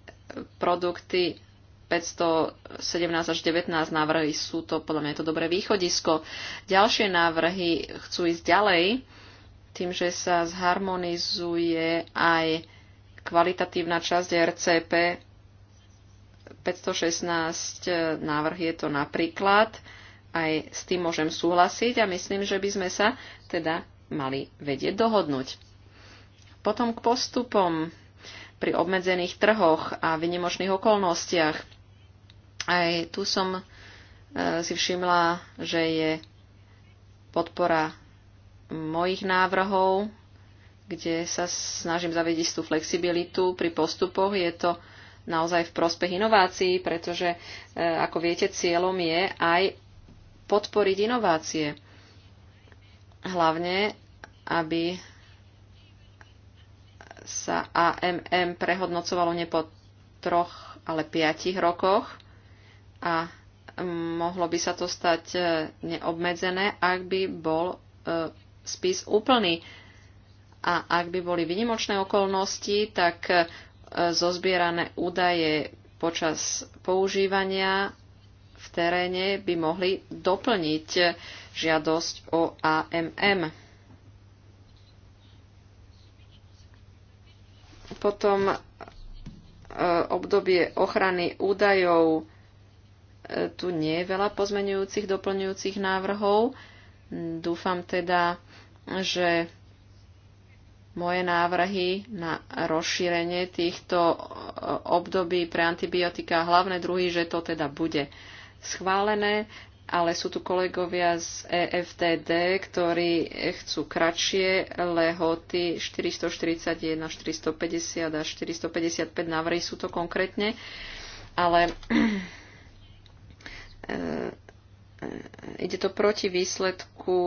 produkty 517 až 19 návrhy sú to, podľa mňa je to dobré východisko. Ďalšie návrhy chcú ísť ďalej, tým, že sa zharmonizuje aj kvalitatívna časť RCP 516 e, návrh je to napríklad. Aj s tým môžem súhlasiť a myslím, že by sme sa teda mali vedieť dohodnúť. Potom k postupom pri obmedzených trhoch a vynimočných okolnostiach. Aj tu som e, si všimla, že je podpora mojich návrhov, kde sa snažím zavedieť tú flexibilitu pri postupoch. Je to naozaj v prospech inovácií, pretože, e, ako viete, cieľom je aj podporiť inovácie. Hlavne, aby sa AMM prehodnocovalo ne po troch, ale piatich rokoch a mohlo by sa to stať e, neobmedzené, ak by bol e, spis úplný. A ak by boli vynimočné okolnosti, tak zozbierané údaje počas používania v teréne by mohli doplniť žiadosť o AMM. Potom e, obdobie ochrany údajov. E, tu nie je veľa pozmenujúcich, doplňujúcich návrhov. Dúfam teda, že moje návrhy na rozšírenie týchto e, období pre antibiotika a hlavné druhy, že to teda bude schválené, ale sú tu kolegovia z EFTD, ktorí chcú kratšie lehoty 441, 450 a 455 návrhy sú to konkrétne, ale e, e, ide to proti výsledku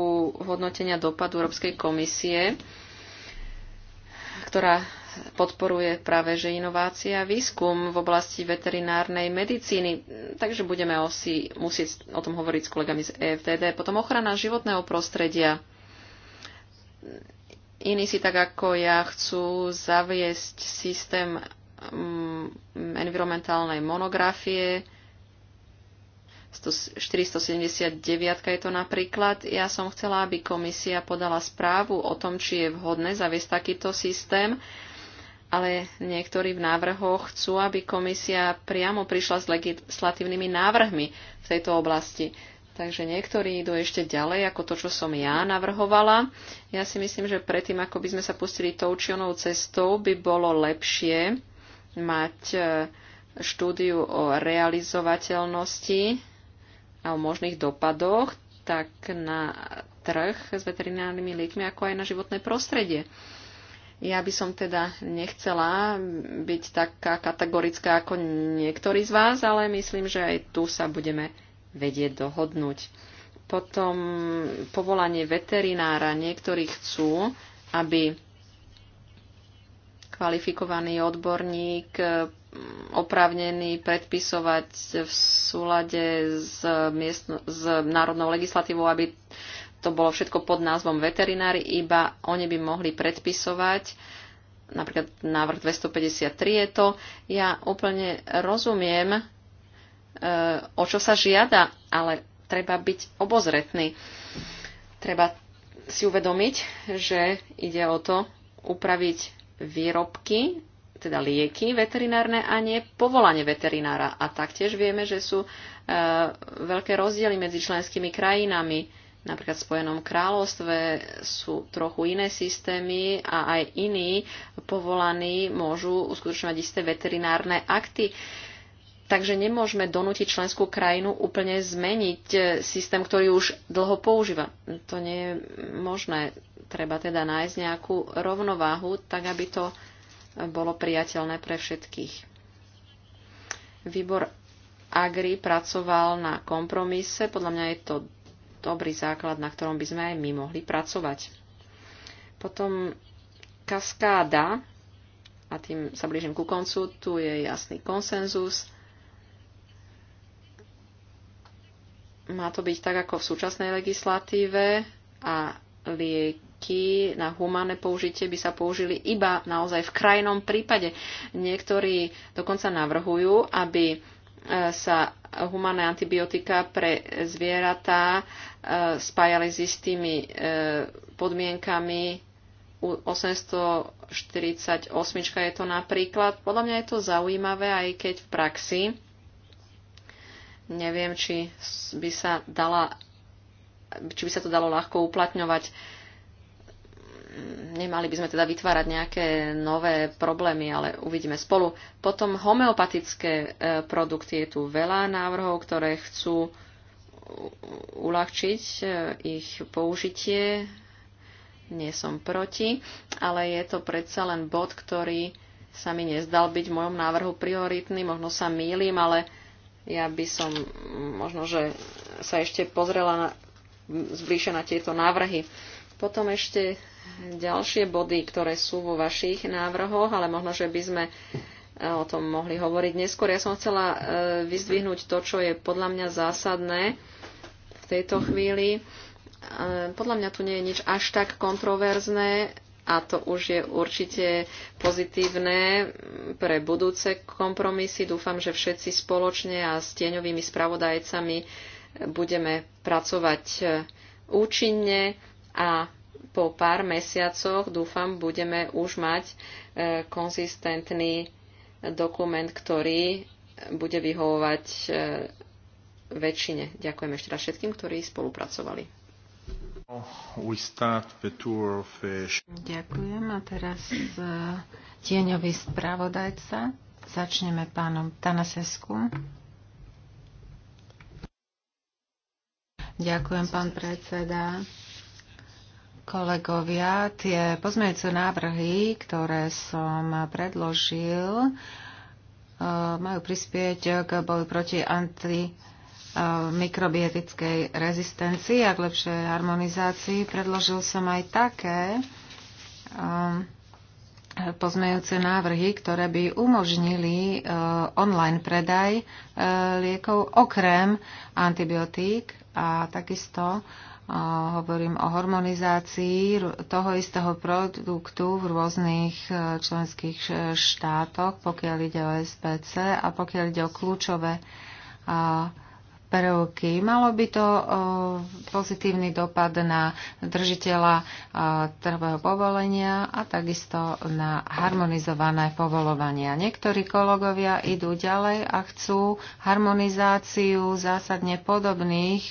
hodnotenia dopadu Európskej komisie ktorá podporuje práve že inovácia a výskum v oblasti veterinárnej medicíny. Takže budeme osi musieť o tom hovoriť s kolegami z EFTD. Potom ochrana životného prostredia. Iní si tak ako ja chcú zaviesť systém mm, environmentálnej monografie, 479 je to napríklad. Ja som chcela, aby komisia podala správu o tom, či je vhodné zaviesť takýto systém, ale niektorí v návrhoch chcú, aby komisia priamo prišla s legislatívnymi návrhmi v tejto oblasti. Takže niektorí idú ešte ďalej ako to, čo som ja navrhovala. Ja si myslím, že predtým, ako by sme sa pustili tou či onou cestou, by bolo lepšie mať eh, štúdiu o realizovateľnosti a o možných dopadoch tak na trh s veterinárnymi liekmi, ako aj na životné prostredie. Ja by som teda nechcela byť taká kategorická ako niektorí z vás, ale myslím, že aj tu sa budeme vedieť dohodnúť. Potom povolanie veterinára. Niektorí chcú, aby kvalifikovaný odborník oprávnení predpisovať v súlade s, miestno, s národnou legislatívou, aby to bolo všetko pod názvom veterinári, iba oni by mohli predpisovať, napríklad návrh 253 je to. Ja úplne rozumiem, e, o čo sa žiada, ale treba byť obozretný. Treba si uvedomiť, že ide o to upraviť výrobky teda lieky veterinárne a nie povolanie veterinára. A taktiež vieme, že sú e, veľké rozdiely medzi členskými krajinami. Napríklad v Spojenom kráľovstve sú trochu iné systémy a aj iní povolaní môžu uskutočňovať isté veterinárne akty. Takže nemôžeme donútiť členskú krajinu úplne zmeniť e, systém, ktorý už dlho používa. To nie je možné. Treba teda nájsť nejakú rovnováhu, tak aby to bolo priateľné pre všetkých. Výbor Agri pracoval na kompromise. Podľa mňa je to dobrý základ, na ktorom by sme aj my mohli pracovať. Potom kaskáda, a tým sa blížim ku koncu, tu je jasný konsenzus. Má to byť tak, ako v súčasnej legislatíve a liek prostriedky na humánne použitie by sa použili iba naozaj v krajnom prípade. Niektorí dokonca navrhujú, aby e, sa humánne antibiotika pre zvieratá e, spájali s istými e, podmienkami. 848 je to napríklad. Podľa mňa je to zaujímavé, aj keď v praxi neviem, či by sa, dala, či by sa to dalo ľahko uplatňovať nemali by sme teda vytvárať nejaké nové problémy, ale uvidíme spolu. Potom homeopatické e, produkty. Je tu veľa návrhov, ktoré chcú uľahčiť e, ich použitie. Nie som proti, ale je to predsa len bod, ktorý sa mi nezdal byť v mojom návrhu prioritný. Možno sa mýlim, ale ja by som možno, že sa ešte pozrela na, zbližšie na tieto návrhy. Potom ešte ďalšie body, ktoré sú vo vašich návrhoch, ale možno, že by sme e, o tom mohli hovoriť neskôr. Ja som chcela e, vyzdvihnúť to, čo je podľa mňa zásadné v tejto chvíli. E, podľa mňa tu nie je nič až tak kontroverzné a to už je určite pozitívne pre budúce kompromisy. Dúfam, že všetci spoločne a s tieňovými spravodajcami budeme pracovať účinne a po pár mesiacoch, dúfam, budeme už mať e, konzistentný dokument, ktorý bude vyhovovať e, väčšine. Ďakujem ešte raz všetkým, ktorí spolupracovali. Uh, Ďakujem a teraz e, tieňový spravodajca. Začneme pánom Tanasesku. Ďakujem, pán predseda. Kolegovia, tie pozmeňujúce návrhy, ktoré som predložil, eh, majú prispieť k boju proti antimikrobietickej rezistencii a k lepšej harmonizácii. Predložil som aj také eh, pozmejúce návrhy, ktoré by umožnili eh, online predaj liekov okrem antibiotík a takisto hovorím o harmonizácii toho istého produktu v rôznych e, členských štátoch, pokiaľ ide o SPC a pokiaľ ide o kľúčové e, prvky. Malo by to e, pozitívny dopad na držiteľa trhového povolenia a takisto na harmonizované povolovania. Niektorí kolegovia idú ďalej a chcú harmonizáciu zásadne podobných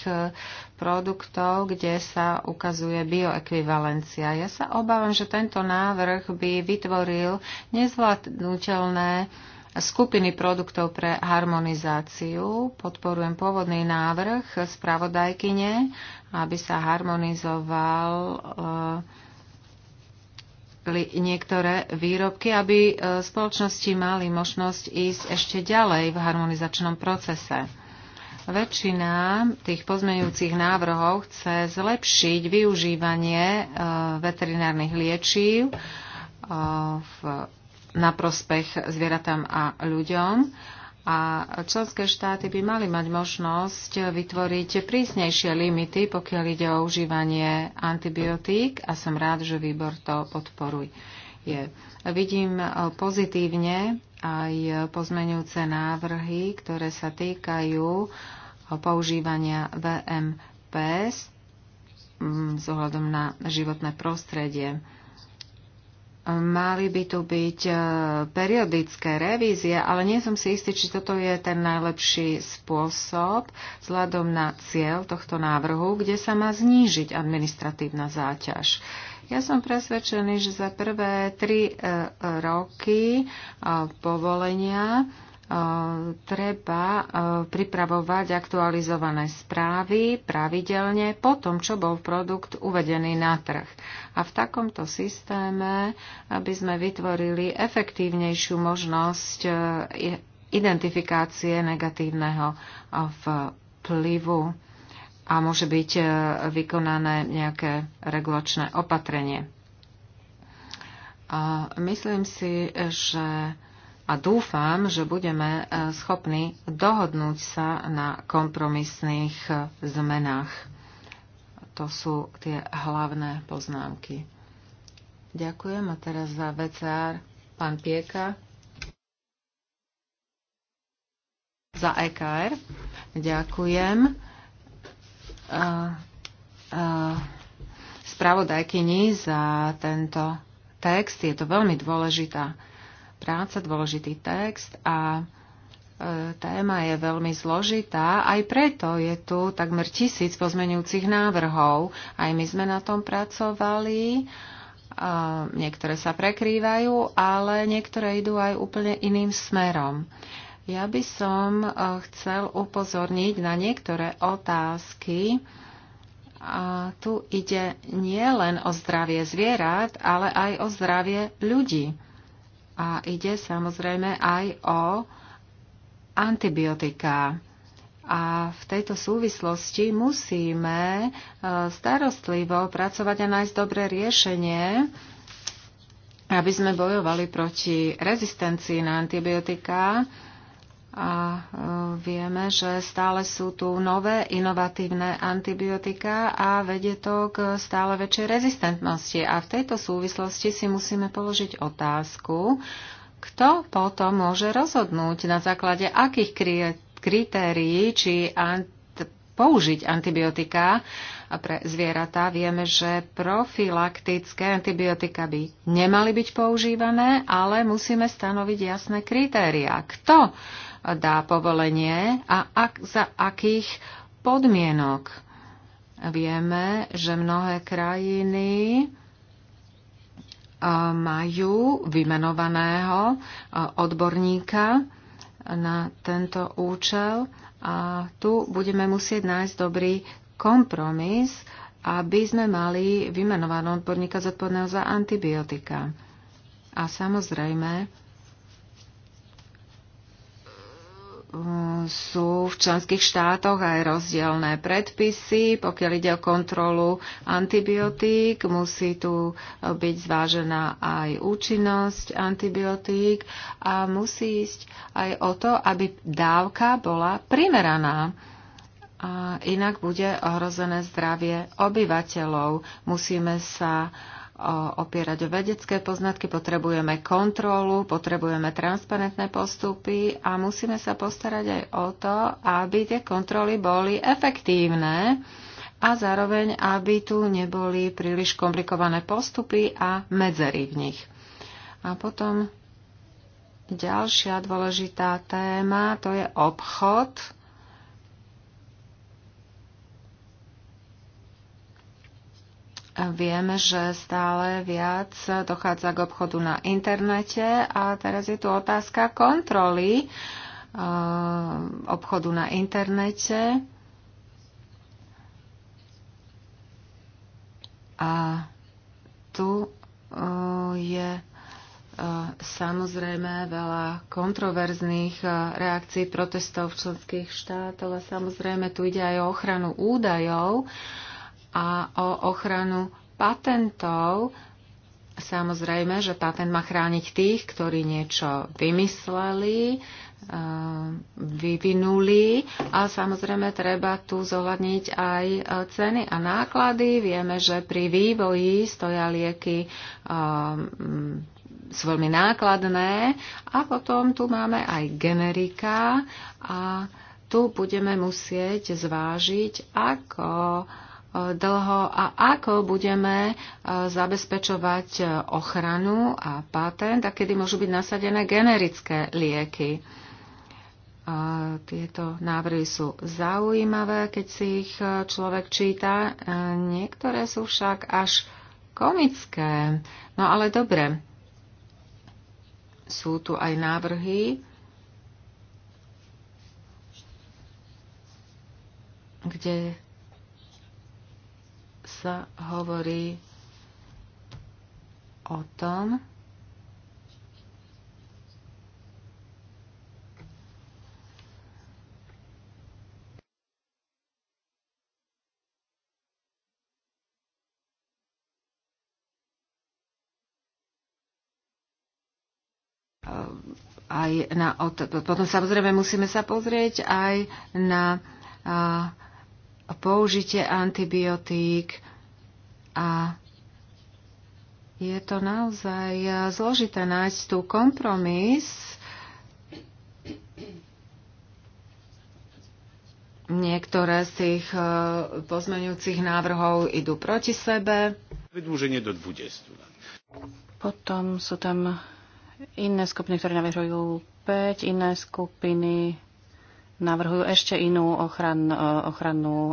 produktov, kde sa ukazuje bioekvivalencia. Ja sa obávam, že tento návrh by vytvoril nezvládnutelné skupiny produktov pre harmonizáciu. Podporujem pôvodný návrh spravodajkyne, aby sa harmonizoval eh, niektoré výrobky, aby eh, spoločnosti mali možnosť ísť ešte ďalej v harmonizačnom procese. Väčšina tých pozmeňujúcich návrhov chce zlepšiť využívanie e, veterinárnych liečiv e, na prospech zvieratám a ľuďom. A členské štáty by mali mať možnosť vytvoriť prísnejšie limity, pokiaľ ide o užívanie antibiotík a som rád, že výbor to podporuje. Vidím e, pozitívne aj pozmeňujúce návrhy, ktoré sa týkajú používania VMPS mm, s ohľadom na životné prostredie. Mali by tu byť e, periodické revízie, ale nie som si istý, či toto je ten najlepší spôsob vzhľadom na cieľ tohto návrhu, kde sa má znížiť administratívna záťaž. Ja som presvedčený, že za prvé tri e, e, roky povolenia treba pripravovať aktualizované správy pravidelne po tom, čo bol produkt uvedený na trh. A v takomto systéme, aby sme vytvorili efektívnejšiu možnosť e, identifikácie negatívneho vplyvu a môže byť e, vykonané nejaké regulačné opatrenie. Myslím si, že a dúfam, že budeme e, schopní dohodnúť sa na kompromisných e, zmenách. To sú tie hlavné poznámky. Ďakujem a teraz za VCR pán Pieka. Za EKR. Ďakujem. Uh, uh, spravodajkyni za tento text. Je to veľmi dôležitá práca, dôležitý text a e, téma je veľmi zložitá. Aj preto je tu takmer tisíc pozmenujúcich návrhov. Aj my sme na tom pracovali. Niektoré sa prekrývajú, ale niektoré idú aj úplne iným smerom. Ja by som e, chcel upozorniť na niektoré otázky. A tu ide nielen o zdravie zvierat, ale aj o zdravie ľudí. A ide samozrejme aj o antibiotiká. A v tejto súvislosti musíme e, starostlivo pracovať a nájsť dobré riešenie, aby sme bojovali proti rezistencii na antibiotiká a e, vieme, že stále sú tu nové inovatívne antibiotika a vedie to k stále väčšej rezistentnosti. A v tejto súvislosti si musíme položiť otázku, kto potom môže rozhodnúť na základe akých kritérií či antibiotika použiť antibiotika pre zvieratá. Vieme, že profilaktické antibiotika by nemali byť používané, ale musíme stanoviť jasné kritéria. Kto dá povolenie a ak, za akých podmienok. Vieme, že mnohé krajiny e, majú vymenovaného e, odborníka na tento účel a tu budeme musieť nájsť dobrý kompromis, aby sme mali vymenovaného odborníka zodpovedného za antibiotika. A samozrejme, sú v členských štátoch aj rozdielne predpisy. Pokiaľ ide o kontrolu antibiotík, musí tu byť zvážená aj účinnosť antibiotík a musí ísť aj o to, aby dávka bola primeraná. A inak bude ohrozené zdravie obyvateľov. Musíme sa uh, opierať o vedecké poznatky, potrebujeme kontrolu, potrebujeme transparentné postupy a musíme sa postarať aj o to, aby tie kontroly boli efektívne a zároveň, aby tu neboli príliš komplikované postupy a medzery v nich. A potom ďalšia dôležitá téma, to je obchod Vieme, že stále viac dochádza k obchodu na internete a teraz je tu otázka kontroly eh, obchodu na internete. A tu eh, je eh, samozrejme veľa kontroverzných reakcií protestov v členských štátoch, ale samozrejme tu ide aj o ochranu údajov a o ochranu patentov. Samozrejme, že patent má chrániť tých, ktorí niečo vymysleli, eh, vyvinuli a samozrejme treba tu zohľadniť aj eh, ceny a náklady. Vieme, že pri vývoji stoja lieky eh, sú veľmi nákladné a potom tu máme aj generika a tu budeme musieť zvážiť, ako uh, dlho a ako budeme e, zabezpečovať e, ochranu a patent a kedy môžu byť nasadené generické lieky. E, tieto návrhy sú zaujímavé, keď si ich človek číta. Niektoré sú však až komické. No ale dobre, sú tu aj návrhy, kde sa hovorí o tom, aj na, potom samozrejme musíme sa pozrieť aj na a, použitie antibiotík, a je to naozaj eh, zložité nájsť tu kompromis. Niektoré z tých eh, pozmeňujúcich návrhov idú proti sebe. Vydlúženie do 20 Potom sú tam iné skupiny, ktoré navrhujú 5, iné skupiny navrhujú ešte inú ochran, e, ochranu e,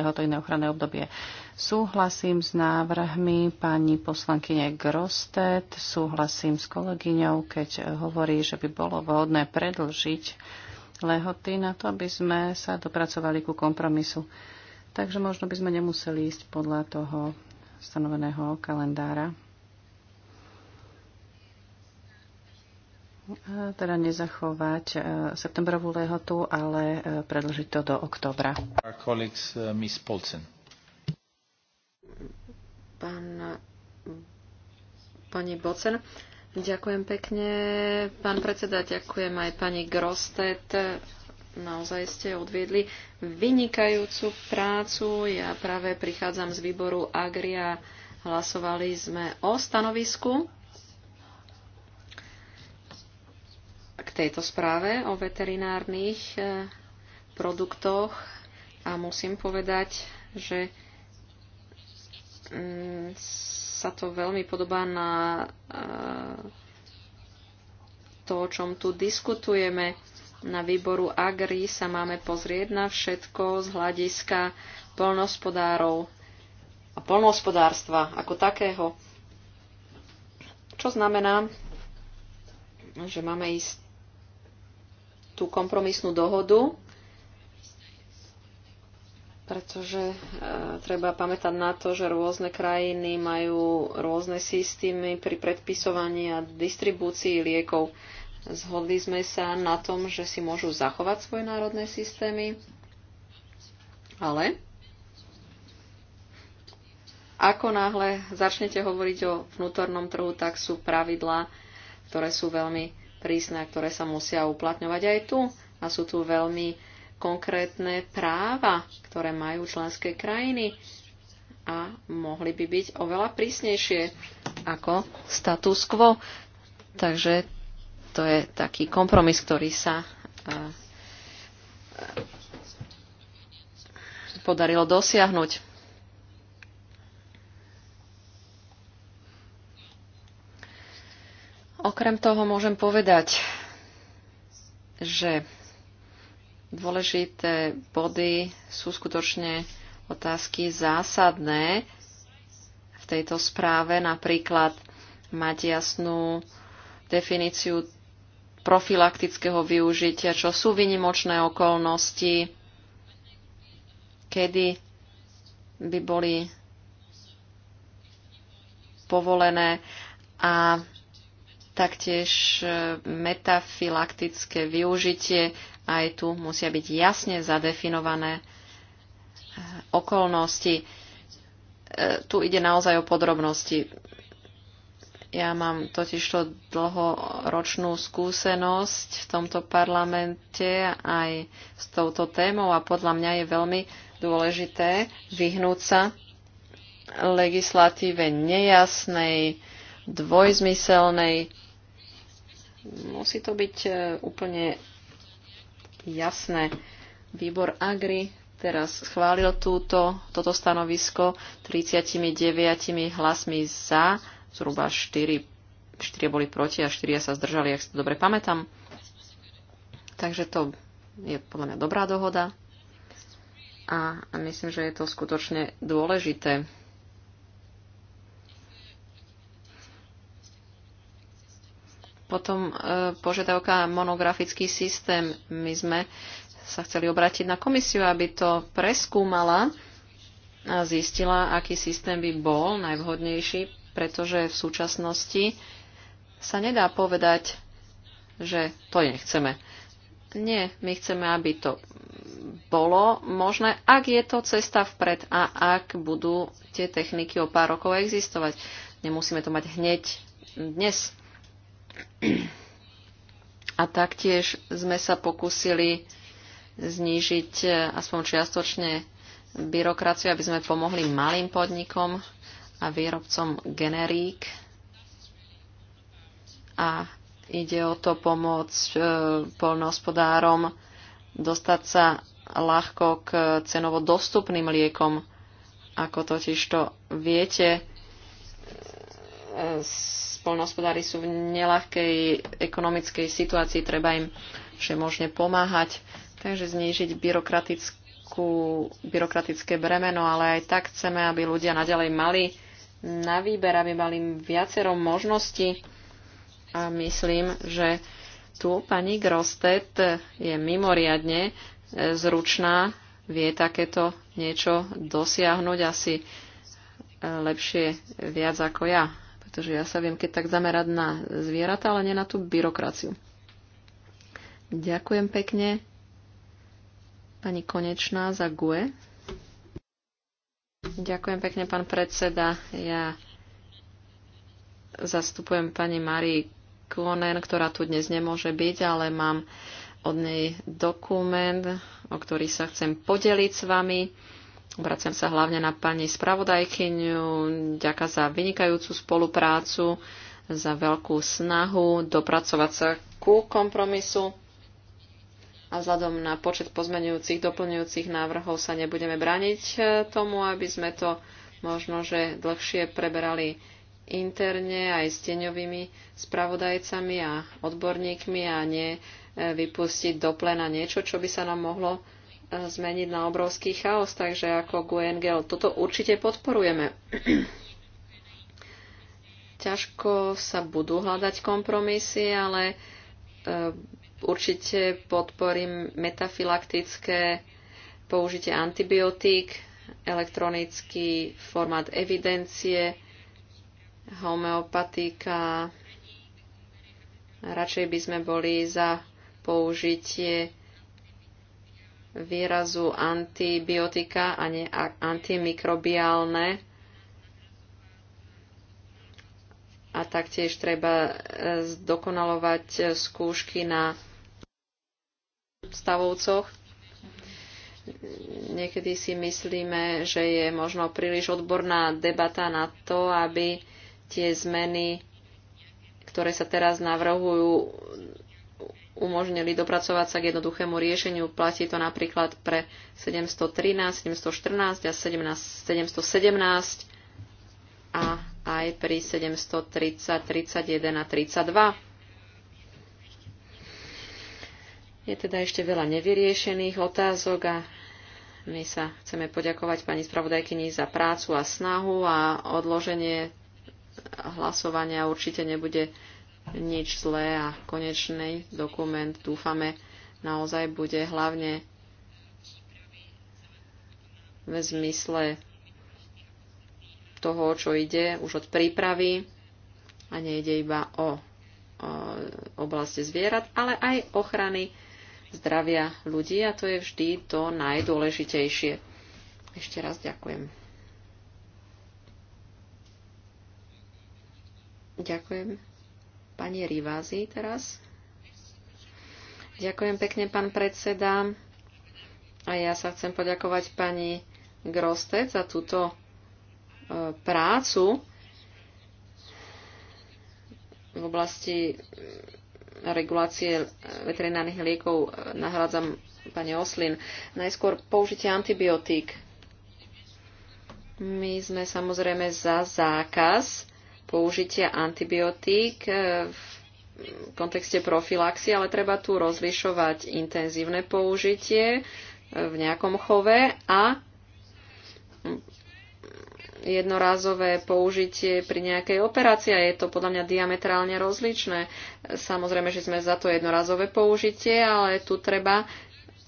lehoto, iné ochranné obdobie. Súhlasím s návrhmi pani poslankyne Grostet, súhlasím s kolegyňou, keď hovorí, že by bolo vhodné predlžiť lehoty na to, aby sme sa dopracovali ku kompromisu. Takže možno by sme nemuseli ísť podľa toho stanoveného kalendára. E, teda nezachovať e, septembrovú lehotu, ale e, predlžiť to do oktobra. Pán, pani Bocen, ďakujem pekne. Pán predseda, ďakujem aj pani Grostet. Naozaj ste odviedli vynikajúcu prácu. Ja práve prichádzam z výboru Agria. Hlasovali sme o stanovisku tejto správe o veterinárnych e, produktoch a musím povedať, že mm, sa to veľmi podobá na e, to, o čom tu diskutujeme. Na výboru Agri sa máme pozrieť na všetko z hľadiska polnospodárov a polnospodárstva ako takého. Čo znamená, že máme ísť tú kompromisnú dohodu, pretože e, treba pamätať na to, že rôzne krajiny majú rôzne systémy pri predpisovaní a distribúcii liekov. Zhodli sme sa na tom, že si môžu zachovať svoje národné systémy, ale ako náhle začnete hovoriť o vnútornom trhu, tak sú pravidlá, ktoré sú veľmi prísne, ktoré sa musia uplatňovať aj tu. A sú tu veľmi konkrétne práva, ktoré majú členské krajiny a mohli by byť oveľa prísnejšie ako status quo. Takže to je taký kompromis, ktorý sa e, e, podarilo dosiahnuť. Okrem toho môžem povedať, že dôležité body sú skutočne otázky zásadné v tejto správe, napríklad mať jasnú definíciu profilaktického využitia, čo sú vynimočné okolnosti, kedy by boli povolené a taktiež e, metafilaktické využitie, aj tu musia byť jasne zadefinované e, okolnosti. E, tu ide naozaj o podrobnosti. Ja mám totiž to dlhoročnú skúsenosť v tomto parlamente aj s touto témou a podľa mňa je veľmi dôležité vyhnúť sa legislatíve nejasnej, dvojzmyselnej. Musí to byť e, úplne jasné. Výbor Agri teraz schválil túto, toto stanovisko 39 hlasmi za, zhruba 4, 4 boli proti a 4 sa zdržali, ak si to dobre pamätám. Takže to je podľa mňa dobrá dohoda a myslím, že je to skutočne dôležité Potom e, požiadavka monografický systém. My sme sa chceli obrátiť na komisiu, aby to preskúmala a zistila, aký systém by bol najvhodnejší, pretože v súčasnosti sa nedá povedať, že to nechceme. Nie, my chceme, aby to bolo možné, ak je to cesta vpred a ak budú tie techniky o pár rokov existovať. Nemusíme to mať hneď dnes. A taktiež sme sa pokúsili znížiť eh, aspoň čiastočne byrokraciu, aby sme pomohli malým podnikom a výrobcom generík. A ide o to pomôcť eh, polnohospodárom dostať sa ľahko k cenovo dostupným liekom. Ako totiž to viete, eh, Polnohospodári sú v nelahkej ekonomickej situácii, treba im všemožne pomáhať, takže znížiť byrokratické bremeno, ale aj tak chceme, aby ľudia naďalej mali na výber, aby mali viacero možností a myslím, že tu pani Grostet je mimoriadne e, zručná, vie takéto niečo dosiahnuť asi e, lepšie viac ako ja. Pretože ja sa viem keď tak zamerať na zvieratá, ale nie na tú byrokraciu. Ďakujem pekne pani Konečná za GUE. Ďakujem pekne, pán predseda. Ja zastupujem pani Marii Klonen, ktorá tu dnes nemôže byť, ale mám od nej dokument, o ktorý sa chcem podeliť s vami. Obraciam sa hlavne na pani spravodajkyňu. Ďaká za vynikajúcu spoluprácu, za veľkú snahu dopracovať sa ku kompromisu. A vzhľadom na počet pozmenujúcich, doplňujúcich návrhov sa nebudeme brániť e, tomu, aby sme to možno, že dlhšie preberali interne aj s teňovými spravodajcami a odborníkmi a ne e, vypustiť do plena niečo, čo by sa nám mohlo zmeniť na obrovský chaos, takže ako Guengel toto určite podporujeme. Ťažko sa budú hľadať kompromisy, ale e, určite podporím metafilaktické použitie antibiotík, elektronický formát evidencie, homeopatika. Radšej by sme boli za použitie výrazu antibiotika a nie antimikrobiálne. A taktiež treba e, zdokonalovať e, skúšky na stavovcoch. Niekedy si myslíme, že je možno príliš odborná debata na to, aby tie zmeny, ktoré sa teraz navrhujú, umožnili dopracovať sa k jednoduchému riešeniu. Platí to napríklad pre 713, 714 a 17, 717 a aj pri 730, 31 a 32. Je teda ešte veľa nevyriešených otázok a my sa chceme poďakovať pani spravodajkyni za prácu a snahu a odloženie hlasovania určite nebude nič zlé a konečný dokument dúfame naozaj bude hlavne v zmysle toho, čo ide už od prípravy a nejde iba o, o oblasti zvierat, ale aj ochrany zdravia ľudí a to je vždy to najdôležitejšie. Ešte raz ďakujem. Ďakujem. Pani Rivázy teraz. Ďakujem pekne, pán predseda. A ja sa chcem poďakovať pani Grostec za túto e, prácu v oblasti e, regulácie e, veterinárnych liekov nahrádzam pani Oslin. Najskôr použitie antibiotík. My sme samozrejme za zákaz použitia antibiotík e, v kontexte profilaxie, ale treba tu rozlišovať intenzívne použitie e, v nejakom chove a jednorázové použitie pri nejakej operácii a je to podľa mňa diametrálne rozličné. Samozrejme, že sme za to jednorázové použitie, ale tu treba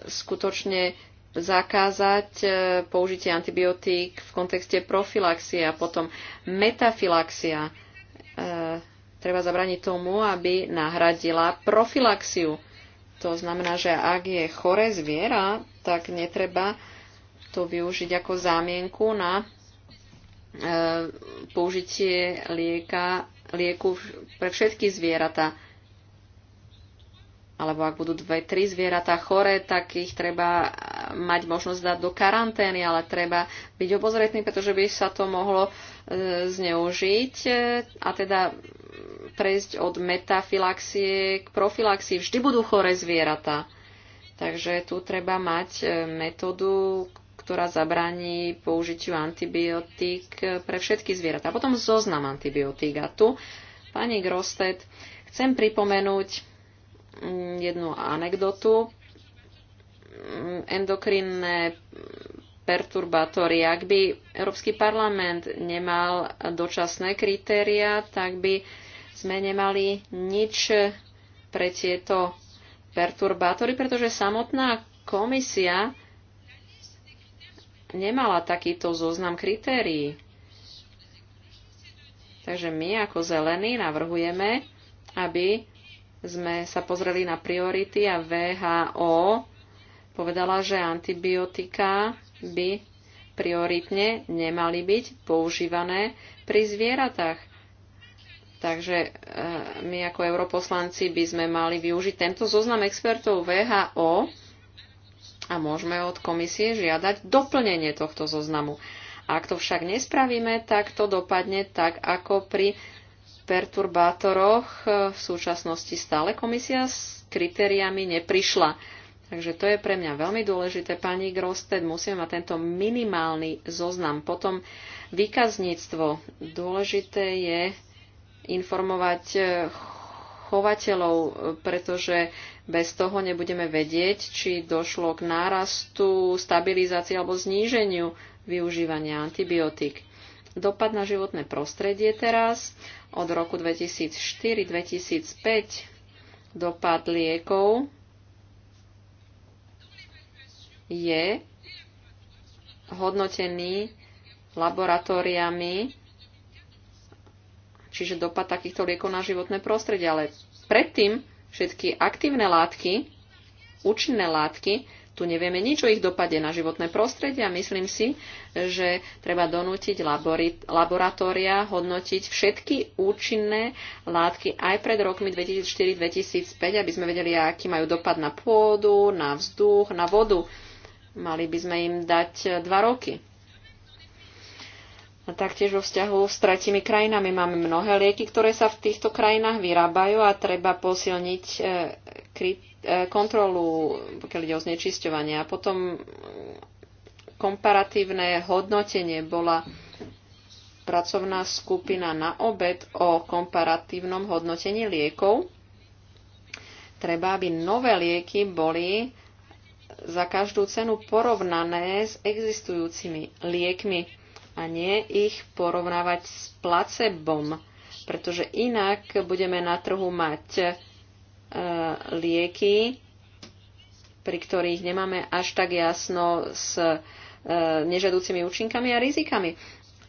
skutočne zakázať e, použitie antibiotík v kontexte profilaxie a potom metafilaxia. E, treba zabraniť tomu, aby nahradila profilaxiu. To znamená, že ak je chore zviera, tak netreba to využiť ako zámienku na e, použitie lieka, lieku pre všetky zvieratá alebo ak budú dve, tri zvieratá chore, tak ich treba mať možnosť dať do karantény, ale treba byť obozretný, pretože by sa to mohlo e, zneužiť e, a teda prejsť od metafilaxie k profilaxii. Vždy budú chore zvieratá. Takže tu treba mať e, metódu, ktorá zabraní použitiu antibiotík pre všetky zvieratá. Potom zoznam antibiotík. A tu, pani Grosted, chcem pripomenúť Mm, jednu anekdotu. Mm, endokrinné perturbátory. Ak by Európsky parlament nemal dočasné kritéria, tak by sme nemali nič pre tieto perturbátory, pretože samotná komisia nemala takýto zoznam kritérií. Takže my ako zelení navrhujeme, aby sme sa pozreli na priority a VHO povedala, že antibiotika by prioritne nemali byť používané pri zvieratách. Takže e, my ako europoslanci by sme mali využiť tento zoznam expertov VHO a môžeme od komisie žiadať doplnenie tohto zoznamu. Ak to však nespravíme, tak to dopadne tak, ako pri perturbátoroch e, v súčasnosti stále komisia s kritériami neprišla. Takže to je pre mňa veľmi dôležité. Pani Grosted, musíme mať tento minimálny zoznam. Potom výkazníctvo. Dôležité je informovať e, chovateľov, pretože bez toho nebudeme vedieť, či došlo k nárastu, stabilizácii alebo zníženiu využívania antibiotík. Dopad na životné prostredie teraz od roku 2004-2005 dopad liekov je hodnotený laboratóriami, čiže dopad takýchto liekov na životné prostredie. Ale predtým všetky aktívne látky, účinné látky tu nevieme nič o ich dopade na životné prostredie a myslím si, že treba donútiť laboratória hodnotiť všetky účinné látky aj pred rokmi 2004-2005, aby sme vedeli, aký majú dopad na pôdu, na vzduch, na vodu. Mali by sme im dať dva roky. A taktiež vo vzťahu s tretimi krajinami máme mnohé lieky, ktoré sa v týchto krajinách vyrábajú a treba posilniť eh, kryt Eh, kontrolu, pokiaľ ide o znečisťovanie. A potom komparatívne hodnotenie bola pracovná skupina na obed o komparatívnom hodnotení liekov. Treba, aby nové lieky boli za každú cenu porovnané s existujúcimi liekmi a nie ich porovnávať s placebom, pretože inak budeme na trhu mať E, lieky, pri ktorých nemáme až tak jasno s e, nežadúcimi účinkami a rizikami.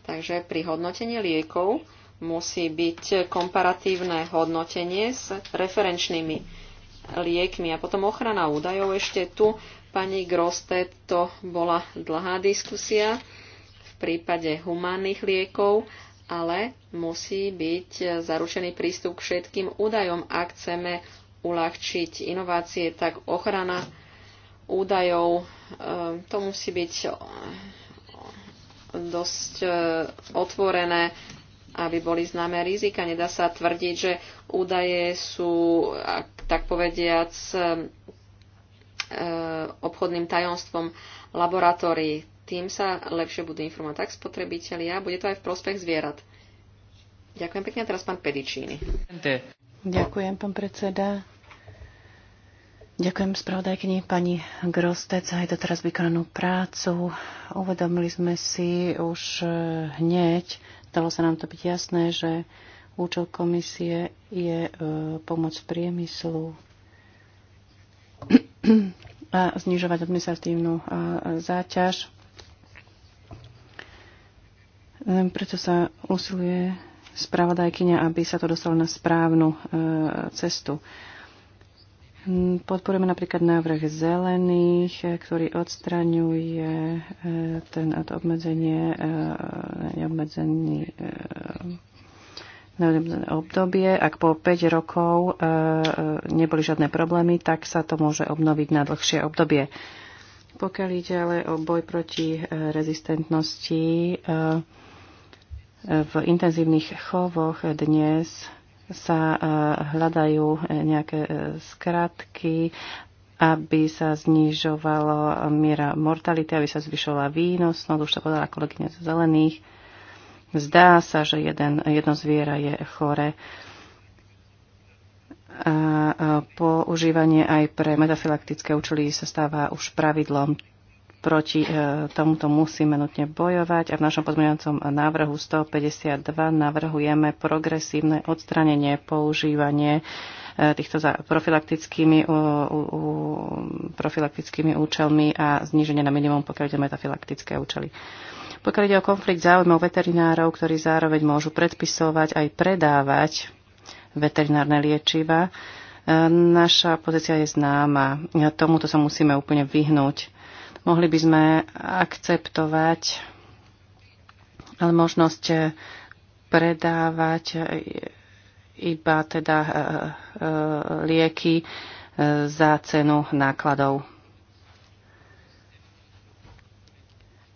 Takže pri hodnotení liekov musí byť komparatívne hodnotenie s referenčnými liekmi. A potom ochrana údajov ešte tu. Pani Grosted, to bola dlhá diskusia v prípade humánnych liekov, ale musí byť zaručený prístup k všetkým údajom, ak chceme uľahčiť inovácie, tak ochrana údajov, e, to musí byť dosť e, otvorené, aby boli známe rizika. Nedá sa tvrdiť, že údaje sú, tak povediac, e, obchodným tajomstvom laboratórií. Tým sa lepšie budú informovať tak spotrebitelia, a bude to aj v prospech zvierat. Ďakujem pekne, teraz pán Pedičíny. Ďakujem, pán predseda. Ďakujem spravodajkyni pani Grostec aj teraz vykonanú prácu. Uvedomili sme si už e, hneď, dalo sa nám to byť jasné, že účel komisie je e, pomoc priemyslu a znižovať administratívnu e, záťaž. Preto sa usiluje spravodajkyňa, aby sa to dostalo na správnu cestu. Hm, podporujeme napríklad návrh zelených, eh, ktorý odstraňuje eh, ten, obmedzenie, eh, neobmedzený obdobie, ak po 5 rokov neboli žiadne problémy, tak sa to môže obnoviť na dlhšie obdobie. Pokiaľ ide ale o boj proti rezistentnosti v intenzívnych chovoch dnes, sa e, hľadajú e, nejaké e, skratky, aby sa znižovala miera mortality, aby sa zvyšovala výnosnosť, už to povedala kolegyňa z zelených. Zdá sa, že jeden, jedno zviera je chore. A používanie aj pre metafilaktické účely sa stáva už pravidlom. Proti e, tomuto musíme nutne bojovať a v našom pozmeňujúcom návrhu 152 navrhujeme progresívne odstranenie používanie e, týchto za profilaktickými, uh, uh, profilaktickými účelmi a zníženie na minimum, pokiaľ ide o metafilaktické účely. Pokiaľ ide o konflikt záujmov veterinárov, ktorí zároveň môžu predpisovať aj predávať veterinárne liečiva, e, naša pozícia je známa. Tomuto sa musíme úplne vyhnúť. Mohli by sme akceptovať ale možnosť predávať iba teda e, e, lieky e, za cenu nákladov.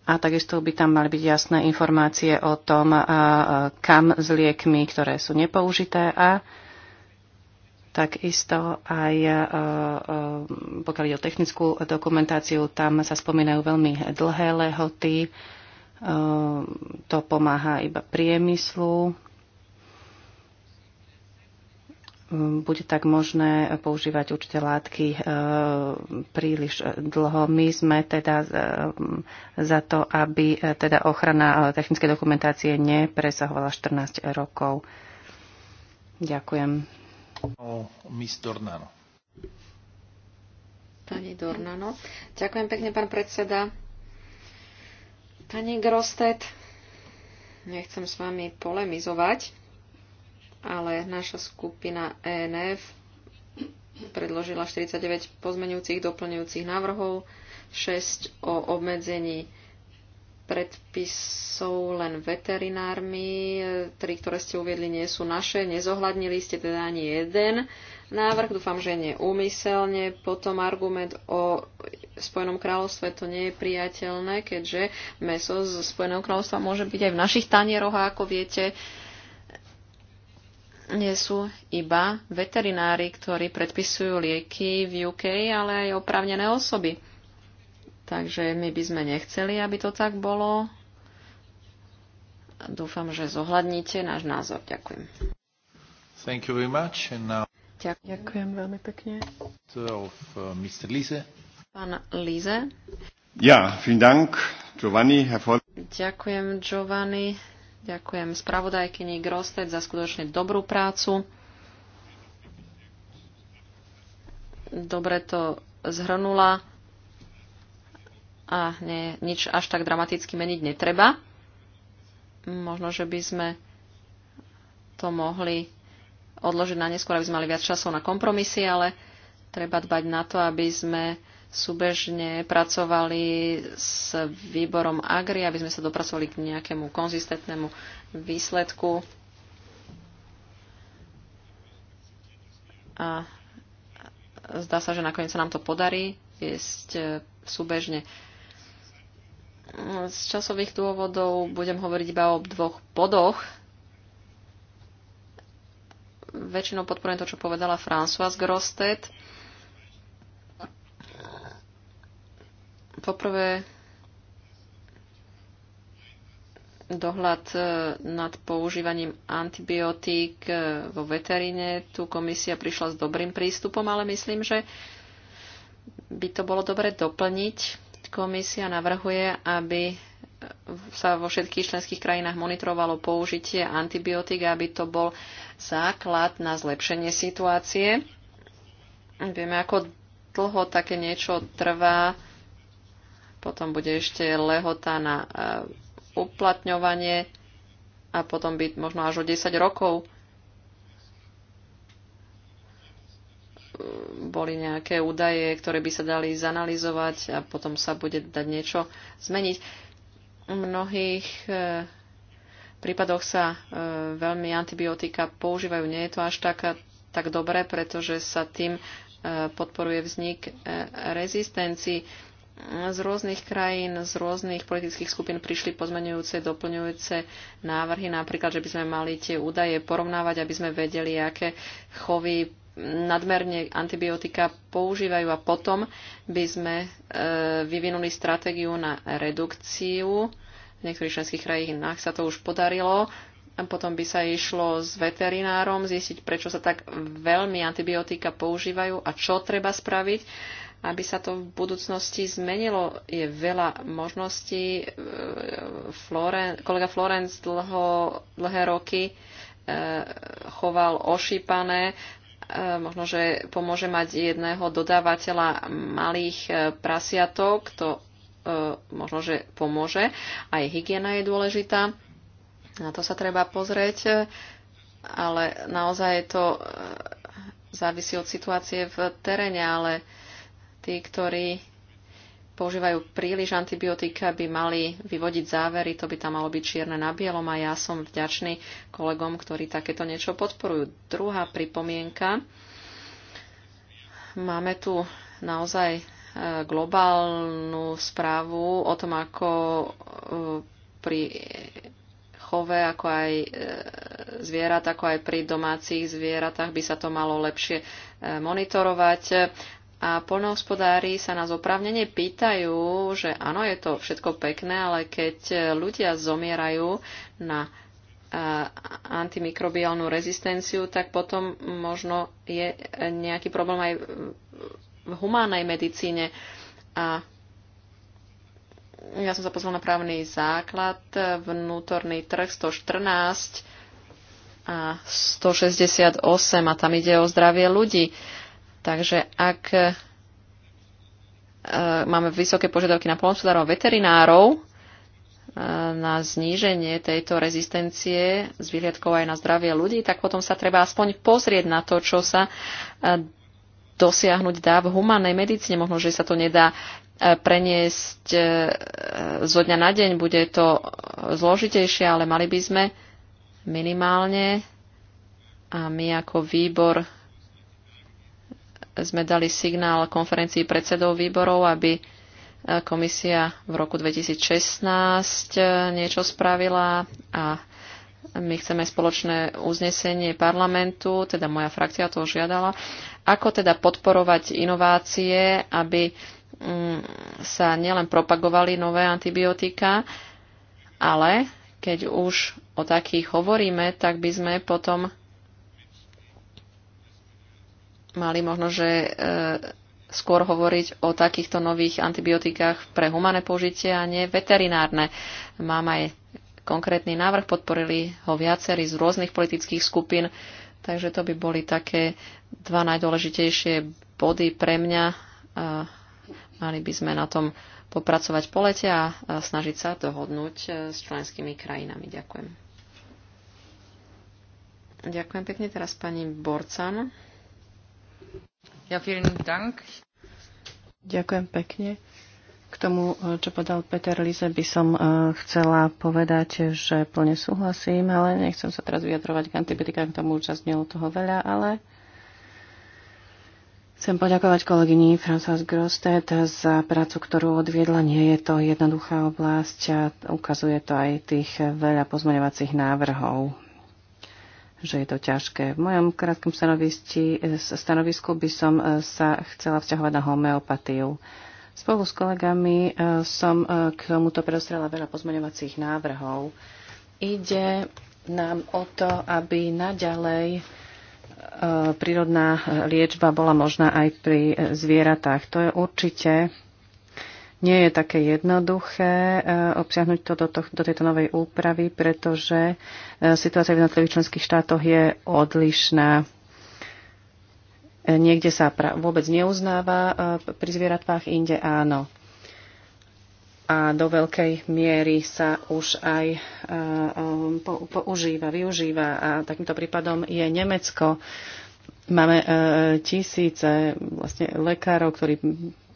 A takisto by tam mali byť jasné informácie o tom, kam s liekmi, ktoré sú nepoužité a Takisto aj e, e, pokiaľ ide o technickú dokumentáciu, tam sa spomínajú veľmi dlhé lehoty. E, to pomáha iba priemyslu. Bude tak možné používať určité látky príliš dlho. My sme teda za to, aby teda ochrana technickej dokumentácie nepresahovala 14 rokov. Ďakujem. Miss Dornano. Pani Dornano. Ďakujem pekne, pán predseda. Pani Grostet, nechcem s vami polemizovať, ale naša skupina ENF predložila 49 pozmenujúcich doplňujúcich návrhov, 6 o obmedzení predpisov len veterinármi. Tri, ktoré ste uviedli, nie sú naše. Nezohľadnili ste teda ani jeden návrh. Dúfam, že neúmyselne. Potom argument o Spojenom kráľovstve to nie je priateľné, keďže meso z Spojeného kráľovstva môže byť aj v našich tanieroch a ako viete, nie sú iba veterinári, ktorí predpisujú lieky v UK, ale aj oprávnené osoby. Takže my by sme nechceli, aby to tak bolo. Dúfam, že zohľadníte náš názor. Ďakujem. Thank you very much. And now... Ďakujem. veľmi pekne. Of, uh, Mr. Lise. Pán Lise. Ja, vielen Dank, Giovanni, Herr Ďakujem, Giovanni. Ďakujem spravodajkyni Grosted za skutočne dobrú prácu. Dobre to zhrnula a ne, nič až tak dramaticky meniť netreba. Možno, že by sme to mohli odložiť na neskôr, aby sme mali viac časov na kompromisy, ale treba dbať na to, aby sme súbežne pracovali s výborom Agri, aby sme sa dopracovali k nejakému konzistentnému výsledku. A zdá sa, že nakoniec sa nám to podarí viesť súbežne z časových dôvodov budem hovoriť iba o dvoch bodoch. Väčšinou podporujem to, čo povedala François Grostet. Poprvé, dohľad e, nad používaním antibiotík e, vo veteríne. Tu komisia prišla s dobrým prístupom, ale myslím, že by to bolo dobre doplniť Komisia navrhuje, aby sa vo všetkých členských krajinách monitorovalo použitie antibiotík, aby to bol základ na zlepšenie situácie. Vieme, ako dlho také niečo trvá. Potom bude ešte lehota na eh, uplatňovanie a potom by možno až o 10 rokov boli nejaké údaje, ktoré by sa dali zanalizovať a potom sa bude dať niečo zmeniť. V mnohých e, prípadoch sa e, veľmi antibiotika používajú. Nie je to až taká, tak dobré, pretože sa tým e, podporuje vznik rezistencií. Z rôznych krajín, z rôznych politických skupín prišli pozmenujúce, doplňujúce návrhy, napríklad, že by sme mali tie údaje porovnávať, aby sme vedeli, aké chovy nadmerne antibiotika používajú a potom by sme e, vyvinuli stratégiu na redukciu. V niektorých členských krajinách sa to už podarilo. A potom by sa išlo s veterinárom zistiť, prečo sa tak veľmi antibiotika používajú a čo treba spraviť aby sa to v budúcnosti zmenilo. Je veľa možností. E, Floren, kolega Florenc dlho, dlhé roky e, choval ošípané E, možno, že pomôže mať jedného dodávateľa malých e, prasiatok, to e, možno, že pomôže. Aj hygiena je dôležitá, na to sa treba pozrieť, ale naozaj to závisí od situácie v teréne, ale tí, ktorí používajú príliš antibiotika, by mali vyvodiť závery, to by tam malo byť čierne na bielom a ja som vďačný kolegom, ktorí takéto niečo podporujú. Druhá pripomienka. Máme tu naozaj e, globálnu správu o tom, ako e, pri chove, ako aj e, zvierat, ako aj pri domácich zvieratách by sa to malo lepšie monitorovať a poľnohospodári sa nás opravnene pýtajú, že áno, je to všetko pekné, ale keď e, ľudia zomierajú na e, antimikrobiálnu rezistenciu, tak potom možno je e, nejaký problém aj v humánnej medicíne. A ja som sa pozval na právny základ, vnútorný trh 114 a 168 a tam ide o zdravie ľudí. Takže ak e, máme vysoké požiadavky na polnospodárov a veterinárov e, na zníženie tejto rezistencie s výhľadkou aj na zdravie ľudí, tak potom sa treba aspoň pozrieť na to, čo sa e, dosiahnuť dá v humannej medicíne. Možno, že sa to nedá preniesť zo dňa na deň, bude to zložitejšie, ale mali by sme minimálne a my ako výbor sme dali signál konferencii predsedov výborov, aby e, komisia v roku 2016 e, niečo spravila a my chceme spoločné uznesenie parlamentu, teda moja frakcia to žiadala, ako teda podporovať inovácie, aby mm, sa nielen propagovali nové antibiotika, ale keď už o takých hovoríme, tak by sme potom mali možno, že e, skôr hovoriť o takýchto nových antibiotikách pre humané použitie a nie veterinárne. Mám aj konkrétny návrh, podporili ho viacerí z rôznych politických skupín, takže to by boli také dva najdôležitejšie body pre mňa. E, mali by sme na tom popracovať po lete a snažiť sa dohodnúť e, s členskými krajinami. Ďakujem. Ďakujem pekne teraz pani Borcan. Ďakujem pekne. K tomu, čo povedal Peter Lize, by som eh, chcela povedať, že plne súhlasím, ale nechcem sa teraz vyjadrovať k antibiotikám, k tomu účastnilo toho veľa, ale chcem poďakovať kolegyni Frances Grosted za prácu, ktorú odviedla. Nie je to jednoduchá oblasť a ukazuje to aj tých veľa pozmeňovacích návrhov že je to ťažké. V mojom krátkom stanovisku by som e, sa chcela vzťahovať na homeopatiu. Spolu s kolegami e, som e, k tomuto predostrela veľa pozmeňovacích návrhov. Ide nám o to, aby naďalej prírodná liečba bola možná aj pri zvieratách. To je určite nie je také jednoduché e, obsiahnuť to do, to, do tejto novej úpravy, pretože e, situácia v jednotlivých členských štátoch je odlišná. E, niekde sa vôbec neuznáva pri zvieratvách, inde áno. A do veľkej miery sa už aj používa, využíva. A takýmto prípadom je Nemecko. Máme tisíce vlastne lekárov, ktorí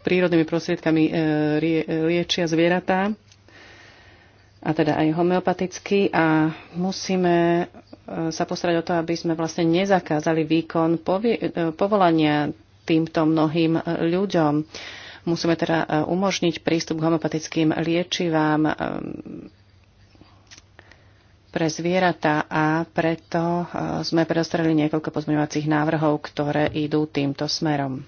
prírodnými prostriedkami e, liečia zvieratá, a teda aj homeopaticky a musíme e, sa postarať o to, aby sme vlastne nezakázali výkon e, povolania týmto mnohým ľuďom. Musíme teda umožniť prístup k homeopatickým liečivám pre zvieratá a preto sme predostreli niekoľko pozmeňovacích návrhov, ktoré idú týmto smerom.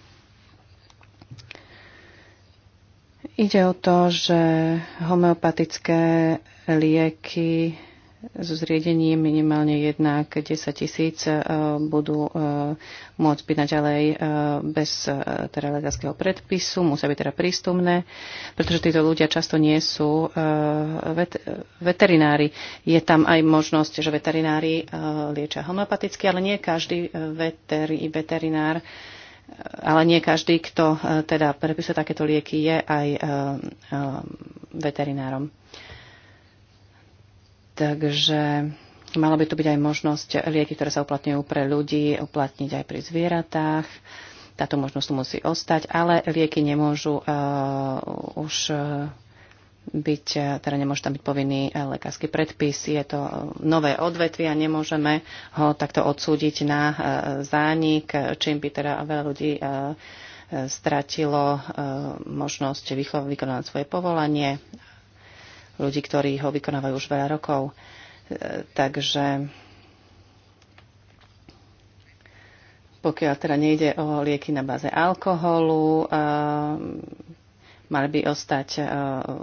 Ide o to, že homeopatické lieky so zriedením minimálne 1 k 10 tisíc e, budú e, môcť byť naďalej e, bez teda lekárskeho predpisu, musia byť teda prístupné, pretože títo ľudia často nie sú veterinári. Je tam aj možnosť, že veterinári liečia homeopaticky, ale nie každý veter- veterinár ale nie každý, kto e, teda prepisuje takéto lieky, je aj e, e, veterinárom. Takže mala by tu byť aj možnosť lieky, ktoré sa uplatňujú pre ľudí, uplatniť aj pri zvieratách. Táto možnosť tu musí ostať, ale lieky nemôžu uh, už uh, byť, e, teda nemôže tam byť povinný e, lekársky predpis. Je to e, nové odvetvie a nemôžeme ho takto odsúdiť na zánik, čím by teda veľa ľudí stratilo možnosť vykonávať svoje povolanie, ľudí, ktorí ho vykonávajú už veľa rokov. Takže pokiaľ teda nejde o lieky na báze alkoholu, mali by ostať e,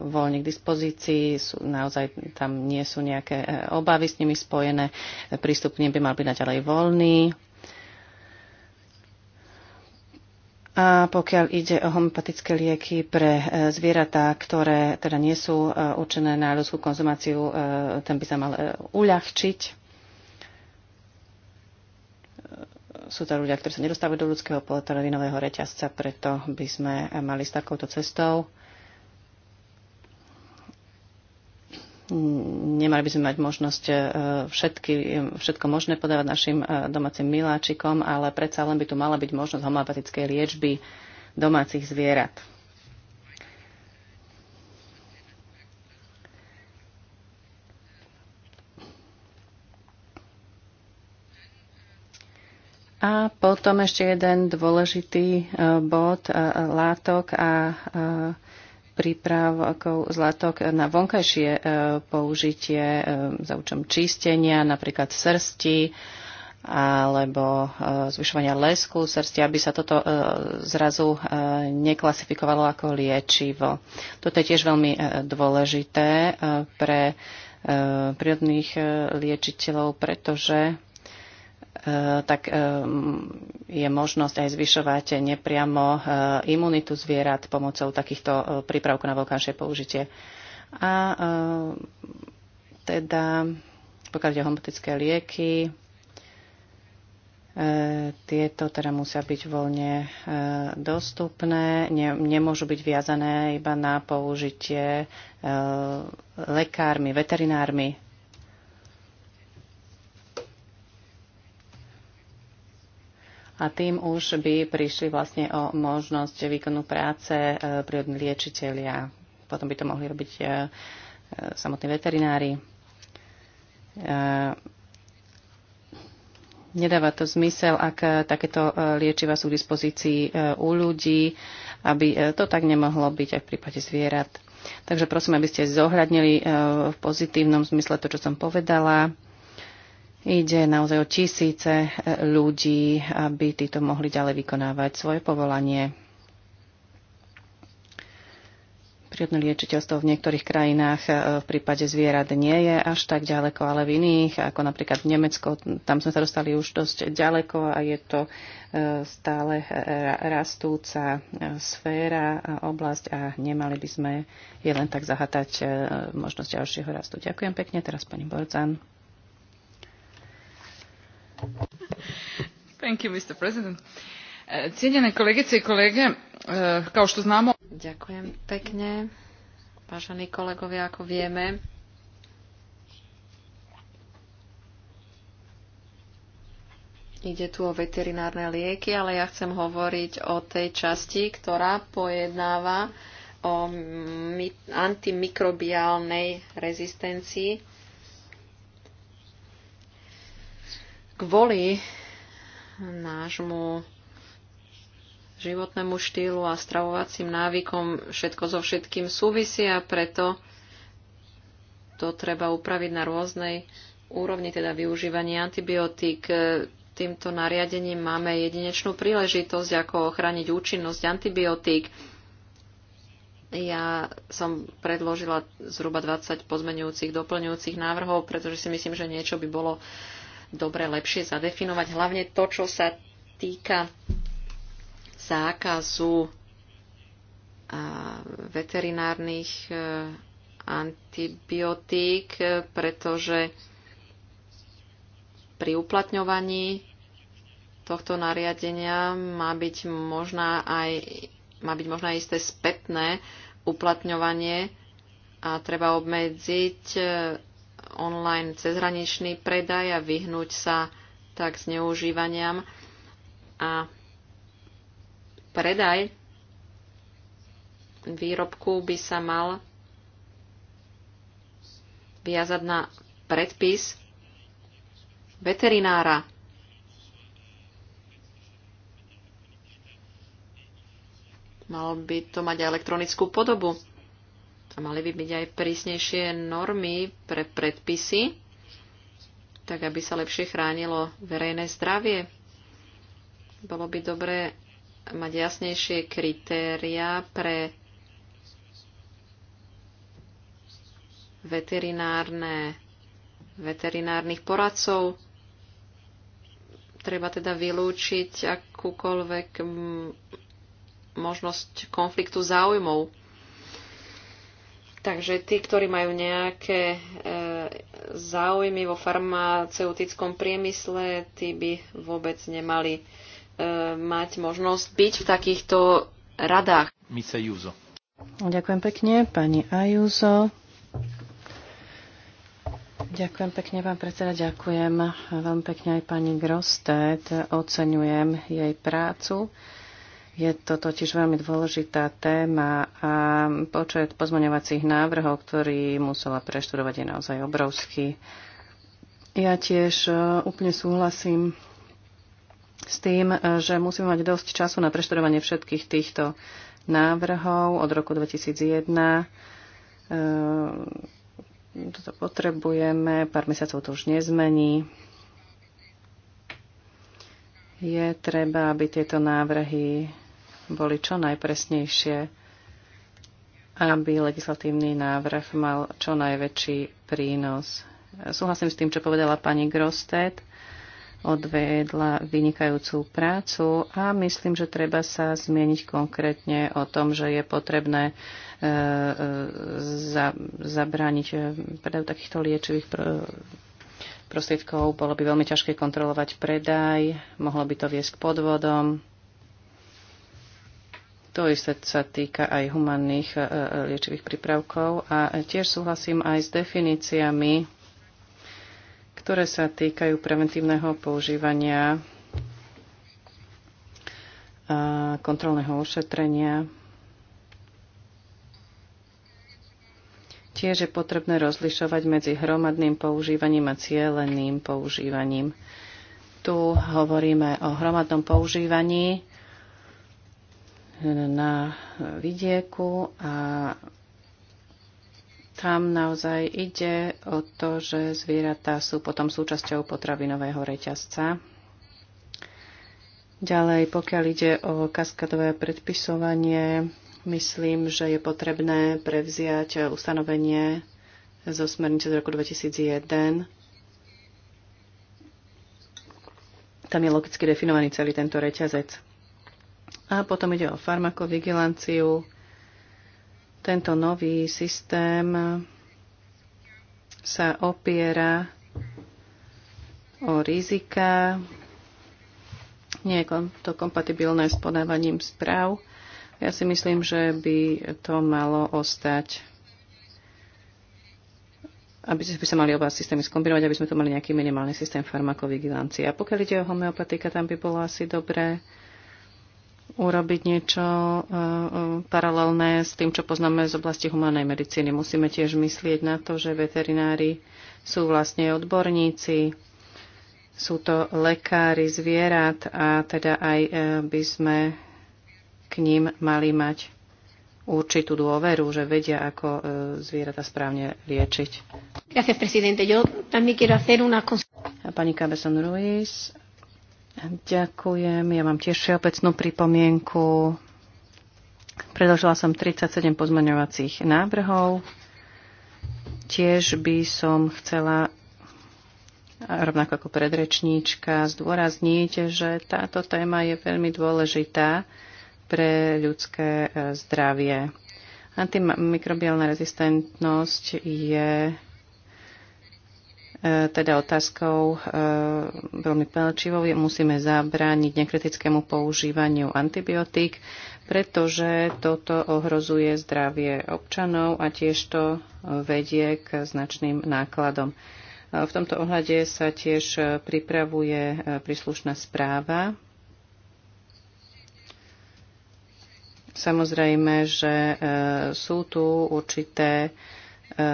voľne k dispozícii, sú, naozaj tam nie sú nejaké e, obavy s nimi spojené, prístup k nim by mal byť naďalej voľný. A pokiaľ ide o homopatické lieky pre e, zvieratá, ktoré teda nie sú určené na ľudskú konzumáciu, ten by sa mal uľahčiť sú to ľudia, ktorí sa nedostávajú do ľudského potravinového reťazca, preto by sme mali s takouto cestou. Nemali by sme mať možnosť e, všetky, všetko možné podávať našim e, domácim miláčikom, ale predsa len by tu mala byť možnosť homeopatickej liečby domácich zvierat. A potom ešte jeden dôležitý e, bod e, látok a e, prípravkov z látok na vonkajšie použitie za účom čistenia, napríklad srsti alebo zvyšovania lesku srsti, aby sa toto zrazu neklasifikovalo ako liečivo. Toto je tiež veľmi dôležité pre prírodných liečiteľov, pretože Eh, tak eh, je možnosť aj zvyšovať nepriamo eh, imunitu zvierat pomocou takýchto prípravkov na voľkanšie použitie. A teda, pokiaľ ide o homotické lieky, tieto teda musia byť voľne dostupné, nemôžu byť viazané iba na použitie lekármi, veterinármi a tým už by prišli vlastne o možnosť výkonu práce e, prírodní liečitelia. Potom by to mohli robiť e, e, samotní veterinári. Nedáva to zmysel, ak takéto liečiva sú k dispozícii u ľudí, aby to tak nemohlo byť aj v prípade zvierat. Takže prosím, aby ste zohľadnili v pozitívnom zmysle to, čo som povedala. Ide naozaj o tisíce eh, ľudí, aby títo mohli ďalej vykonávať svoje povolanie. Prírodné liečiteľstvo v niektorých krajinách eh, v prípade zvierat nie je až tak ďaleko, ale v iných, ako napríklad v Nemecku, tam sme sa dostali už dosť ďaleko a je to eh, stále rastúca sféra a oblasť a nemali by sme je len tak zahatať možnosť ďalšieho rastu. Ďakujem pekne, teraz pani Borzan. E, kolegice i kolege, e, kao što znamo... Ďakujem pekne. Vážení kolegovia, ako vieme, Ide tu o veterinárne lieky, ale ja chcem hovoriť o tej časti, ktorá pojednáva o antimikrobiálnej rezistencii. kvôli nášmu životnému štýlu a stravovacím návykom všetko so všetkým súvisí a preto to treba upraviť na rôznej úrovni, teda využívanie antibiotík. Týmto nariadením máme jedinečnú príležitosť, ako ochrániť účinnosť antibiotík. Ja som predložila zhruba 20 pozmenujúcich, doplňujúcich návrhov, pretože si myslím, že niečo by bolo uh, dobre lepšie zadefinovať, hlavne to, čo sa týka zákazu veterinárnych e, antibiotík, e, pretože pri uplatňovaní tohto nariadenia má byť možná aj má byť možná isté spätné uplatňovanie a treba obmedziť e, online cezhraničný predaj a vyhnúť sa tak zneužívaniam. A predaj výrobku by sa mal viazať na predpis veterinára. Mal by to mať elektronickú podobu mali by byť aj prísnejšie normy pre predpisy, tak aby sa lepšie chránilo verejné zdravie. Bolo by dobre mať jasnejšie kritéria pre veterinárne, veterinárnych poradcov. Treba teda vylúčiť akúkoľvek možnosť konfliktu záujmov. Takže tí, ktorí majú nejaké e, záujmy vo farmaceutickom priemysle, tí by vôbec nemali e, mať možnosť byť v takýchto radách. Mice Júzo. Ďakujem pekne, pani Ajúzo. Ďakujem pekne, pán predseda. Ďakujem veľmi pekne aj pani Grostet. Oceňujem jej prácu. Je to totiž veľmi dôležitá téma a počet pozmoňovacích návrhov, ktorý musela preštudovať, je naozaj obrovský. Ja tiež e, úplne súhlasím s tým, e, že musíme mať dosť času na preštudovanie všetkých týchto návrhov od roku 2001. E, toto potrebujeme, pár mesiacov to už nezmení je treba, aby tieto návrhy boli čo najpresnejšie, aby legislatívny návrh mal čo najväčší prínos. Súhlasím s tým, čo povedala pani Grosted. Odvedla vynikajúcu prácu a myslím, že treba sa zmieniť konkrétne o tom, že je potrebné e, e za, zabrániť e, predaj takýchto liečivých pr- prostriedkov. Bolo by veľmi ťažké kontrolovať predaj, mohlo by to viesť k podvodom to isté sa týka aj humanných e, e, liečivých prípravkov a tiež súhlasím aj s definíciami, ktoré sa týkajú preventívneho používania a e, kontrolného ošetrenia. Tiež je potrebné rozlišovať medzi hromadným používaním a cieleným používaním. Tu hovoríme o hromadnom používaní, na vidieku a tam naozaj ide o to, že zvieratá sú potom súčasťou potravinového reťazca. Ďalej, pokiaľ ide o kaskadové predpisovanie, myslím, že je potrebné prevziať ustanovenie zo smernice z roku 2001. Tam je logicky definovaný celý tento reťazec. A potom ide o farmakovigilanciu. Tento nový systém sa opiera o rizika. Nie je to kompatibilné s podávaním správ. Ja si myslím, že by to malo ostať aby by sa mali oba systémy skombinovať, aby sme tu mali nejaký minimálny systém farmakovigilancie. A pokiaľ ide o homeopatika, tam by bolo asi dobré urobiť niečo e, e, paralelné s tým, čo poznáme z oblasti humanej medicíny. Musíme tiež myslieť na to, že veterinári sú vlastne odborníci, sú to lekári zvierat a teda aj e, by sme k ním mali mať určitú dôveru, že vedia, ako zvieratá správne liečiť. Gracias, presidente. Yo también quiero hacer una... Pani Cabezon Ruiz, Ďakujem. Ja mám tiež všeobecnú pripomienku. Predložila som 37 pozmeňovacích návrhov. Tiež by som chcela rovnako ako predrečníčka zdôrazniť, že táto téma je veľmi dôležitá pre ľudské e, zdravie. Antimikrobiálna rezistentnosť je teda otázkou e, veľmi pelčivou je, musíme zabrániť nekritickému používaniu antibiotík, pretože toto ohrozuje zdravie občanov a tiež to vedie k značným nákladom. E, v tomto ohľade sa tiež pripravuje e, príslušná správa. Samozrejme, že sú tu určité E,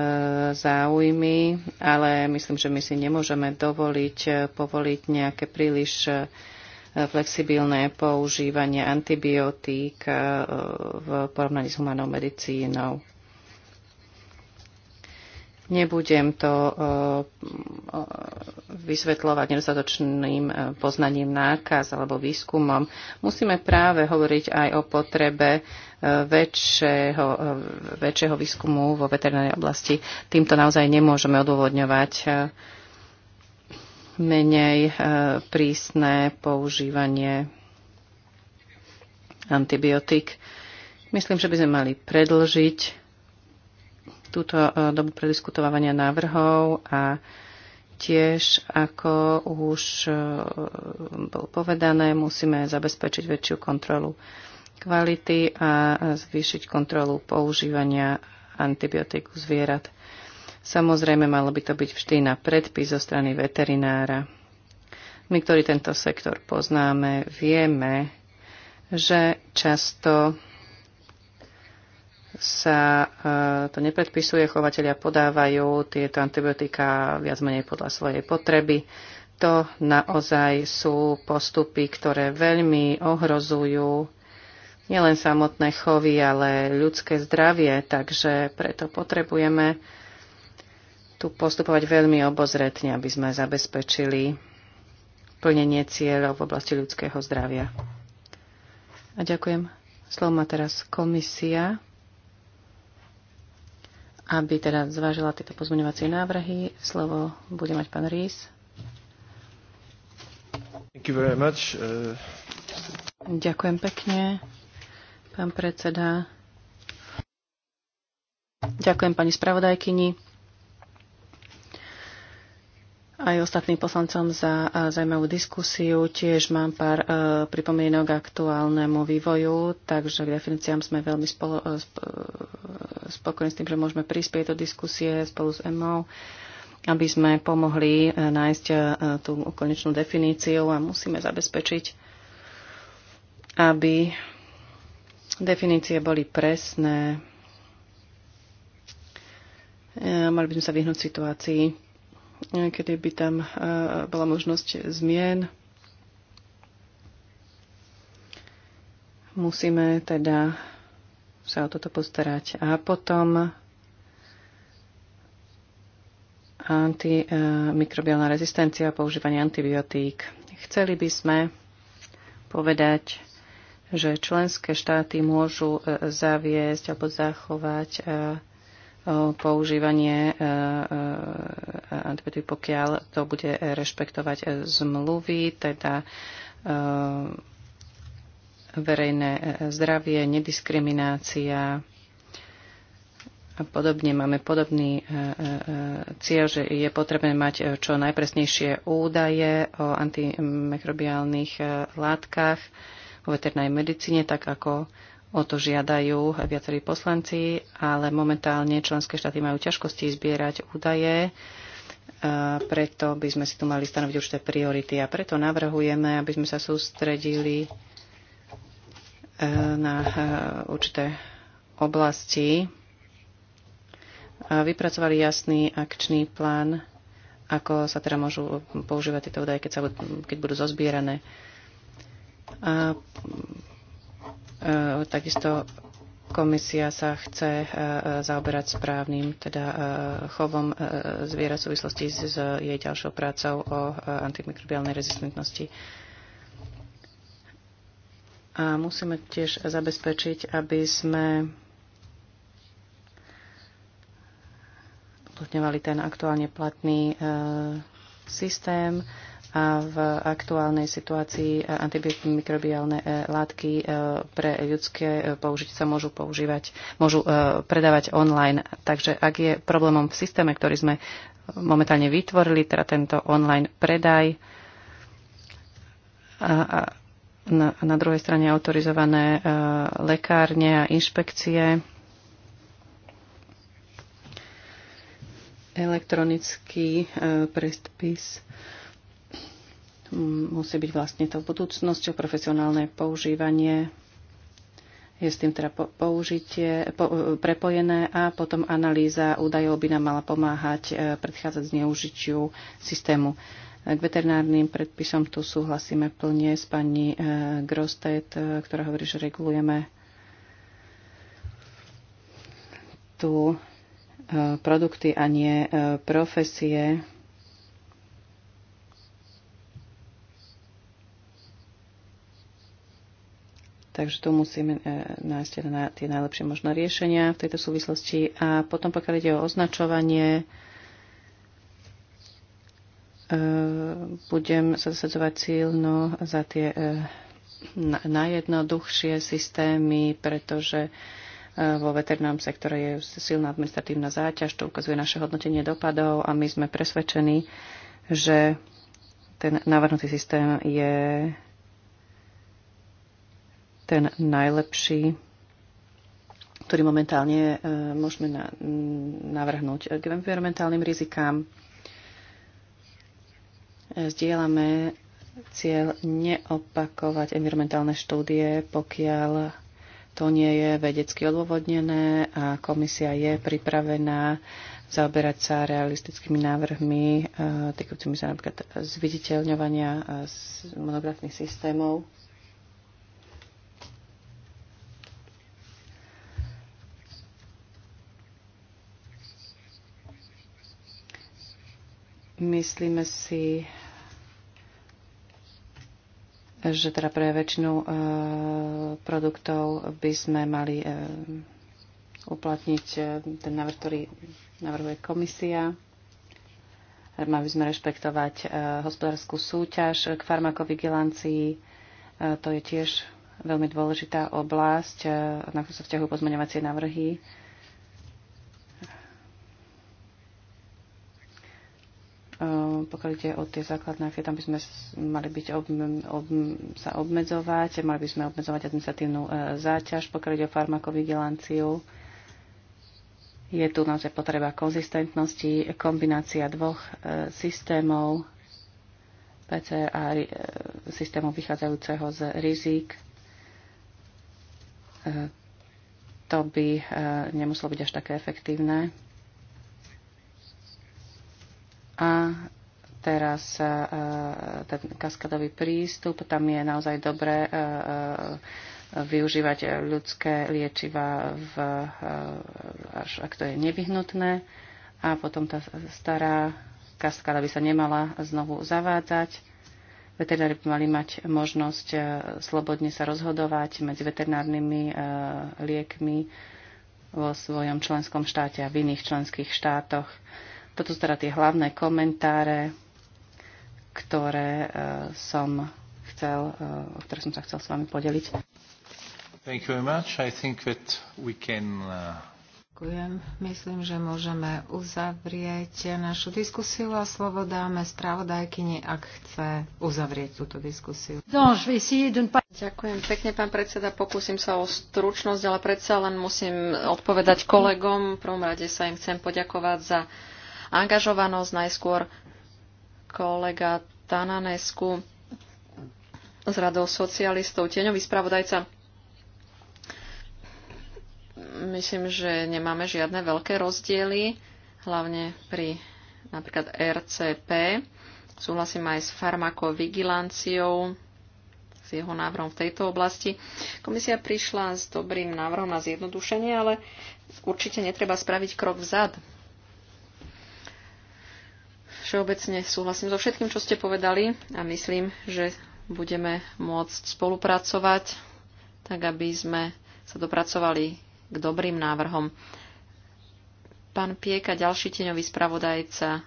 záujmy, ale myslím, že my si nemôžeme dovoliť e, povoliť nejaké príliš e, flexibilné používanie antibiotík v porovnaní s humanou medicínou. Nebudem to eh, vysvetľovať nedostatočným eh, poznaním nákaz alebo výskumom. Musíme práve hovoriť aj o potrebe eh, väčšieho, väčšieho výskumu vo veterinárnej oblasti. Týmto naozaj nemôžeme odôvodňovať menej prísne používanie antibiotík. Myslím, že by sme mali predlžiť túto e, dobu prediskutovania návrhov a tiež, ako už e, bolo povedané, musíme zabezpečiť väčšiu kontrolu kvality a zvýšiť kontrolu používania antibiotiku zvierat. Samozrejme, malo by to byť vždy na predpis zo strany veterinára. My, ktorí tento sektor poznáme, vieme, že často sa e, to nepredpisuje, chovateľia podávajú tieto antibiotika viac menej podľa svojej potreby. To naozaj sú postupy, ktoré veľmi ohrozujú nielen samotné chovy, ale ľudské zdravie, takže preto potrebujeme tu postupovať veľmi obozretne, aby sme zabezpečili plnenie cieľov v oblasti ľudského zdravia. A ďakujem. Slovo má teraz komisia aby teda zvážila tieto pozmeňovacie návrhy. Slovo bude mať pán Rís. Uh... Ďakujem pekne, pán predseda. Ďakujem pani spravodajkyni aj ostatným poslancom za zaujímavú diskusiu. Tiež mám pár e, pripomienok k aktuálnemu vývoju, takže k definíciám sme veľmi spolo, e, e spokojní s tým, že môžeme prispieť do diskusie spolu s MO, aby sme pomohli e, nájsť e, tú konečnú definíciu a musíme zabezpečiť, aby definície boli presné. E, mali by sme sa vyhnúť situácii, kedy by tam e, bola možnosť zmien. Musíme teda sa o toto postarať. A potom antimikrobiálna rezistencia a používanie antibiotík. Chceli by sme povedať, že členské štáty môžu e, zaviesť alebo zachovať e, používanie e, e, antibiotík, pokiaľ to bude rešpektovať zmluvy, teda e, verejné zdravie, nediskriminácia a podobne. Máme podobný cieľ, že je potrebné mať čo najpresnejšie údaje o antimikrobiálnych látkach vo veterinárnej medicíne, tak ako O to žiadajú viacerí poslanci, ale momentálne členské štáty majú ťažkosti zbierať údaje, e, preto by sme si tu mali stanoviť určité priority a preto navrhujeme, aby sme sa sústredili e, na e, určité oblasti a vypracovali jasný akčný plán, ako sa teda môžu používať tieto údaje, keď, sa, budú, keď budú zozbierané. A E, takisto komisia sa chce e, zaoberať správnym teda e, chovom zviera v súvislosti s jej ďalšou prácou o antimikrobiálnej rezistentnosti. A musíme tiež zabezpečiť, aby sme uplatňovali ten aktuálne platný e, systém a v aktuálnej situácii antimikrobiálne e, látky e, pre ľudské e, použitie sa môžu používať, môžu predávať online. Takže ak je problémom v systéme, ktorý sme momentálne vytvorili, teda tento online predaj, a, na druhej strane autorizované lekárne a inšpekcie, elektronický predpis musí byť vlastne tou budúcnosťou, profesionálne používanie je s tým teda použitie, po, prepojené a potom analýza údajov by nám mala pomáhať e, predchádzať zneužitiu systému. E, k veterinárnym predpisom tu súhlasíme plne s pani e, Grostet, ktorá hovorí, že regulujeme tu produkty a nie profesie Takže tu musíme e, nájsť teda na tie najlepšie možné riešenia v tejto súvislosti. A potom, pokiaľ ide o označovanie, e, budem sa zasadzovať silno za tie e, najjednoduchšie systémy, pretože vo veterinárnom sektore je silná administratívna záťaž, to ukazuje naše hodnotenie dopadov a my sme presvedčení, že ten navrhnutý systém je ten najlepší, ktorý momentálne e, môžeme navrhnúť k environmentálnym rizikám. E, zdieľame cieľ neopakovať environmentálne štúdie, pokiaľ to nie je vedecky odôvodnené a komisia je pripravená zaoberať sa realistickými návrhmi e, týkajúcimi sa napríklad zviditeľňovania monografných systémov. Myslíme si, že teda pre väčšinu e, produktov by sme mali e, uplatniť e, ten návrh, ktorý navrhuje komisia. Mali by sme rešpektovať e, hospodárskú súťaž k farmakovigilancii. E, to je tiež veľmi dôležitá oblasť, e, na ktorú sa vzťahujú pozmeňovacie návrhy. E, Ehm, pokiaľ ide o tie základné akcie, tam by sme mali byť ob, ob, sa obmedzovať, mali by sme obmedzovať administratívnu e, záťaž, pokiaľ ide o farmakovigilanciu. Je tu naozaj potreba konzistentnosti, kombinácia dvoch e, systémov, PCR a e, systému vychádzajúceho z rizik. To by nemuselo byť až také efektívne. A teraz e, ten kaskadový prístup, tam je naozaj dobré e, e, využívať ľudské liečiva, v, až ak to je nevyhnutné. A potom tá stará kaskada by sa nemala znovu zavádzať. Veterinári by mali mať možnosť slobodne sa rozhodovať medzi veterinárnymi liekmi vo svojom členskom štáte a v iných členských štátoch. Toto sú teda tie hlavné komentáre, ktoré e, som chcel, e, o ktoré som sa chcel s vami podeliť. Thank you very much. I think that we can uh, Ďakujem. Myslím, že môžeme uzavrieť našu diskusiu a slovo dáme spravodajkyni, ak chce uzavrieť túto diskusiu. Ďakujem pekne, pán predseda. Pokúsim sa o stručnosť, ale predsa len musím odpovedať kolegom. V prvom rade sa im chcem poďakovať za angažovanosť. Najskôr kolega Tananesku z radou socialistov, tieňový spravodajca. Myslím, že nemáme žiadne veľké rozdiely, hlavne pri napríklad RCP. Súhlasím aj s farmakovigilanciou, s jeho návrhom v tejto oblasti. Komisia prišla s dobrým návrhom na zjednodušenie, ale určite netreba spraviť krok vzad. Všeobecne súhlasím so všetkým, čo ste povedali a myslím, že budeme môcť spolupracovať, tak aby sme sa dopracovali k dobrým návrhom. Pán Pieka, ďalší tieňový spravodajca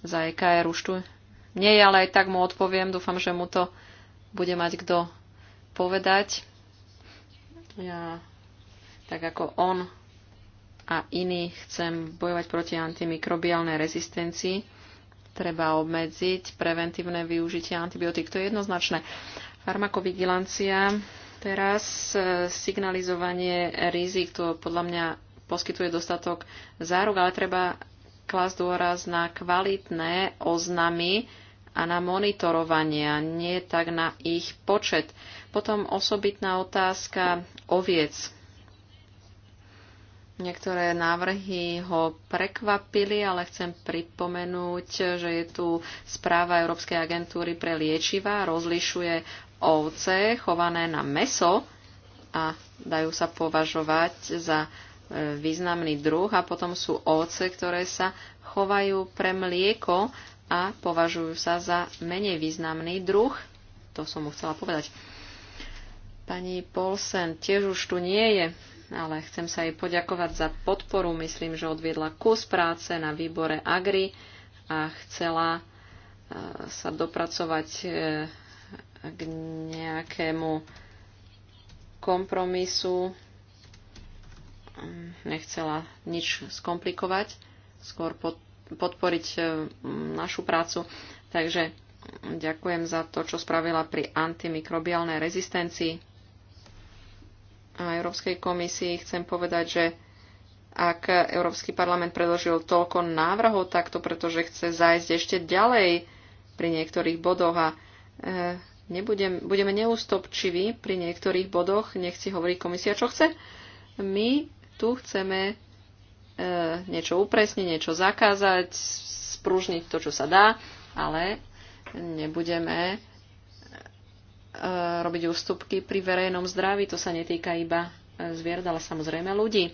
za EKR už tu nie je, ale aj tak mu odpoviem. Dúfam, že mu to bude mať kto povedať. Ja, tak ako on a iný chcem bojovať proti antimikrobiálnej rezistencii, treba obmedziť preventívne využitie antibiotík. To je jednoznačné. Farmakovigilancia, teraz e, signalizovanie rizik, to podľa mňa poskytuje dostatok záruk, ale treba klásť dôraz na kvalitné oznamy a na monitorovania, nie tak na ich počet. Potom osobitná otázka oviec. Niektoré návrhy ho prekvapili, ale chcem pripomenúť, že je tu správa Európskej agentúry pre liečiva, rozlišuje ovce chované na meso a dajú sa považovať za e, významný druh a potom sú ovce, ktoré sa chovajú pre mlieko a považujú sa za menej významný druh. To som mu chcela povedať. Pani Polsen tiež už tu nie je ale chcem sa jej poďakovať za podporu. Myslím, že odviedla kus práce na výbore Agri a chcela e, sa dopracovať e, k nejakému kompromisu. Nechcela nič skomplikovať, skôr podporiť e, našu prácu. Takže ďakujem za to, čo spravila pri antimikrobiálnej rezistencii a Európskej komisii chcem povedať, že ak Európsky parlament predložil toľko návrhov takto, pretože chce zájsť ešte ďalej pri niektorých bodoch a e, nebudem, budeme neústopčiví pri niektorých bodoch, nech si hovorí komisia, čo chce. My tu chceme e, niečo upresniť, niečo zakázať, spružniť to, čo sa dá, ale nebudeme Eh, robiť ústupky pri verejnom zdraví. To sa netýka iba eh, zvierat, ale samozrejme ľudí.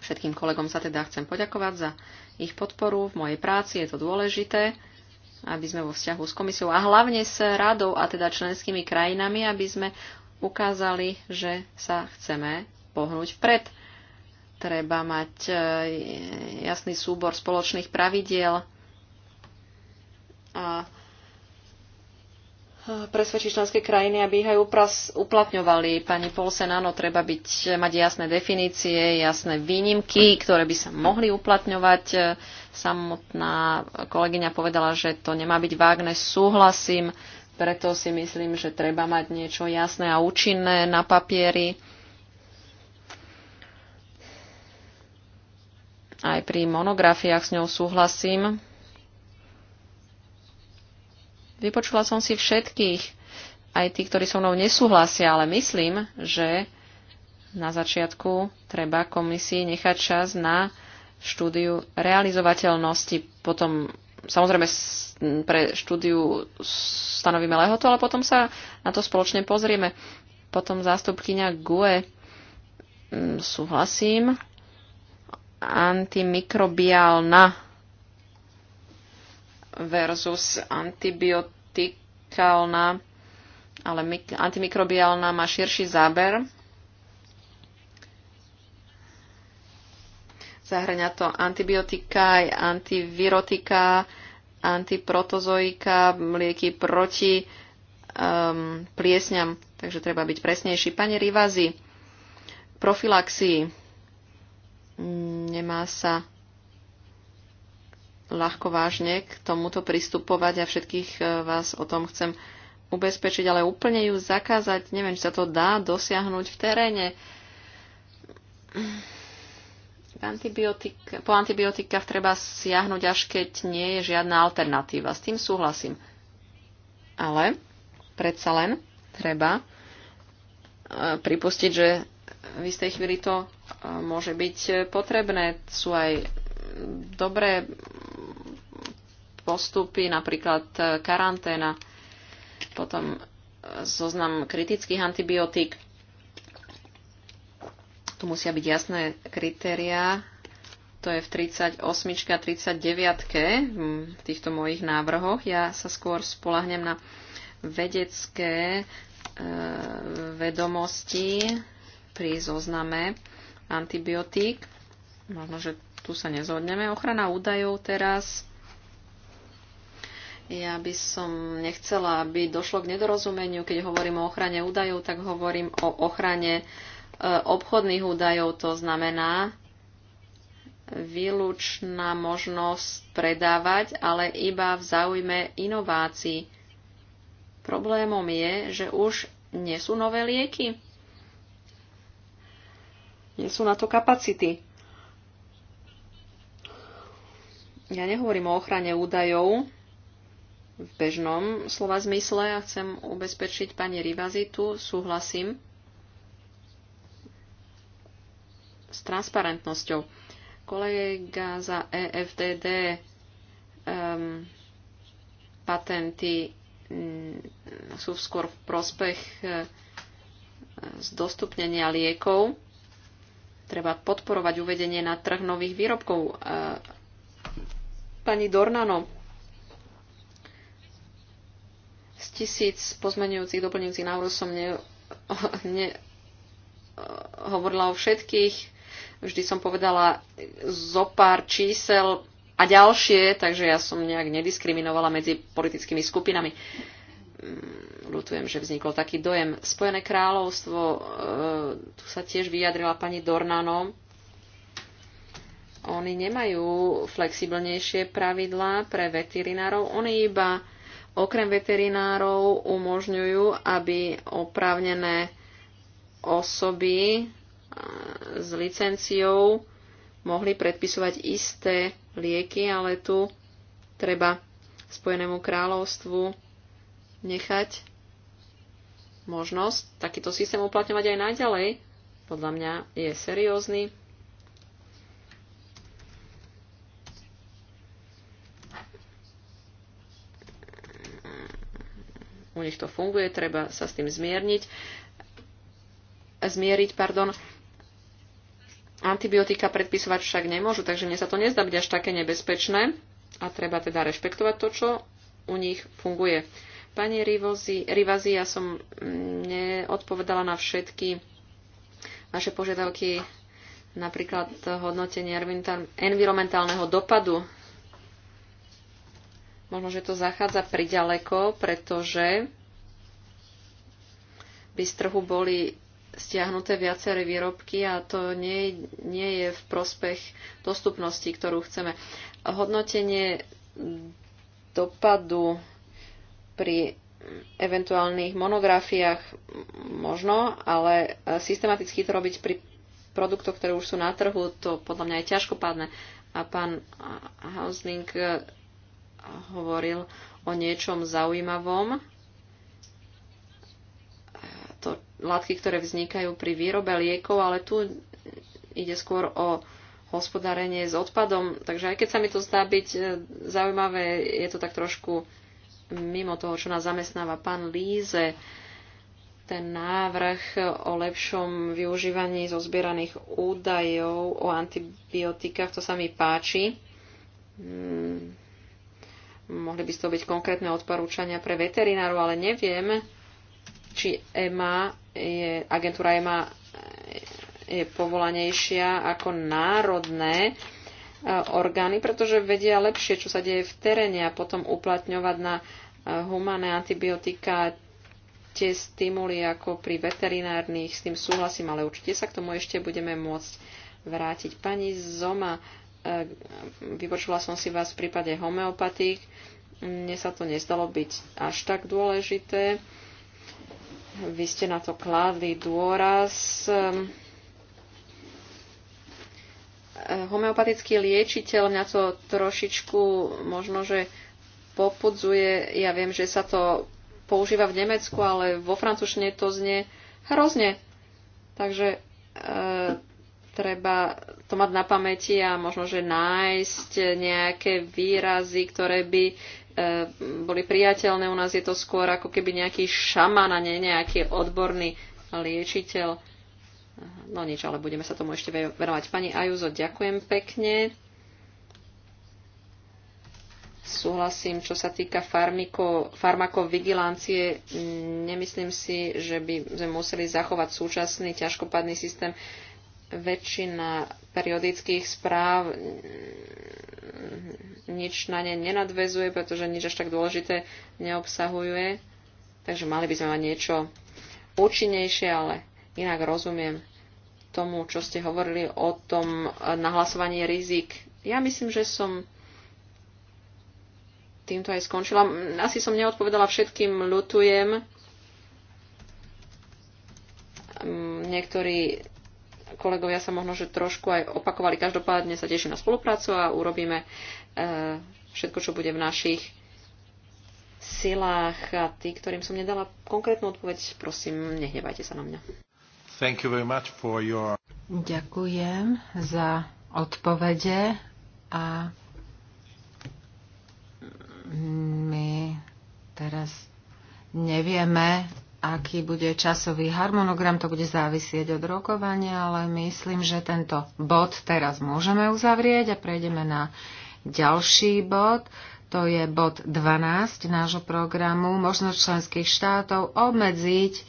Všetkým kolegom sa teda chcem poďakovať za ich podporu v mojej práci. Je to dôležité, aby sme vo vzťahu s komisiou a hlavne s radou a teda členskými krajinami, aby sme ukázali, že sa chceme pohnúť vpred. Treba mať eh, jasný súbor spoločných pravidiel a presvedčí členské krajiny, aby ich aj upras, uplatňovali. Pani Polsen, áno, treba byť, mať jasné definície, jasné výnimky, ktoré by sa mohli uplatňovať. Samotná kolegyňa povedala, že to nemá byť vágne, súhlasím, preto si myslím, že treba mať niečo jasné a účinné na papieri. Aj pri monografiách s ňou súhlasím Vypočula som si všetkých, aj tí, ktorí so mnou nesúhlasia, ale myslím, že na začiatku treba komisii nechať čas na štúdiu realizovateľnosti, potom samozrejme pre štúdiu stanovíme lehotu, ale potom sa na to spoločne pozrieme. Potom zástupkyňa GUE mm, súhlasím. Antimikrobiálna versus antibiotikálna, ale antimikrobiálna má širší záber. Zahrania to antibiotika, antivirotika, antiprotozoika, lieky proti um, pliesňam, takže treba byť presnejší. Pane Rivazi, profilaxii nemá sa ľahko vážne k tomuto pristupovať a všetkých e, vás o tom chcem ubezpečiť, ale úplne ju zakázať, neviem, či sa to dá dosiahnuť v teréne. Antibiotika, po antibiotikách treba siahnuť, až keď nie je žiadna alternatíva. S tým súhlasím. Ale predsa len treba e, pripustiť, že v istej chvíli to e, môže byť potrebné. Sú aj dobré postupy, napríklad e, karanténa, potom e, zoznam kritických antibiotík. Tu musia byť jasné kritériá. To je v 38 a 39 v týchto mojich návrhoch. Ja sa skôr spolahnem na vedecké e, vedomosti pri zozname antibiotík. Možno, že tu sa nezhodneme. Ochrana údajov teraz ja by som nechcela, aby došlo k nedorozumeniu. Keď hovorím o ochrane údajov, tak hovorím o ochrane e, obchodných údajov. To znamená výlučná možnosť predávať, ale iba v záujme inovácií. Problémom je, že už nie sú nové lieky. Nie sú na to kapacity. Ja nehovorím o ochrane údajov, v bežnom slova zmysle a chcem ubezpečiť pani Rivazitu, súhlasím s transparentnosťou. Kolega za EFDD um, ehm, patenty um, sú skôr v prospech uh, zdostupnenia liekov. Treba podporovať uvedenie na trh nových výrobkov. Uh, pani Dornano, z tisíc pozmenujúcich, doplňujúcich návrhov som ne, ne, hovorila o všetkých. Vždy som povedala zo pár čísel a ďalšie, takže ja som nejak nediskriminovala medzi politickými skupinami. Lutujem, mm, že vznikol taký dojem. Spojené kráľovstvo, e, tu sa tiež vyjadrila pani Dornano. Oni nemajú flexibilnejšie pravidlá pre veterinárov, oni iba okrem veterinárov umožňujú, aby oprávnené osoby eh, s licenciou mohli predpisovať isté lieky, ale tu treba Spojenému kráľovstvu nechať možnosť takýto systém uplatňovať aj naďalej. Podľa mňa je seriózny, u nich to funguje, treba sa s tým zmierniť, zmieriť, pardon. Antibiotika predpisovať však nemôžu, takže mne sa to nezdá byť až také nebezpečné a treba teda rešpektovať to, čo u nich funguje. Pani Rivozi, Rivazi, ja som mm, neodpovedala na všetky vaše požiadavky, napríklad hodnotenie environmentálneho dopadu Možno, že to zachádza priďaleko, pretože by z trhu boli stiahnuté viaceré výrobky a to nie, nie je v prospech dostupnosti, ktorú chceme. Hodnotenie dopadu pri eventuálnych monografiách možno, ale systematicky to robiť pri produktoch, ktoré už sú na trhu, to podľa mňa je ťažkopádne. A pán Hausling hovoril o niečom zaujímavom. To látky, ktoré vznikajú pri výrobe liekov, ale tu ide skôr o hospodárenie s odpadom. Takže aj keď sa mi to zdá byť e, zaujímavé, je to tak trošku mimo toho, čo nás zamestnáva pán Líze ten návrh o lepšom využívaní zo zbieraných údajov o antibiotikách, to sa mi páči. Hmm. Mohli by to byť konkrétne odporúčania pre veterinárov, ale neviem, či EMA je, agentúra EMA je povolanejšia ako národné e, orgány, pretože vedia lepšie, čo sa deje v teréne a potom uplatňovať na e, humané antibiotika tie stimuly ako pri veterinárnych, s tým súhlasím, ale určite sa k tomu ešte budeme môcť vrátiť. Pani Zoma, vypočula som si vás v prípade homeopatík. Mne sa to nezdalo byť až tak dôležité. Vy ste na to kládli dôraz homeopatický liečiteľ mňa to trošičku možno, že popudzuje. Ja viem, že sa to používa v Nemecku, ale vo francúzštine to znie hrozne. Takže e, treba to mať na pamäti a možno, že nájsť nejaké výrazy, ktoré by e, boli priateľné. U nás je to skôr ako keby nejaký šaman a nie nejaký odborný liečiteľ. No nič, ale budeme sa tomu ešte verovať. Pani Ajuzo, ďakujem pekne. Súhlasím, čo sa týka farmiko, farmakovigilancie. Nemyslím si, že by sme museli zachovať súčasný ťažkopadný systém väčšina periodických správ nič na ne nenadvezuje, pretože nič až tak dôležité neobsahuje. Takže mali by sme mať niečo účinnejšie, ale inak rozumiem tomu, čo ste hovorili o tom eh, nahlasovaní rizik. Ja myslím, že som týmto aj skončila. Asi som neodpovedala všetkým, ľutujem. Hm, niektorí kolegovia sa možno, že trošku aj opakovali. Každopádne sa teším na spoluprácu a urobíme e, všetko, čo bude v našich silách. A tí, ktorým som nedala konkrétnu odpoveď, prosím, nehnevajte sa na mňa. Thank you very much for your... Ďakujem za odpovede a my teraz nevieme, aký bude časový harmonogram, to bude závisieť od rokovania, ale myslím, že tento bod teraz môžeme uzavrieť a prejdeme na ďalší bod. To je bod 12 nášho programu, možnosť členských štátov obmedziť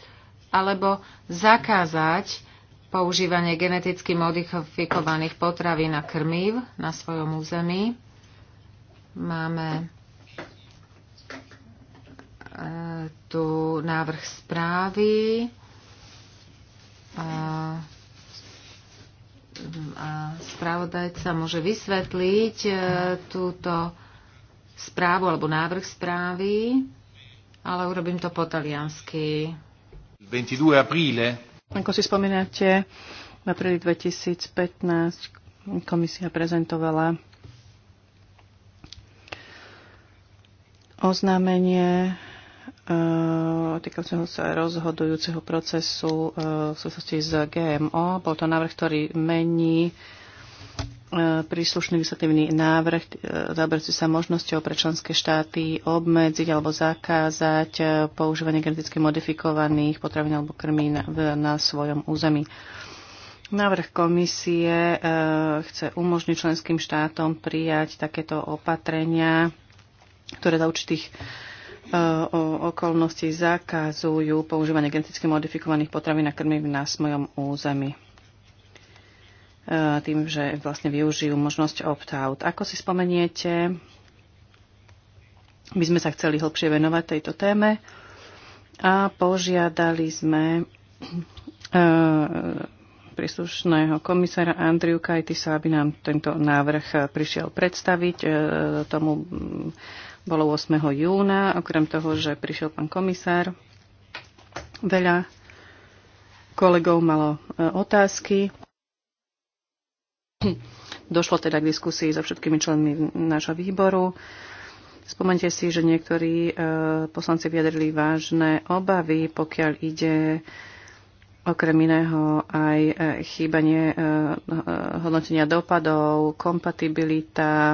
alebo zakázať používanie geneticky modifikovaných potravín a krmív na svojom území. Máme tu návrh správy. A, a správodajca môže vysvetliť e, túto správu alebo návrh správy, ale urobím to po taliansky. 22 apríle. Ako si spomínate, v apríli 2015 komisia prezentovala oznámenie Eh, týkajúceho sa rozhodujúceho procesu eh, v súvislosti s GMO. Bol to návrh, ktorý mení eh, príslušný legislatívny návrh zaoberajúci sa možnosťou pre členské štáty obmedziť alebo zakázať používanie geneticky modifikovaných potravín alebo krmí na, na svojom území. Návrh komisie chce umožniť členským štátom prijať takéto opatrenia, ktoré za určitých E, o okolnosti zakazujú používanie geneticky modifikovaných potravín a krmiv na svojom území e, tým, že vlastne využijú možnosť opt-out. Ako si spomeniete, my sme sa chceli hlbšie venovať tejto téme a požiadali sme e, príslušného komisára Andriu Kajtisa, aby nám tento návrh prišiel predstaviť. Tomu bolo 8. júna, okrem toho, že prišiel pán komisár. Veľa kolegov malo e, otázky. Došlo teda k diskusii so všetkými členmi nášho výboru. Spomente si, že niektorí e, poslanci vyjadrili vážne obavy, pokiaľ ide okrem iného aj e, chýbanie e, hodnotenia dopadov, kompatibilita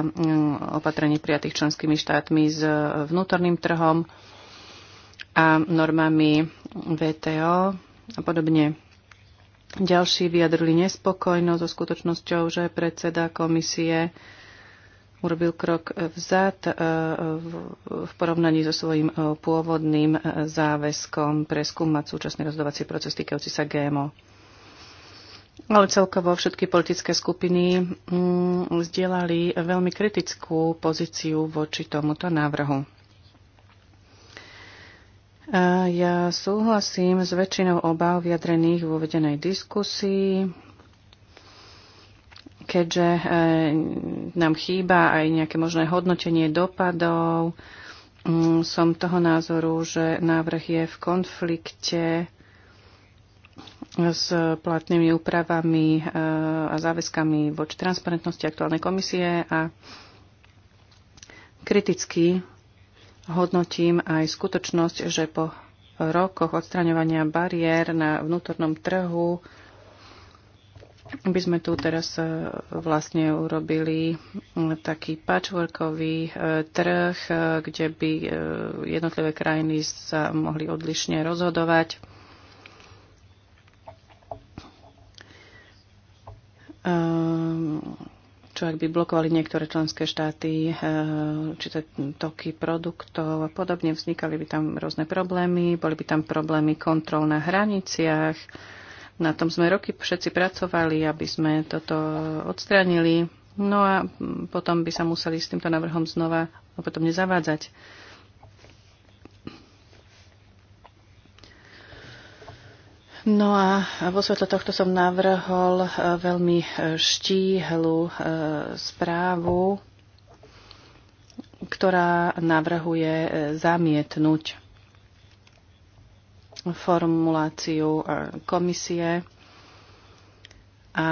opatrení prijatých členskými štátmi s e, vnútorným trhom a normami VTO a podobne. Ďalší vyjadrili nespokojnosť so skutočnosťou, že predseda komisie urobil krok vzad e, v porovnaní so svojím e, pôvodným e, záväzkom preskúmať súčasný rozhodovací proces týkajúci sa GMO. Ale celkovo všetky politické skupiny vzdielali mm, veľmi kritickú pozíciu voči tomuto návrhu. Ja súhlasím s väčšinou obav vyjadrených v uvedenej diskusii keďže e, nám chýba aj nejaké možné hodnotenie dopadov. Mm, som toho názoru, že návrh je v konflikte s platnými úpravami e, a záväzkami voči transparentnosti aktuálnej komisie a kriticky hodnotím aj skutočnosť, že po rokoch odstraňovania bariér na vnútornom trhu by sme tu teraz e, vlastne urobili mm, taký patchworkový e, trh, e, kde by jednotlivé krajiny sa mohli odlišne rozhodovať. Ehm, čo ak by blokovali niektoré členské štáty, či to toky produktov a podobne, vznikali by tam rôzne problémy, boli by tam problémy kontrol na hraniciach, na tom sme roky všetci pracovali, aby sme toto odstránili. No a potom by sa museli s týmto návrhom znova potom zavádzať. No a vo svetle tohto som navrhol e, veľmi e, štíhlu e, správu, ktorá navrhuje zamietnúť formuláciu e, komisie. A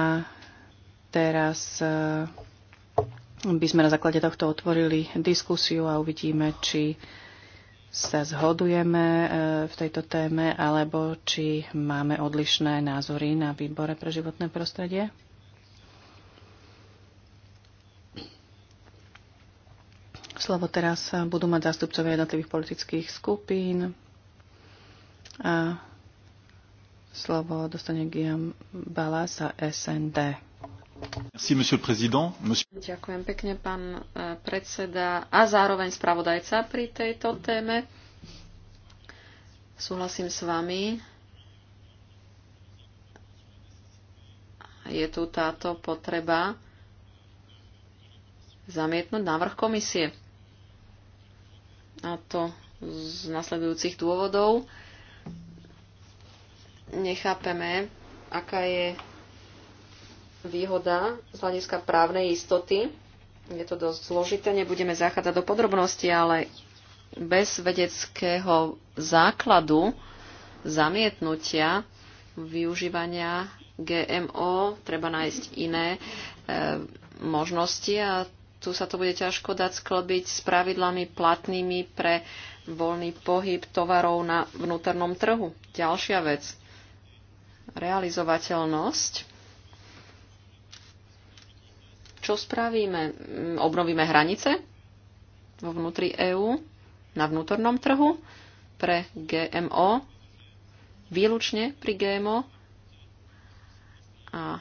teraz e, by sme na základe tohto otvorili diskusiu a uvidíme, či sa zhodujeme e, v tejto téme, alebo či máme odlišné názory na výbore pre životné prostredie. Slovo teraz budú mať zástupcovia jednotlivých politických skupín. A slovo dostane Guillaume Bala za SND. Merci, monsieur le président. Monsieur... Ďakujem pekne, pán e, predseda a zároveň spravodajca pri tejto téme. Súhlasím s vami. Je tu táto potreba zamietnúť návrh komisie. A to z nasledujúcich dôvodov nechápeme, aká je výhoda z hľadiska právnej istoty. Je to dosť zložité, nebudeme zachádzať do podrobností, ale bez vedeckého základu zamietnutia využívania GMO treba nájsť iné e, možnosti a tu sa to bude ťažko dať sklbiť s pravidlami platnými pre voľný pohyb tovarov na vnútornom trhu. Ďalšia vec realizovateľnosť. Čo spravíme? Mm, obnovíme hranice vo vnútri EÚ na vnútornom trhu pre GMO, výlučne pri GMO a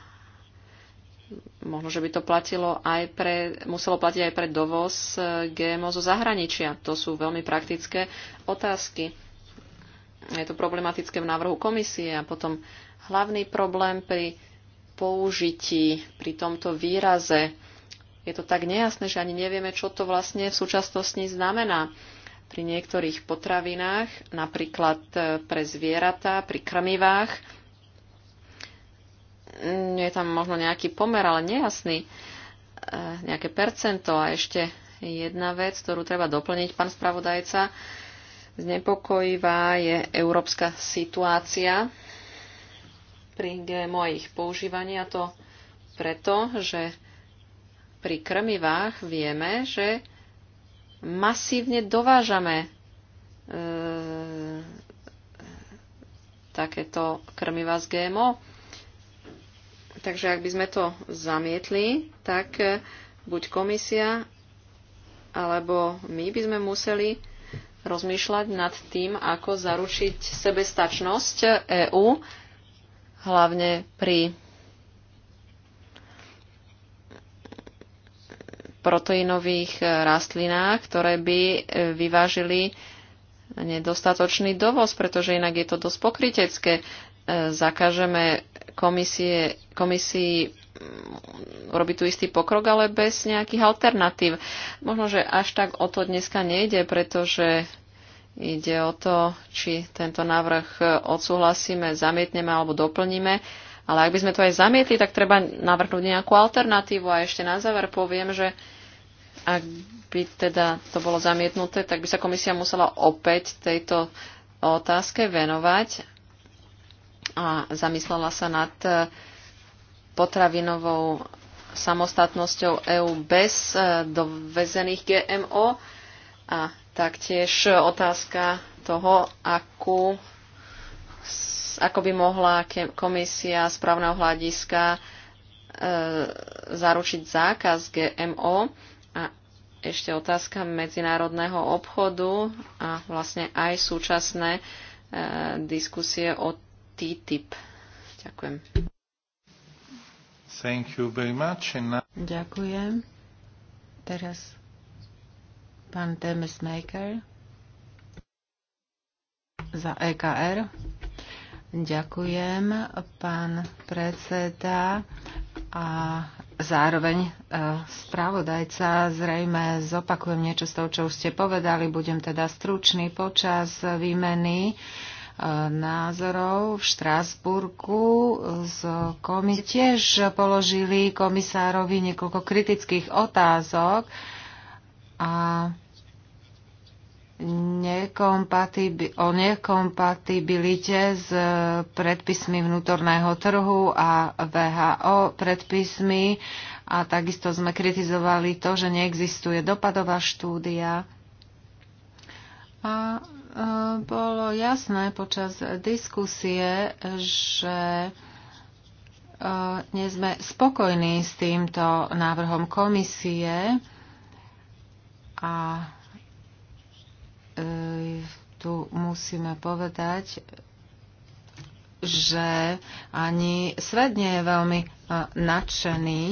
možno, že by to platilo aj pre, muselo platiť aj pre dovoz eh, GMO zo zahraničia. To sú veľmi praktické otázky. Je to problematické v návrhu komisie a potom hlavný problém pri použití, pri tomto výraze. Je to tak nejasné, že ani nevieme, čo to vlastne v súčasnosti znamená. Pri niektorých potravinách, napríklad e, pre zvieratá, pri krmivách, mm, je tam možno nejaký pomer, ale nejasný, e, nejaké percento. A ešte jedna vec, ktorú treba doplniť, pán spravodajca, znepokojivá je európska situácia pri GMO a ich používania, a to preto, že pri krmivách vieme, že masívne dovážame e, takéto krmiva z GMO. Takže ak by sme to zamietli, tak e, buď komisia, alebo my by sme museli rozmýšľať nad tým, ako zaručiť sebestačnosť EÚ hlavne pri proteínových e, rastlinách, ktoré by e, vyvážili nedostatočný dovoz, pretože inak je to dosť pokrytecké. E, Zakažeme komisie, komisii mm, robiť tu istý pokrok, ale bez nejakých alternatív. Možno, že až tak o to dneska nejde, pretože Ide o to, či tento návrh odsúhlasíme, zamietneme alebo doplníme. Ale ak by sme to aj zamietli, tak treba navrhnúť nejakú alternatívu. A ešte na záver poviem, že ak by teda to bolo zamietnuté, tak by sa komisia musela opäť tejto otázke venovať a zamyslela sa nad potravinovou samostatnosťou EÚ bez dovezených GMO a Taktiež otázka toho, akú, ako by mohla komisia správneho hľadiska e, zaručiť zákaz GMO a ešte otázka medzinárodného obchodu a vlastne aj súčasné e, diskusie o TTIP. Ďakujem. Thank you very much. Ďakujem. Teraz Pán Maker za EKR. Ďakujem, pán predseda. A zároveň e, správodajca zrejme zopakujem niečo z toho, čo už ste povedali. Budem teda stručný počas výmeny e, názorov v Štrásburku z komi- tiež položili komisárovi niekoľko kritických otázok a o nekompatibilite s e, predpismi vnútorného trhu a VHO predpismi a takisto sme kritizovali to, že neexistuje dopadová štúdia. A e, bolo jasné počas diskusie, že e, nie sme spokojní s týmto návrhom komisie a tu musíme povedať, že ani svet nie je veľmi e, nadšený,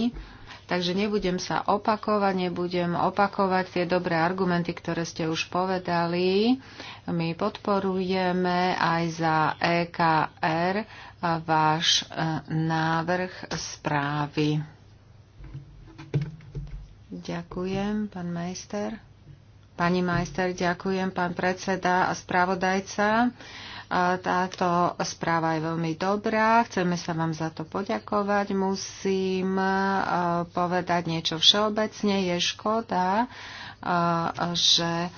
takže nebudem sa opakovať, nebudem opakovať tie dobré argumenty, ktoré ste už povedali. My podporujeme aj za EKR e, váš e, návrh správy. Ďakujem, pán majster. Pani majster, ďakujem, pán predseda a spravodajca. Táto správa je veľmi dobrá, chceme sa vám za to poďakovať. Musím povedať niečo všeobecne. Je škoda, že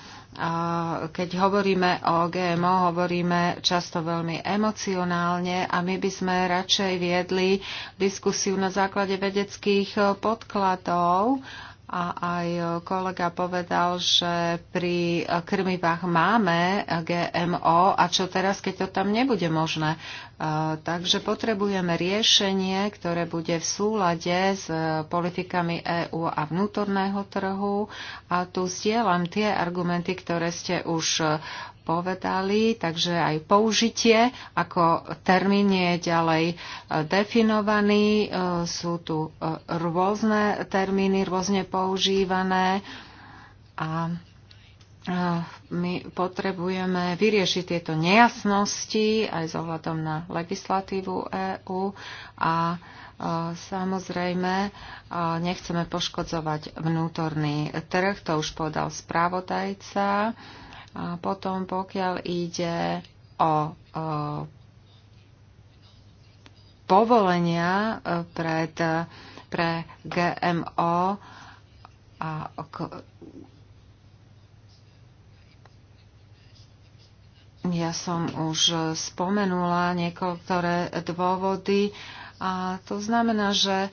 keď hovoríme o GMO, hovoríme často veľmi emocionálne a my by sme radšej viedli diskusiu na základe vedeckých podkladov a aj kolega povedal, že pri krmivách máme GMO a čo teraz, keď to tam nebude možné. E, takže potrebujeme riešenie, ktoré bude v súlade s politikami EÚ a vnútorného trhu. A tu zdieľam tie argumenty, ktoré ste už povedali, takže aj použitie ako termín je ďalej e, definovaný. E, sú tu e, rôzne termíny, rôzne používané a my potrebujeme vyriešiť tieto nejasnosti aj s ohľadom na legislatívu EÚ a Samozrejme, nechceme poškodzovať vnútorný trh, to už podal správodajca a potom, pokiaľ ide o, o povolenia e, pred, pre GMO a ja som už spomenula niektoré dôvody a to znamená, že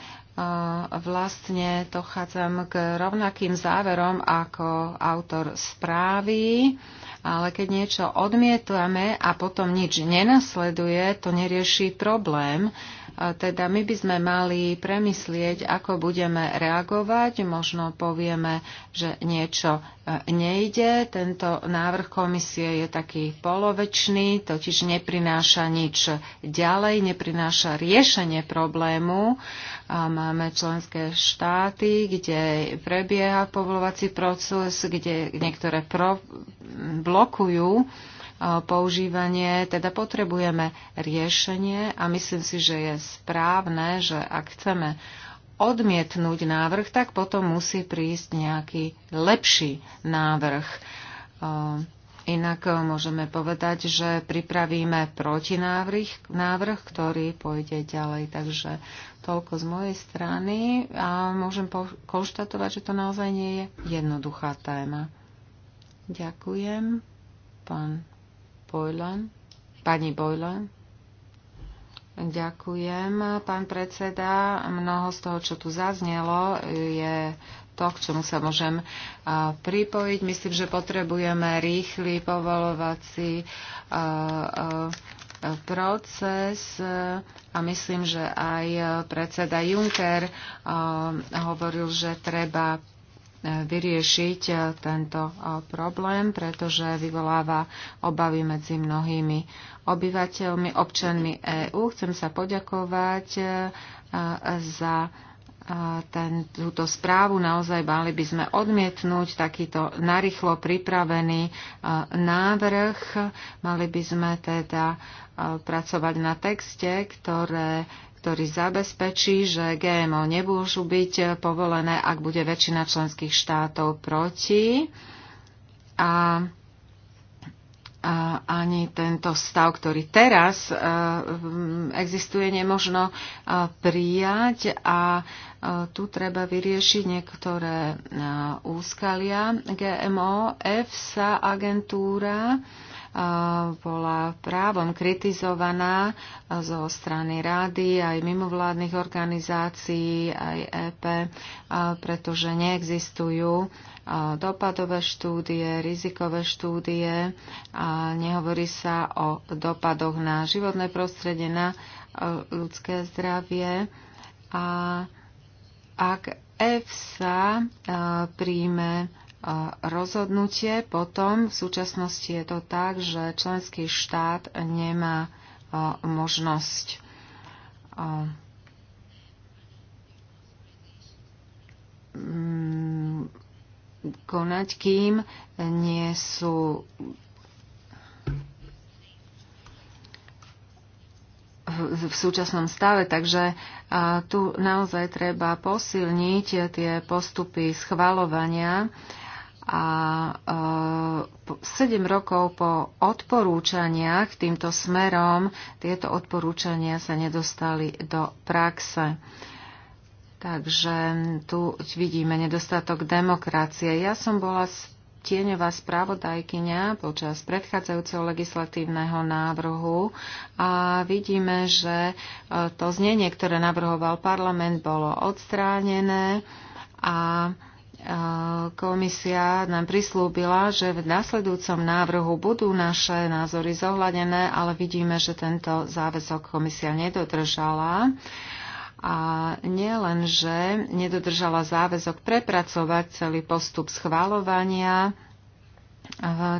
vlastne dochádzam k rovnakým záverom ako autor správy, ale keď niečo odmietame a potom nič nenasleduje, to nerieši problém teda my by sme mali premyslieť, ako budeme reagovať. Možno povieme, že niečo e, nejde. Tento návrh komisie je taký polovečný, totiž neprináša nič ďalej, neprináša riešenie problému. Máme členské štáty, kde prebieha povolovací proces, kde niektoré pro blokujú používanie. Teda potrebujeme riešenie a myslím si, že je správne, že ak chceme odmietnúť návrh, tak potom musí prísť nejaký lepší návrh. Inak môžeme povedať, že pripravíme protinávrh, návrh, ktorý pôjde ďalej. Takže toľko z mojej strany a môžem konštatovať, že to naozaj nie je jednoduchá téma. Ďakujem, pán Bojlan. Pani Bojlan. Ďakujem, pán predseda. Mnoho z toho, čo tu zaznelo, je to, k čomu sa môžem pripojiť. Myslím, že potrebujeme rýchly povolovací proces a myslím, že aj predseda Juncker hovoril, že treba vyriešiť eh, tento eh, problém, pretože vyvoláva obavy medzi mnohými obyvateľmi, občanmi EÚ. Chcem sa poďakovať eh, za ten, túto správu. Naozaj mali by sme odmietnúť takýto narýchlo pripravený návrh. Mali by sme teda pracovať na texte, ktoré ktorý zabezpečí, že GMO nebôžu byť povolené, ak bude väčšina členských štátov proti. A ani tento stav, ktorý teraz e, existuje, nemožno e, prijať a e, tu treba vyriešiť niektoré úskalia. GMO, EFSA agentúra, bola právom kritizovaná zo strany rády aj mimovládnych organizácií, aj EP, pretože neexistujú dopadové štúdie, rizikové štúdie a nehovorí sa o dopadoch na životné prostredie, na ľudské zdravie. A ak EFSA príjme rozhodnutie. Potom v súčasnosti je to tak, že členský štát nemá e, možnosť e, mm, konať, kým nie sú v súčasnom stave. Takže e, tu naozaj treba posilniť tie postupy schvalovania a e, sedem rokov po odporúčaniach týmto smerom tieto odporúčania sa nedostali do praxe. Takže tu vidíme nedostatok demokracie. Ja som bola tieňová správodajkyňa počas predchádzajúceho legislatívneho návrhu a vidíme, že e, to znenie, ktoré navrhoval parlament, bolo odstránené a Komisia nám prislúbila, že v nasledujúcom návrhu budú naše názory zohľadené, ale vidíme, že tento záväzok komisia nedodržala. A nielen, že nedodržala záväzok prepracovať celý postup schvalovania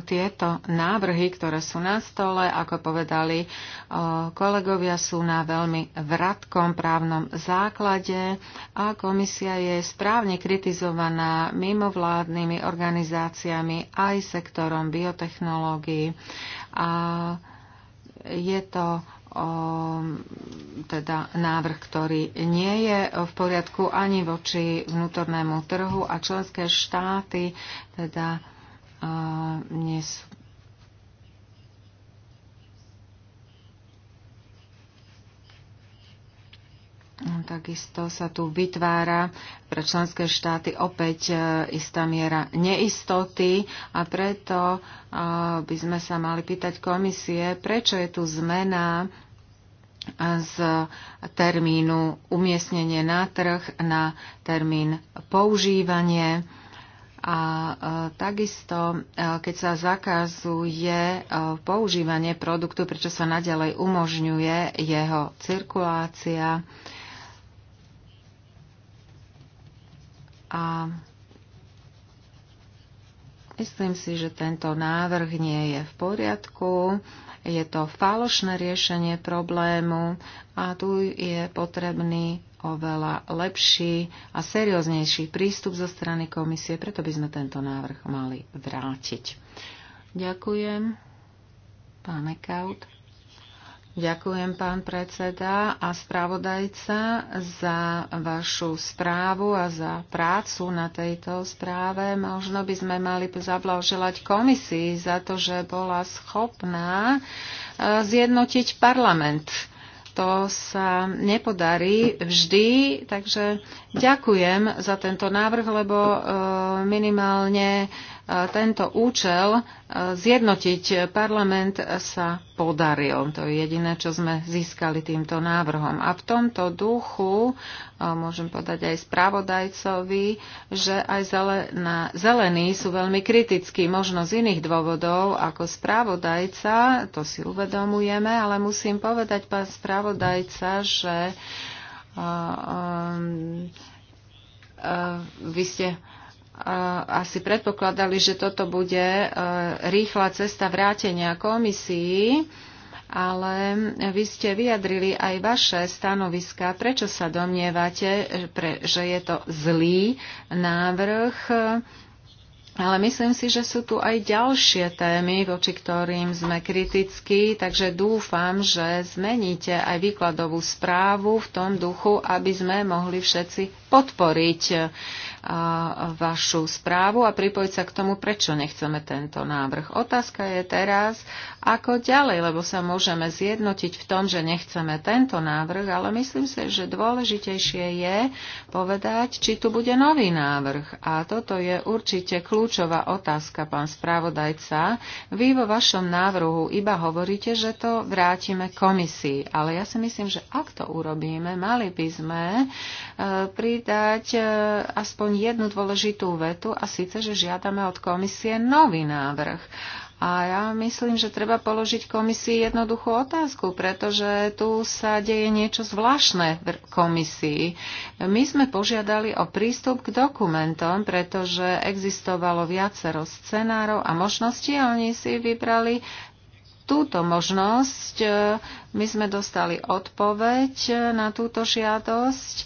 tieto návrhy, ktoré sú na stole, ako povedali kolegovia, sú na veľmi vratkom právnom základe a komisia je správne kritizovaná mimovládnymi organizáciami aj sektorom biotechnológií. A je to teda návrh, ktorý nie je v poriadku ani voči vnútornému trhu a členské štáty teda dnes Takisto sa tu vytvára pre členské štáty opäť e, istá miera neistoty a preto e, by sme sa mali pýtať komisie, prečo je tu zmena z termínu umiestnenie na trh na termín používanie a e, takisto, e, keď sa zakazuje e, používanie produktu, prečo sa nadalej umožňuje jeho cirkulácia a Myslím si, že tento návrh nie je v poriadku, je to falošné riešenie problému a tu je potrebný oveľa lepší a serióznejší prístup zo strany komisie, preto by sme tento návrh mali vrátiť. Ďakujem, pán Ekaut. Ďakujem, pán predseda a spravodajca, za vašu správu a za prácu na tejto správe. Možno by sme mali zablahoželať komisii za to, že bola schopná eh, zjednotiť parlament to sa nepodarí vždy, takže ďakujem za tento návrh, lebo e, minimálne tento účel e, zjednotiť parlament sa podaril. To je jediné, čo sme získali týmto návrhom. A v tomto duchu e, môžem povedať aj spravodajcovi, že aj zelená, zelení sú veľmi kritickí, možno z iných dôvodov ako spravodajca, to si uvedomujeme, ale musím povedať, pán spravodajca, že uh, um, uh, vy ste asi predpokladali, že toto bude e, rýchla cesta vrátenia komisii, ale vy ste vyjadrili aj vaše stanoviska. Prečo sa domnievate, že je to zlý návrh? Ale myslím si, že sú tu aj ďalšie témy, voči ktorým sme kritickí, takže dúfam, že zmeníte aj výkladovú správu v tom duchu, aby sme mohli všetci podporiť vašu správu a pripojiť sa k tomu, prečo nechceme tento návrh. Otázka je teraz, ako ďalej, lebo sa môžeme zjednotiť v tom, že nechceme tento návrh, ale myslím si, že dôležitejšie je povedať, či tu bude nový návrh. A toto je určite kľúčová otázka, pán správodajca. Vy vo vašom návrhu iba hovoríte, že to vrátime komisii, ale ja si myslím, že ak to urobíme, mali by sme eh, pridať eh, aspoň ani jednu dôležitú vetu a síce, že žiadame od komisie nový návrh. A ja myslím, že treba položiť komisii jednoduchú otázku, pretože tu sa deje niečo zvláštne v komisii. My sme požiadali o prístup k dokumentom, pretože existovalo viacero scenárov a možností a oni si vybrali túto možnosť. My sme dostali odpoveď na túto žiadosť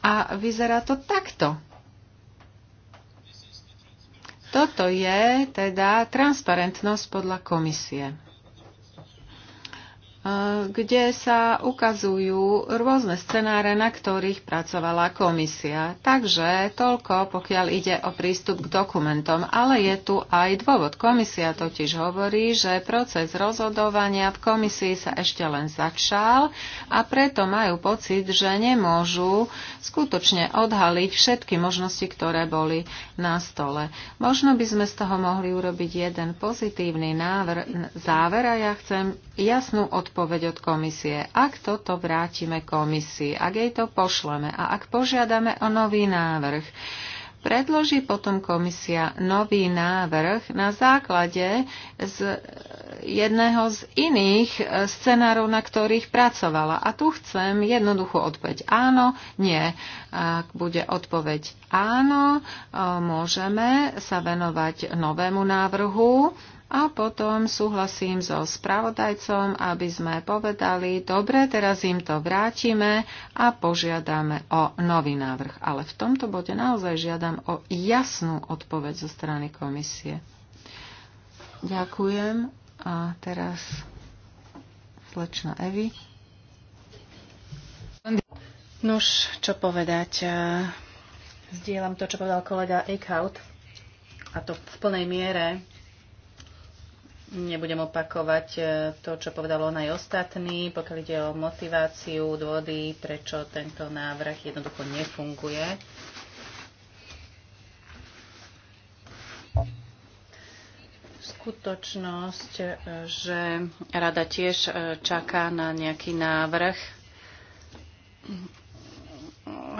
a vyzerá to takto. Toto je teda transparentnosť podľa komisie kde sa ukazujú rôzne scenáre, na ktorých pracovala komisia. Takže toľko, pokiaľ ide o prístup k dokumentom, ale je tu aj dôvod. Komisia totiž hovorí, že proces rozhodovania v komisii sa ešte len začal a preto majú pocit, že nemôžu skutočne odhaliť všetky možnosti, ktoré boli na stole. Možno by sme z toho mohli urobiť jeden pozitívny návrh, záver a ja chcem jasnú odpoveď odpoveď od komisie. Ak toto vrátime komisii, ak jej to pošleme a ak požiadame o nový návrh, Predloží potom komisia nový návrh na základe z jedného z iných e, scenárov, na ktorých pracovala. A tu chcem jednoduchú odpoveď áno, nie. Ak bude odpoveď áno, e, môžeme sa venovať novému návrhu a potom súhlasím so spravodajcom, aby sme povedali, dobre, teraz im to vrátime a požiadame o nový návrh. Ale v tomto bode naozaj žiadam o jasnú odpoveď zo strany komisie. Ďakujem. A teraz slečna Evi. Nuž, čo povedať? Zdieľam to, čo povedal kolega Eichhout, a to v plnej miere Nebudem opakovať e, to, čo povedalo aj ostatní, pokiaľ ide o motiváciu, dôvody, prečo tento návrh jednoducho nefunguje. Skutočnosť, e, že rada tiež e, čaká na nejaký návrh,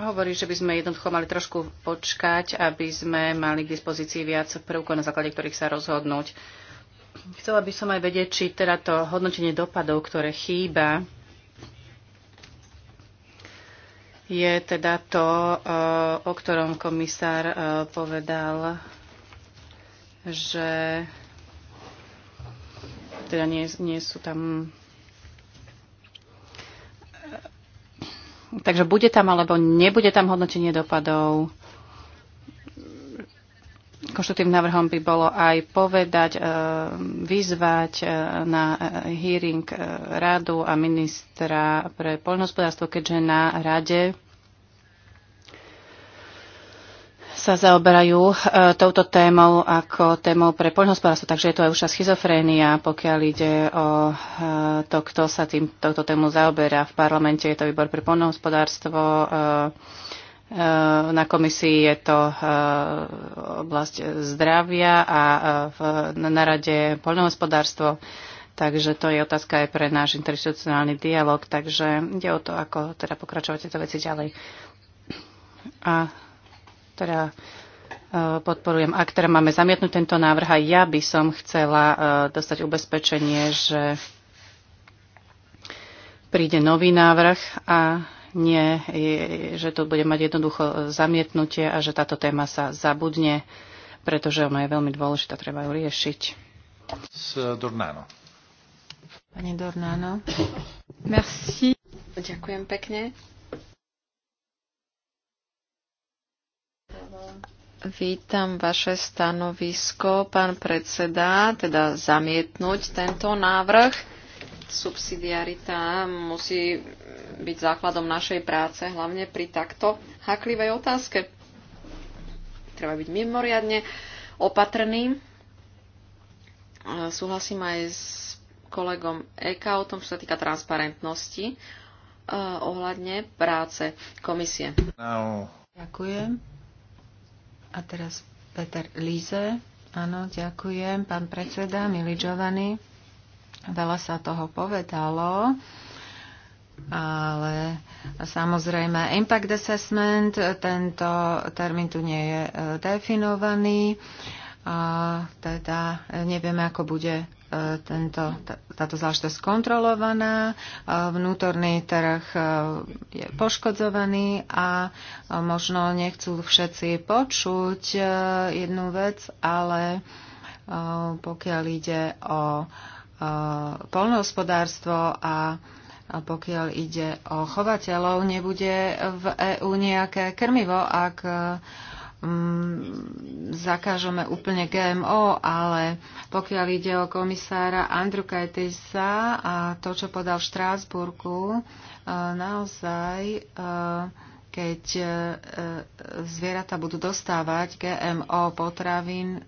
hovorí, že by sme jednoducho mali trošku počkať, aby sme mali k dispozícii viac prvkov, na základe ktorých sa rozhodnúť. Chcela by som aj vedieť, či teda to hodnotenie dopadov, ktoré chýba, je teda to, eh, o ktorom komisár eh, povedal, že teda nie, nie sú tam. Eh, takže bude tam alebo nebude tam hodnotenie dopadov. Konštruktívnym návrhom by bolo aj povedať, e, vyzvať e, na hearing e, radu a ministra pre poľnohospodárstvo, keďže na rade sa zaoberajú touto témou ako témou pre poľnohospodárstvo, takže je to aj už schizofrénia, pokiaľ ide o to, kto sa tým, touto tému zaoberá. V parlamente je to výbor pre poľnohospodárstvo, Eh, na komisii je to eh, oblasť zdravia a eh, na rade poľnohospodárstvo. Takže to je otázka aj pre náš interinstitucionálny dialog. Takže ide o to, ako teda pokračovať tieto veci ďalej. A teda podporujem. Ak teda máme zamietnúť tento návrh, aj ja by som chcela dostať ubezpečenie, že príde nový návrh a nie, že to bude mať jednoducho zamietnutie a že táto téma sa zabudne, pretože ona je veľmi dôležitá, treba ju riešiť. S eh, Dornáno. Pani Dornáno. Merci. Ďakujem pekne. Vítam vaše stanovisko, pán predseda, teda zamietnúť tento návrh subsidiarita musí byť základom našej práce, hlavne pri takto haklivej otázke. Treba byť mimoriadne opatrný. Súhlasím aj s kolegom Eka o tom, čo sa týka transparentnosti e, ohľadne práce komisie. No. Ďakujem. A teraz Peter Líze. Áno, ďakujem. Pán predseda, milý Giovanni. Veľa sa toho povedalo, ale samozrejme impact assessment, tento termín tu nie je e, definovaný a teda nevieme, ako bude e, tento, táto záležitosť kontrolovaná, e, vnútorný trh je poškodzovaný a možno nechcú všetci počuť jednu vec, ale pokiaľ ide o polnohospodárstvo a pokiaľ ide o chovateľov, nebude v EÚ nejaké krmivo, ak mm, zakážeme úplne GMO, ale pokiaľ ide o komisára Andru Kajtisa a to, čo podal v Štrásburku, naozaj, keď e, e, zvieratá budú dostávať GMO potravín,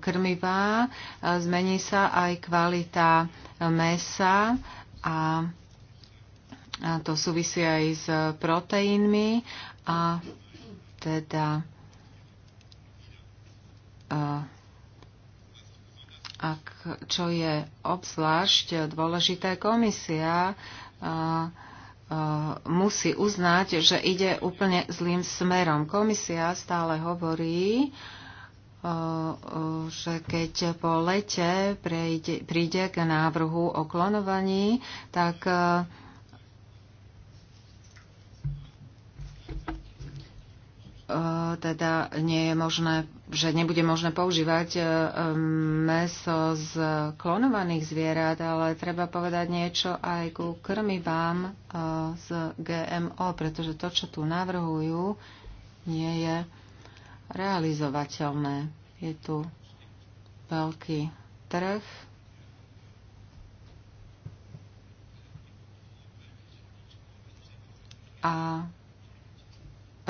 krmivá, zmení sa aj kvalita mesa a to súvisí aj s proteínmi a teda ak, čo je obzvlášť dôležité, komisia musí uznať, že ide úplne zlým smerom. Komisia stále hovorí, že keď po lete prejde, príde k návrhu o klonovaní, tak teda nie je možné, že nebude možné používať meso z klonovaných zvierat, ale treba povedať niečo aj ku krmivám z GMO, pretože to, čo tu navrhujú, nie je realizovateľné. Je tu veľký trh. A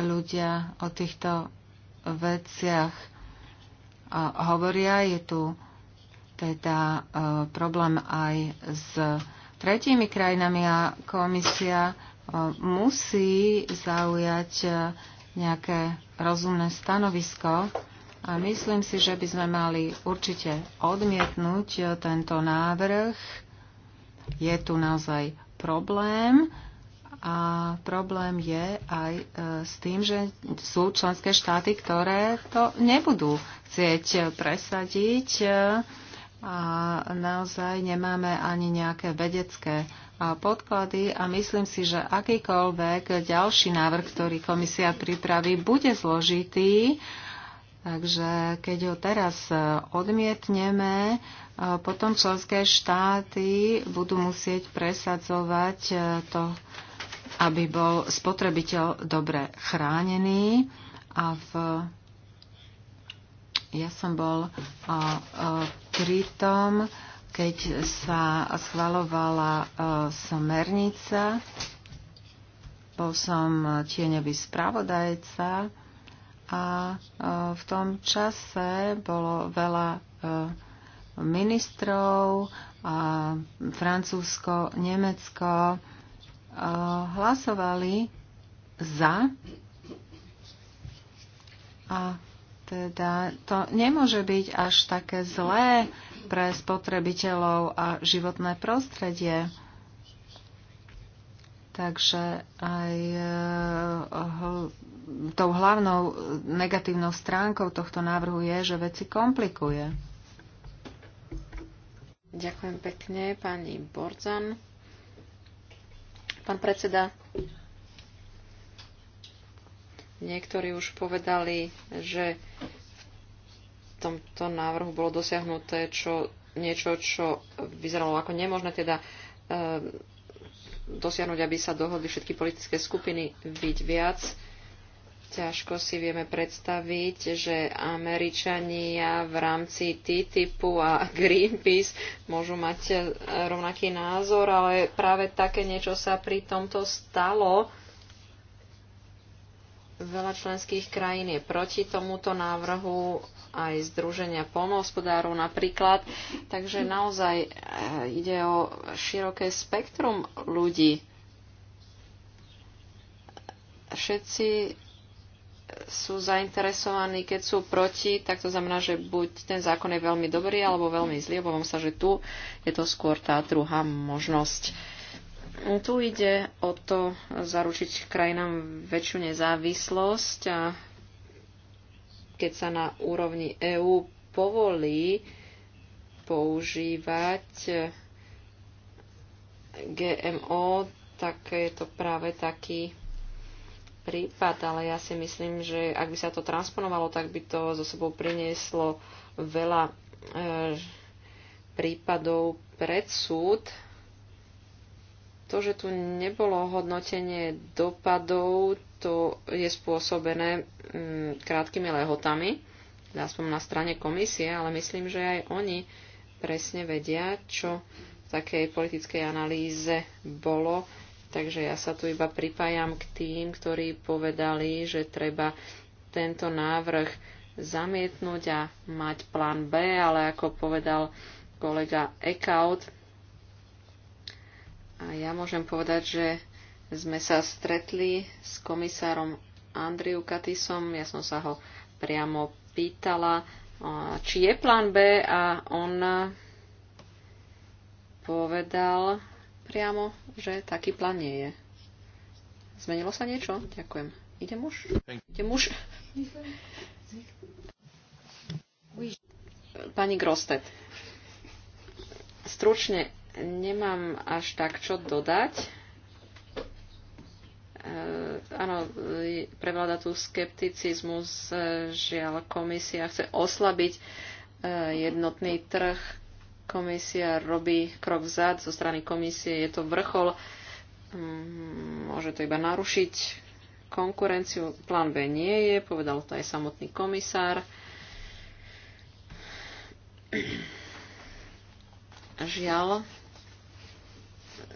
ľudia o týchto veciach hovoria. Je tu teda e, problém aj s tretími krajinami a komisia e, musí zaujať e, nejaké rozumné stanovisko a myslím si, že by sme mali určite odmietnúť e, tento návrh. Je tu naozaj problém a problém je aj e, s tým, že sú členské štáty, ktoré to nebudú chcieť presadiť e, a naozaj nemáme ani nejaké vedecké podklady a myslím si, že akýkoľvek ďalší návrh, ktorý komisia pripraví, bude zložitý. Takže keď ho teraz odmietneme, potom členské štáty budú musieť presadzovať to, aby bol spotrebiteľ dobre chránený a v ja som bol pritom, keď sa schvalovala smernica. Bol som tieňový spravodajca a v tom čase bolo veľa ministrov a Francúzsko, Nemecko hlasovali za a teda to nemôže byť až také zlé pre spotrebiteľov a životné prostredie. Takže aj e, tou hlavnou negatívnou stránkou tohto návrhu je, že veci komplikuje. Ďakujem pekne, pani Borzan. Pán predseda, Niektorí už povedali, že v tomto návrhu bolo dosiahnuté čo, niečo, čo vyzeralo ako nemožné, teda e, dosiahnuť, aby sa dohodli všetky politické skupiny byť viac. Ťažko si vieme predstaviť, že Američania v rámci TTIPu a Greenpeace môžu mať e, rovnaký názor, ale práve také niečo sa pri tomto stalo Veľa členských krajín je proti tomuto návrhu, aj Združenia polnohospodárov napríklad. Takže naozaj e, ide o široké spektrum ľudí. Všetci sú zainteresovaní, keď sú proti, tak to znamená, že buď ten zákon je veľmi dobrý alebo veľmi zlý, obávam sa, že tu je to skôr tá druhá možnosť. Tu ide o to zaručiť krajinám väčšiu nezávislosť a keď sa na úrovni EÚ povolí používať GMO, tak je to práve taký prípad, ale ja si myslím, že ak by sa to transponovalo, tak by to zo sebou prinieslo veľa e, prípadov pred súd to, že tu nebolo hodnotenie dopadov, to je spôsobené mm, krátkými lehotami, aspoň na strane komisie, ale myslím, že aj oni presne vedia, čo v takej politickej analýze bolo. Takže ja sa tu iba pripájam k tým, ktorí povedali, že treba tento návrh zamietnúť a mať plán B, ale ako povedal kolega Ekaut, a ja môžem povedať, že sme sa stretli s komisárom Andriu Katisom. Ja som sa ho priamo pýtala, či je plán B a on povedal priamo, že taký plán nie je. Zmenilo sa niečo? Ďakujem. Ide muž? Ide muž? Pani Grostet. Stručne nemám až tak čo dodať. Eh, áno, prevláda tu skepticizmus, eh, žiaľ komisia chce oslabiť eh, jednotný trh. Komisia robí krok vzad zo strany komisie, je to vrchol, mm, môže to iba narušiť konkurenciu. Plán B nie je, povedal to aj samotný komisár. Žiaľ,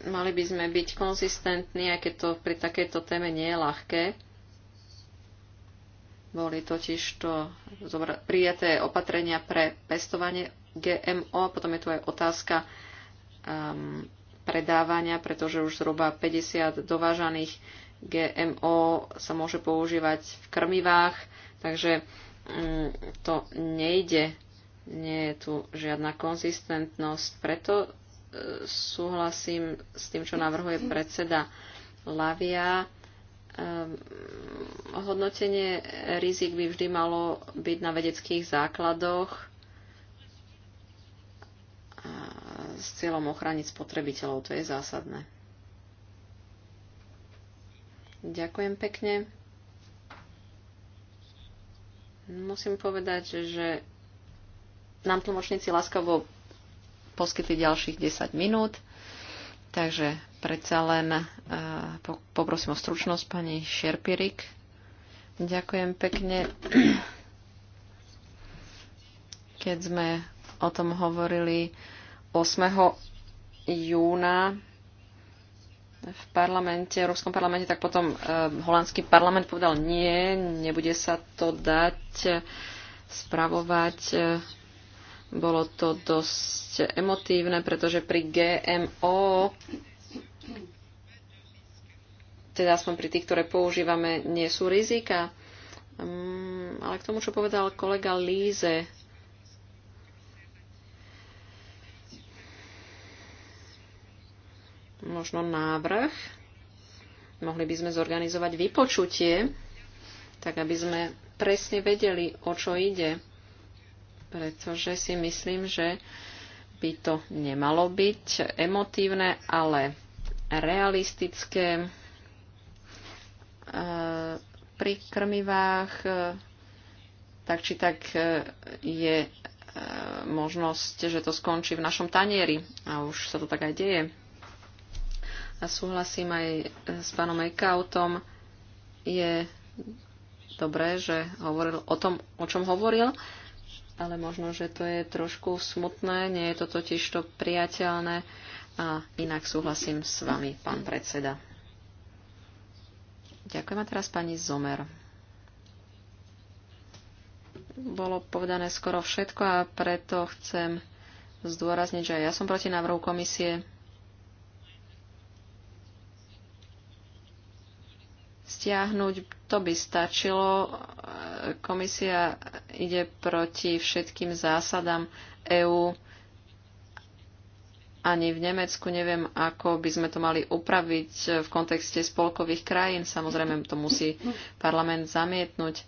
Mali by sme byť konzistentní, aj keď to pri takejto téme nie je ľahké. Boli totiž to prijaté opatrenia pre pestovanie GMO, potom je tu aj otázka um, predávania, pretože už zhruba 50 dovážaných GMO sa môže používať v krmivách, takže um, to nejde, nie je tu žiadna konzistentnosť. Preto súhlasím s tým, čo navrhuje predseda Lavia. Ehm, Hodnotenie rizik by vždy malo byť na vedeckých základoch s cieľom ochraniť spotrebiteľov. To je zásadné. Ďakujem pekne. Musím povedať, že nám tlmočníci láskavo poskytli ďalších 10 minút. Takže predsa len e, poprosím o stručnosť pani Šerpirik. Ďakujem pekne. Keď sme o tom hovorili 8. júna v parlamente, v Ruskom parlamente, tak potom e, holandský parlament povedal nie, nebude sa to dať spravovať bolo to dosť emotívne, pretože pri GMO, teda aspoň pri tých, ktoré používame, nie sú rizika. Mm, ale k tomu, čo povedal kolega Líze, možno návrh. Mohli by sme zorganizovať vypočutie, tak aby sme presne vedeli, o čo ide pretože si myslím, že by to nemalo byť emotívne, ale realistické. E, pri krmivách e, tak či tak e, je možnosť, že to skončí v našom tanieri. A už sa to tak aj deje. A súhlasím aj s pánom Ekautom. Je dobré, že hovoril o tom, o čom hovoril. Uh, ale možno, že to je trošku smutné, nie je to totiž to priateľné a inak súhlasím s vami, pán predseda. Ďakujem a teraz pani Zomer. Bolo povedané skoro všetko a preto chcem zdôrazniť, že ja som proti návrhu komisie. stiahnuť. To by stačilo. Komisia ide proti všetkým zásadám EÚ. Ani v Nemecku neviem, ako by sme to mali upraviť v kontexte spolkových krajín. Samozrejme, to musí parlament zamietnúť.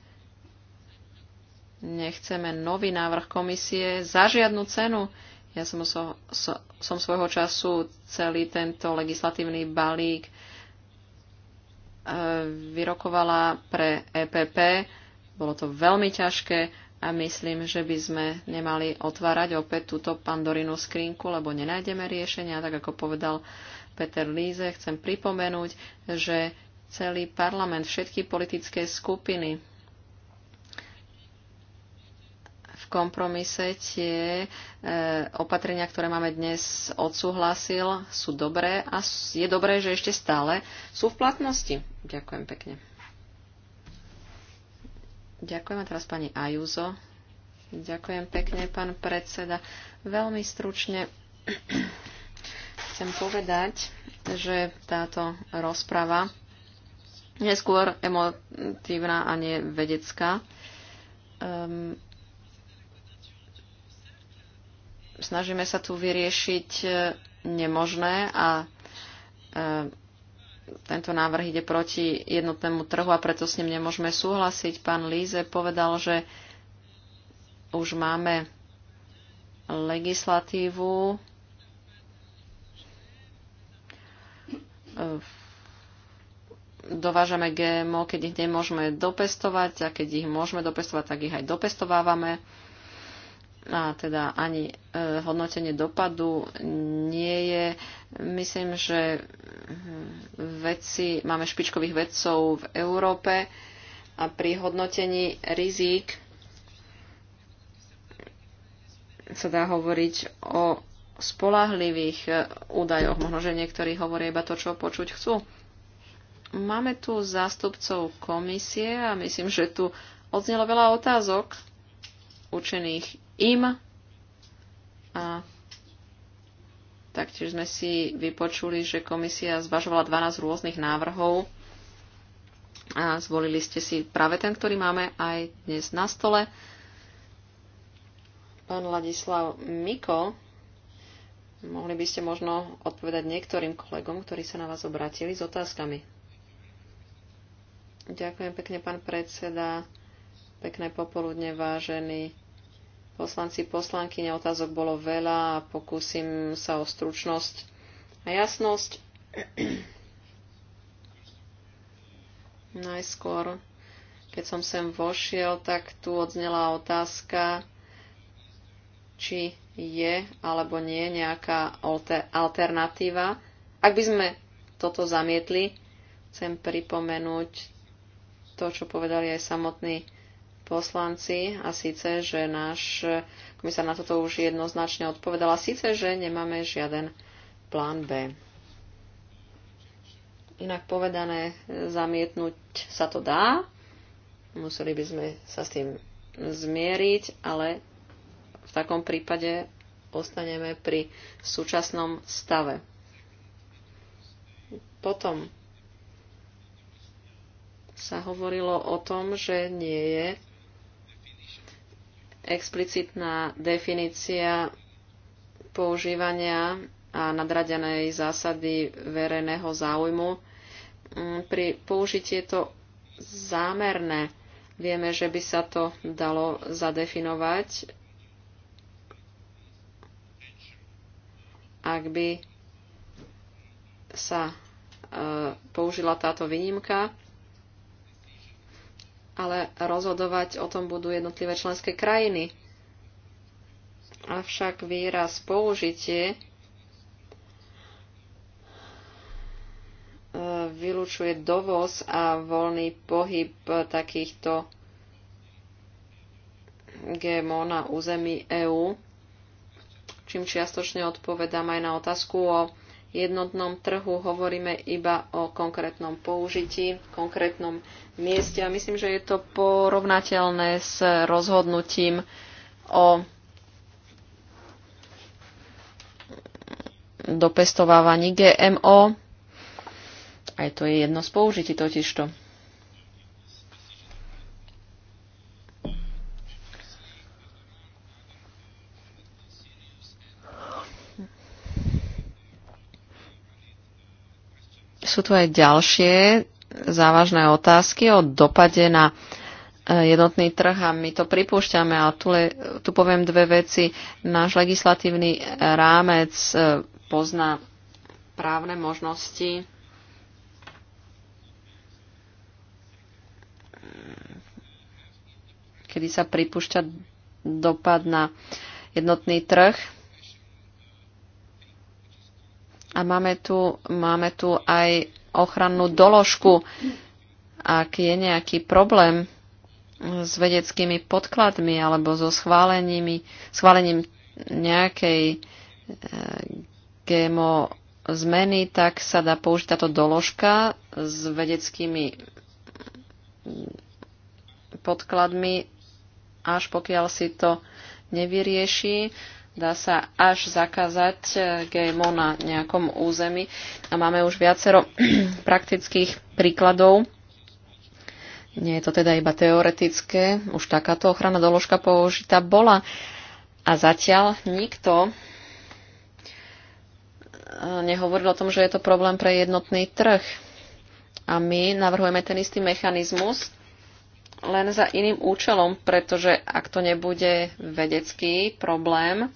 Nechceme nový návrh komisie za žiadnu cenu. Ja som, so, so, som svojho času celý tento legislatívny balík E, vyrokovala pre EPP. Bolo to veľmi ťažké a myslím, že by sme nemali otvárať opäť túto pandorinu skrinku, lebo nenájdeme riešenia. Tak ako povedal Peter Líze, chcem pripomenúť, že celý parlament, všetky politické skupiny kompromise tie e, opatrenia, ktoré máme dnes, odsúhlasil, sú dobré a je dobré, že ešte stále sú v platnosti. Ďakujem pekne. Ďakujem a teraz pani Ajuzo. Ďakujem pekne, pán predseda. Veľmi stručne chcem povedať, že táto rozprava je skôr emotívna a nie vedecká. Um, snažíme sa tu vyriešiť e, nemožné a e, tento návrh ide proti jednotnému trhu a preto s ním nemôžeme súhlasiť. Pán Líze povedal, že už máme legislatívu e, dovážame GMO, keď ich nemôžeme dopestovať a keď ich môžeme dopestovať, tak ich aj dopestovávame a teda ani e, hodnotenie dopadu nie je. Myslím, že hm, vedci, máme špičkových vedcov v Európe a pri hodnotení rizík sa dá hovoriť o spolahlivých e, údajoch. Možno, že niektorí hovoria iba to, čo počuť chcú. Máme tu zástupcov komisie a myslím, že tu odznelo veľa otázok určených im. A taktiež sme si vypočuli, že komisia zvažovala 12 rôznych návrhov a zvolili ste si práve ten, ktorý máme aj dnes na stole. Pán Ladislav Miko, mohli by ste možno odpovedať niektorým kolegom, ktorí sa na vás obratili s otázkami. Ďakujem pekne, pán predseda. Pekné popoludne, vážení poslanci, poslankyne, otázok bolo veľa a pokúsim sa o stručnosť a jasnosť. Najskôr, keď som sem vošiel, tak tu odznela otázka, či je alebo nie nejaká alternatíva. Ak by sme toto zamietli, chcem pripomenúť to, čo povedali aj samotní poslanci a síce, že náš komisár na toto už jednoznačne odpovedala, síce, že nemáme žiaden plán B. Inak povedané, zamietnúť sa to dá, museli by sme sa s tým zmieriť, ale v takom prípade ostaneme pri súčasnom stave. Potom sa hovorilo o tom, že nie je explicitná definícia používania a nadradenej zásady verejného záujmu. Mm, pri použití je to zámerné. Vieme, že by sa to dalo zadefinovať, ak by sa e, použila táto výnimka ale rozhodovať o tom budú jednotlivé členské krajiny. Avšak výraz použitie e, vylúčuje dovoz a voľný pohyb takýchto GMO na území EÚ, čím čiastočne odpovedám aj na otázku o jednotnom trhu, hovoríme iba o konkrétnom použití, konkrétnom mieste a myslím, že je to porovnateľné s rozhodnutím o dopestovávaní GMO. Aj to je jedno z použití totižto. Sú tu aj ďalšie závažné otázky o dopade na e, jednotný trh a my to pripúšťame, ale tu, le, tu poviem dve veci. Náš legislatívny e, rámec e, pozná právne možnosti kedy sa pripúšťa dopad na jednotný trh a máme tu, máme tu aj ochrannú doložku, ak je nejaký problém s vedeckými podkladmi alebo so schválenými, schválením nejakej e, GMO zmeny, tak sa dá použiť táto doložka s vedeckými mm, podkladmi, až pokiaľ si to nevyrieši dá sa až zakázať eh, GMO na nejakom území. A máme už viacero praktických príkladov. Nie je to teda iba teoretické, už takáto ochrana doložka použitá bola. A zatiaľ nikto eh, nehovoril o tom, že je to problém pre jednotný trh. A my navrhujeme ten istý mechanizmus, len za iným účelom, pretože ak to nebude vedecký problém,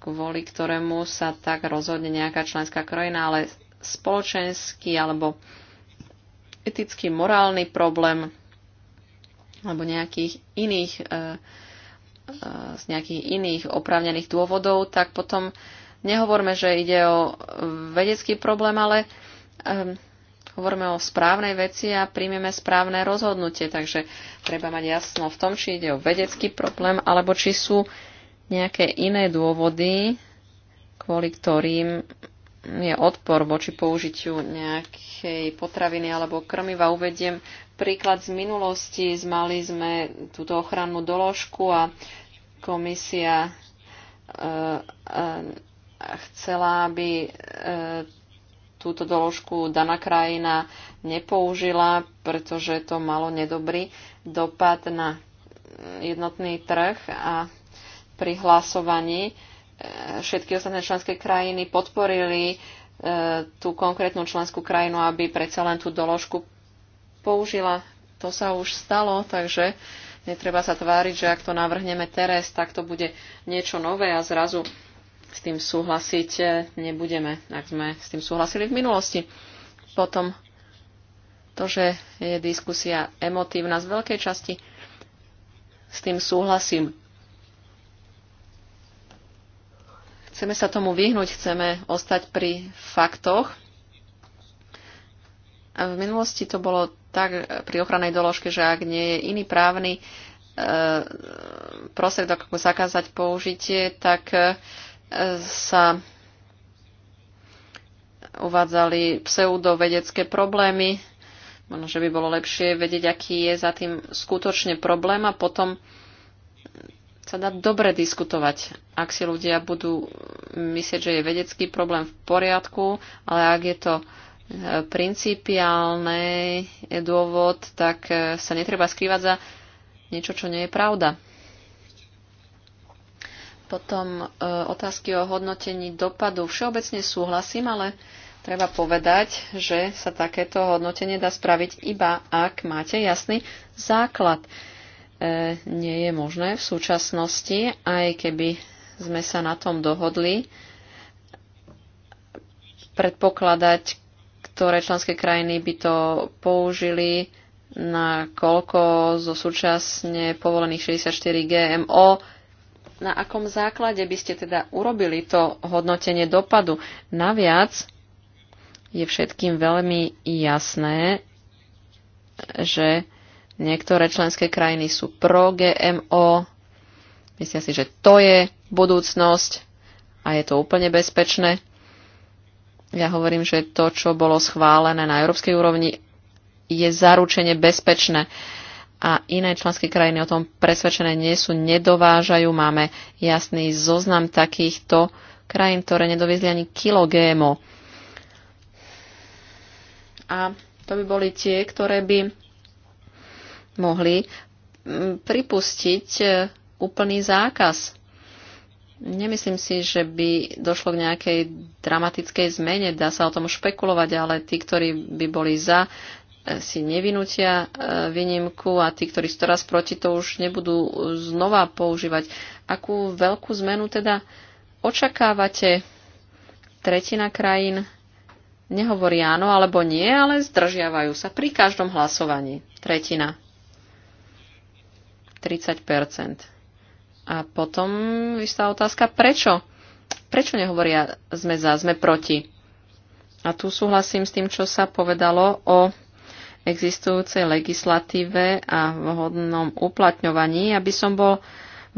kvôli ktorému sa tak rozhodne nejaká členská krajina, ale spoločenský alebo etický, morálny problém alebo nejakých iných, e, e, z nejakých iných oprávnených dôvodov, tak potom nehovorme, že ide o vedecký problém, ale e, hovoríme o správnej veci a príjmeme správne rozhodnutie. Takže treba mať jasno v tom, či ide o vedecký problém, alebo či sú nejaké iné dôvody, kvôli ktorým je odpor voči použitiu nejakej potraviny alebo krmiva. Uvediem príklad z minulosti. zmali sme túto ochrannú doložku a komisia e, e, chcela, aby e, túto doložku daná krajina nepoužila, pretože to malo nedobrý dopad na jednotný trh a pri hlasovaní e, všetky ostatné členské krajiny podporili e, tú konkrétnu členskú krajinu, aby predsa len tú doložku použila. To sa už stalo, takže netreba sa tváriť, že ak to navrhneme teraz, tak to bude niečo nové a zrazu s tým súhlasiť e, nebudeme, ak sme s tým súhlasili v minulosti. Potom to, že je diskusia emotívna z veľkej časti, s tým súhlasím. Chceme sa tomu vyhnúť, chceme ostať pri faktoch. A v minulosti to bolo tak e, pri ochrannej doložke, že ak nie je iný právny e, prostriedok, ako zakázať použitie, tak e, sa uvádzali pseudovedecké problémy. Možno, že by bolo lepšie vedieť, aký je za tým skutočne problém a potom sa dá dobre diskutovať. Ak si ľudia budú myslieť, že je vedecký problém v poriadku, ale ak je to e, principiálny dôvod, tak e, sa netreba skrývať za niečo, čo nie je pravda. Potom e, otázky o hodnotení dopadu. Všeobecne súhlasím, ale treba povedať, že sa takéto hodnotenie dá spraviť iba ak máte jasný základ. E, nie je možné v súčasnosti, aj keby sme sa na tom dohodli, predpokladať, ktoré členské krajiny by to použili, na koľko zo súčasne povolených 64 GMO na akom základe by ste teda urobili to hodnotenie dopadu. Naviac je všetkým veľmi jasné, že niektoré členské krajiny sú pro GMO, myslia si, že to je budúcnosť a je to úplne bezpečné. Ja hovorím, že to, čo bolo schválené na európskej úrovni, je zaručene bezpečné. Uh, a iné členské krajiny o tom presvedčené nie sú, nedovážajú. Máme jasný zoznam takýchto krajín, ktoré nedoviezli ani kilo GMO. A to by boli tie, ktoré by mohli mm, pripustiť e, úplný zákaz. Nemyslím si, že by došlo k nejakej dramatickej zmene, dá sa o tom špekulovať, ale tí, ktorí by boli za, si nevinutia e, výnimku a tí, ktorí sú teraz proti, to už nebudú znova používať. Akú veľkú zmenu teda očakávate? Tretina krajín nehovorí áno alebo nie, ale zdržiavajú sa pri každom hlasovaní. Tretina. 30 A potom istá otázka, prečo? Prečo nehovoria sme za, sme proti? A tu súhlasím s tým, čo sa povedalo o existujúcej legislatíve a vhodnom uplatňovaní. by som bol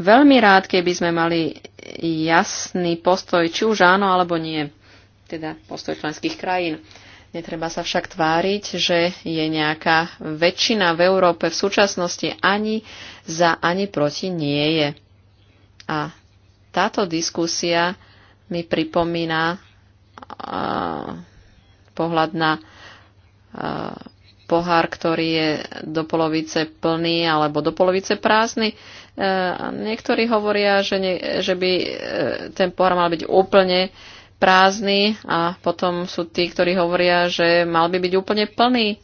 veľmi rád, keby sme mali jasný postoj, či už áno alebo nie, teda postoj členských krajín. Netreba sa však tváriť, že je nejaká väčšina v Európe v súčasnosti ani za, ani proti nie je. A táto diskusia mi pripomína uh, pohľad na uh, pohár, ktorý je do polovice plný alebo do polovice prázdny. E, niektorí hovoria, že, nie, že by e, ten pohár mal byť úplne prázdny a potom sú tí, ktorí hovoria, že mal by byť úplne plný.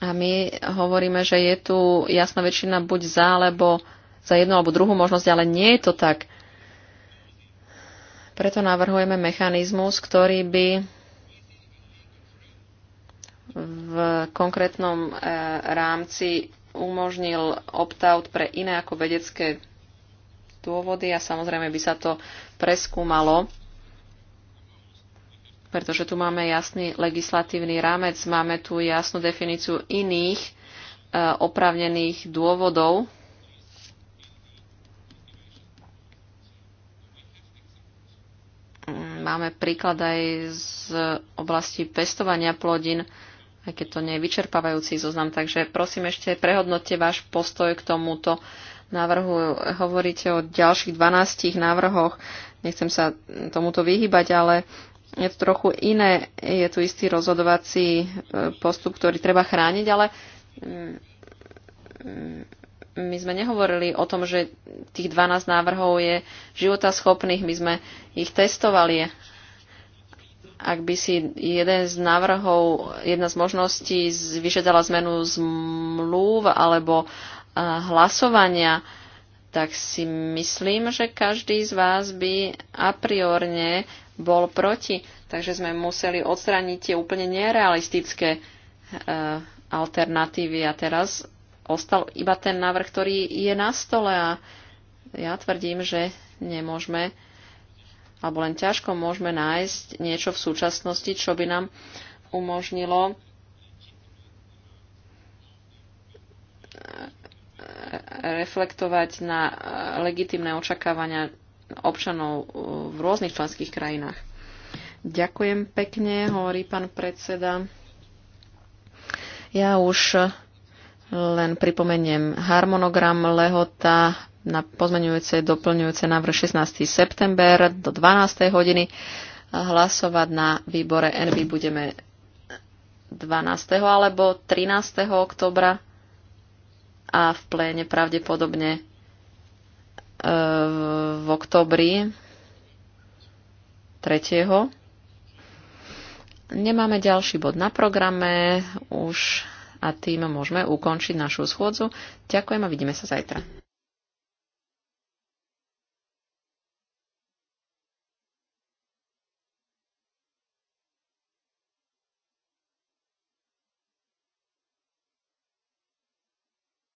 A my hovoríme, že je tu jasná väčšina buď za, alebo za jednu alebo druhú možnosť, ale nie je to tak. Preto navrhujeme mechanizmus, ktorý by v konkrétnom e, rámci umožnil opt-out pre iné ako vedecké dôvody a samozrejme by sa to preskúmalo, pretože tu máme jasný legislatívny rámec, máme tu jasnú definíciu iných e, opravnených dôvodov, máme príklad aj z oblasti pestovania plodín aj keď to nie je vyčerpávajúci zoznam. Takže prosím ešte prehodnote váš postoj k tomuto návrhu. Hovoríte o ďalších 12 návrhoch. Nechcem sa tomuto vyhybať, ale je to trochu iné. Je tu istý rozhodovací e, postup, ktorý treba chrániť, ale mm, mm, my sme nehovorili o tom, že tých 12 návrhov je životaschopných. My sme ich testovali ak by si jeden z návrhov, jedna z možností vyžadala zmenu zmluv alebo eh, hlasovania, tak si myslím, že každý z vás by a priorne bol proti. Takže sme museli odstraniť tie úplne nerealistické e, alternatívy a teraz ostal iba ten návrh, ktorý je na stole a ja tvrdím, že nemôžeme alebo len ťažko môžeme nájsť niečo v súčasnosti, čo by nám umožnilo eh, reflektovať na eh, legitimné očakávania občanov eh, v rôznych členských krajinách. Ďakujem pekne, hovorí pán predseda. Ja už len pripomeniem harmonogram lehota na pozmenujúce, doplňujúce návrh 16. september do 12. hodiny. Hlasovať na výbore NV budeme 12. alebo 13. oktobra a v pléne pravdepodobne e, v oktobri 3. Nemáme ďalší bod na programe už a tým môžeme ukončiť našu schôdzu. Ďakujem a vidíme sa zajtra.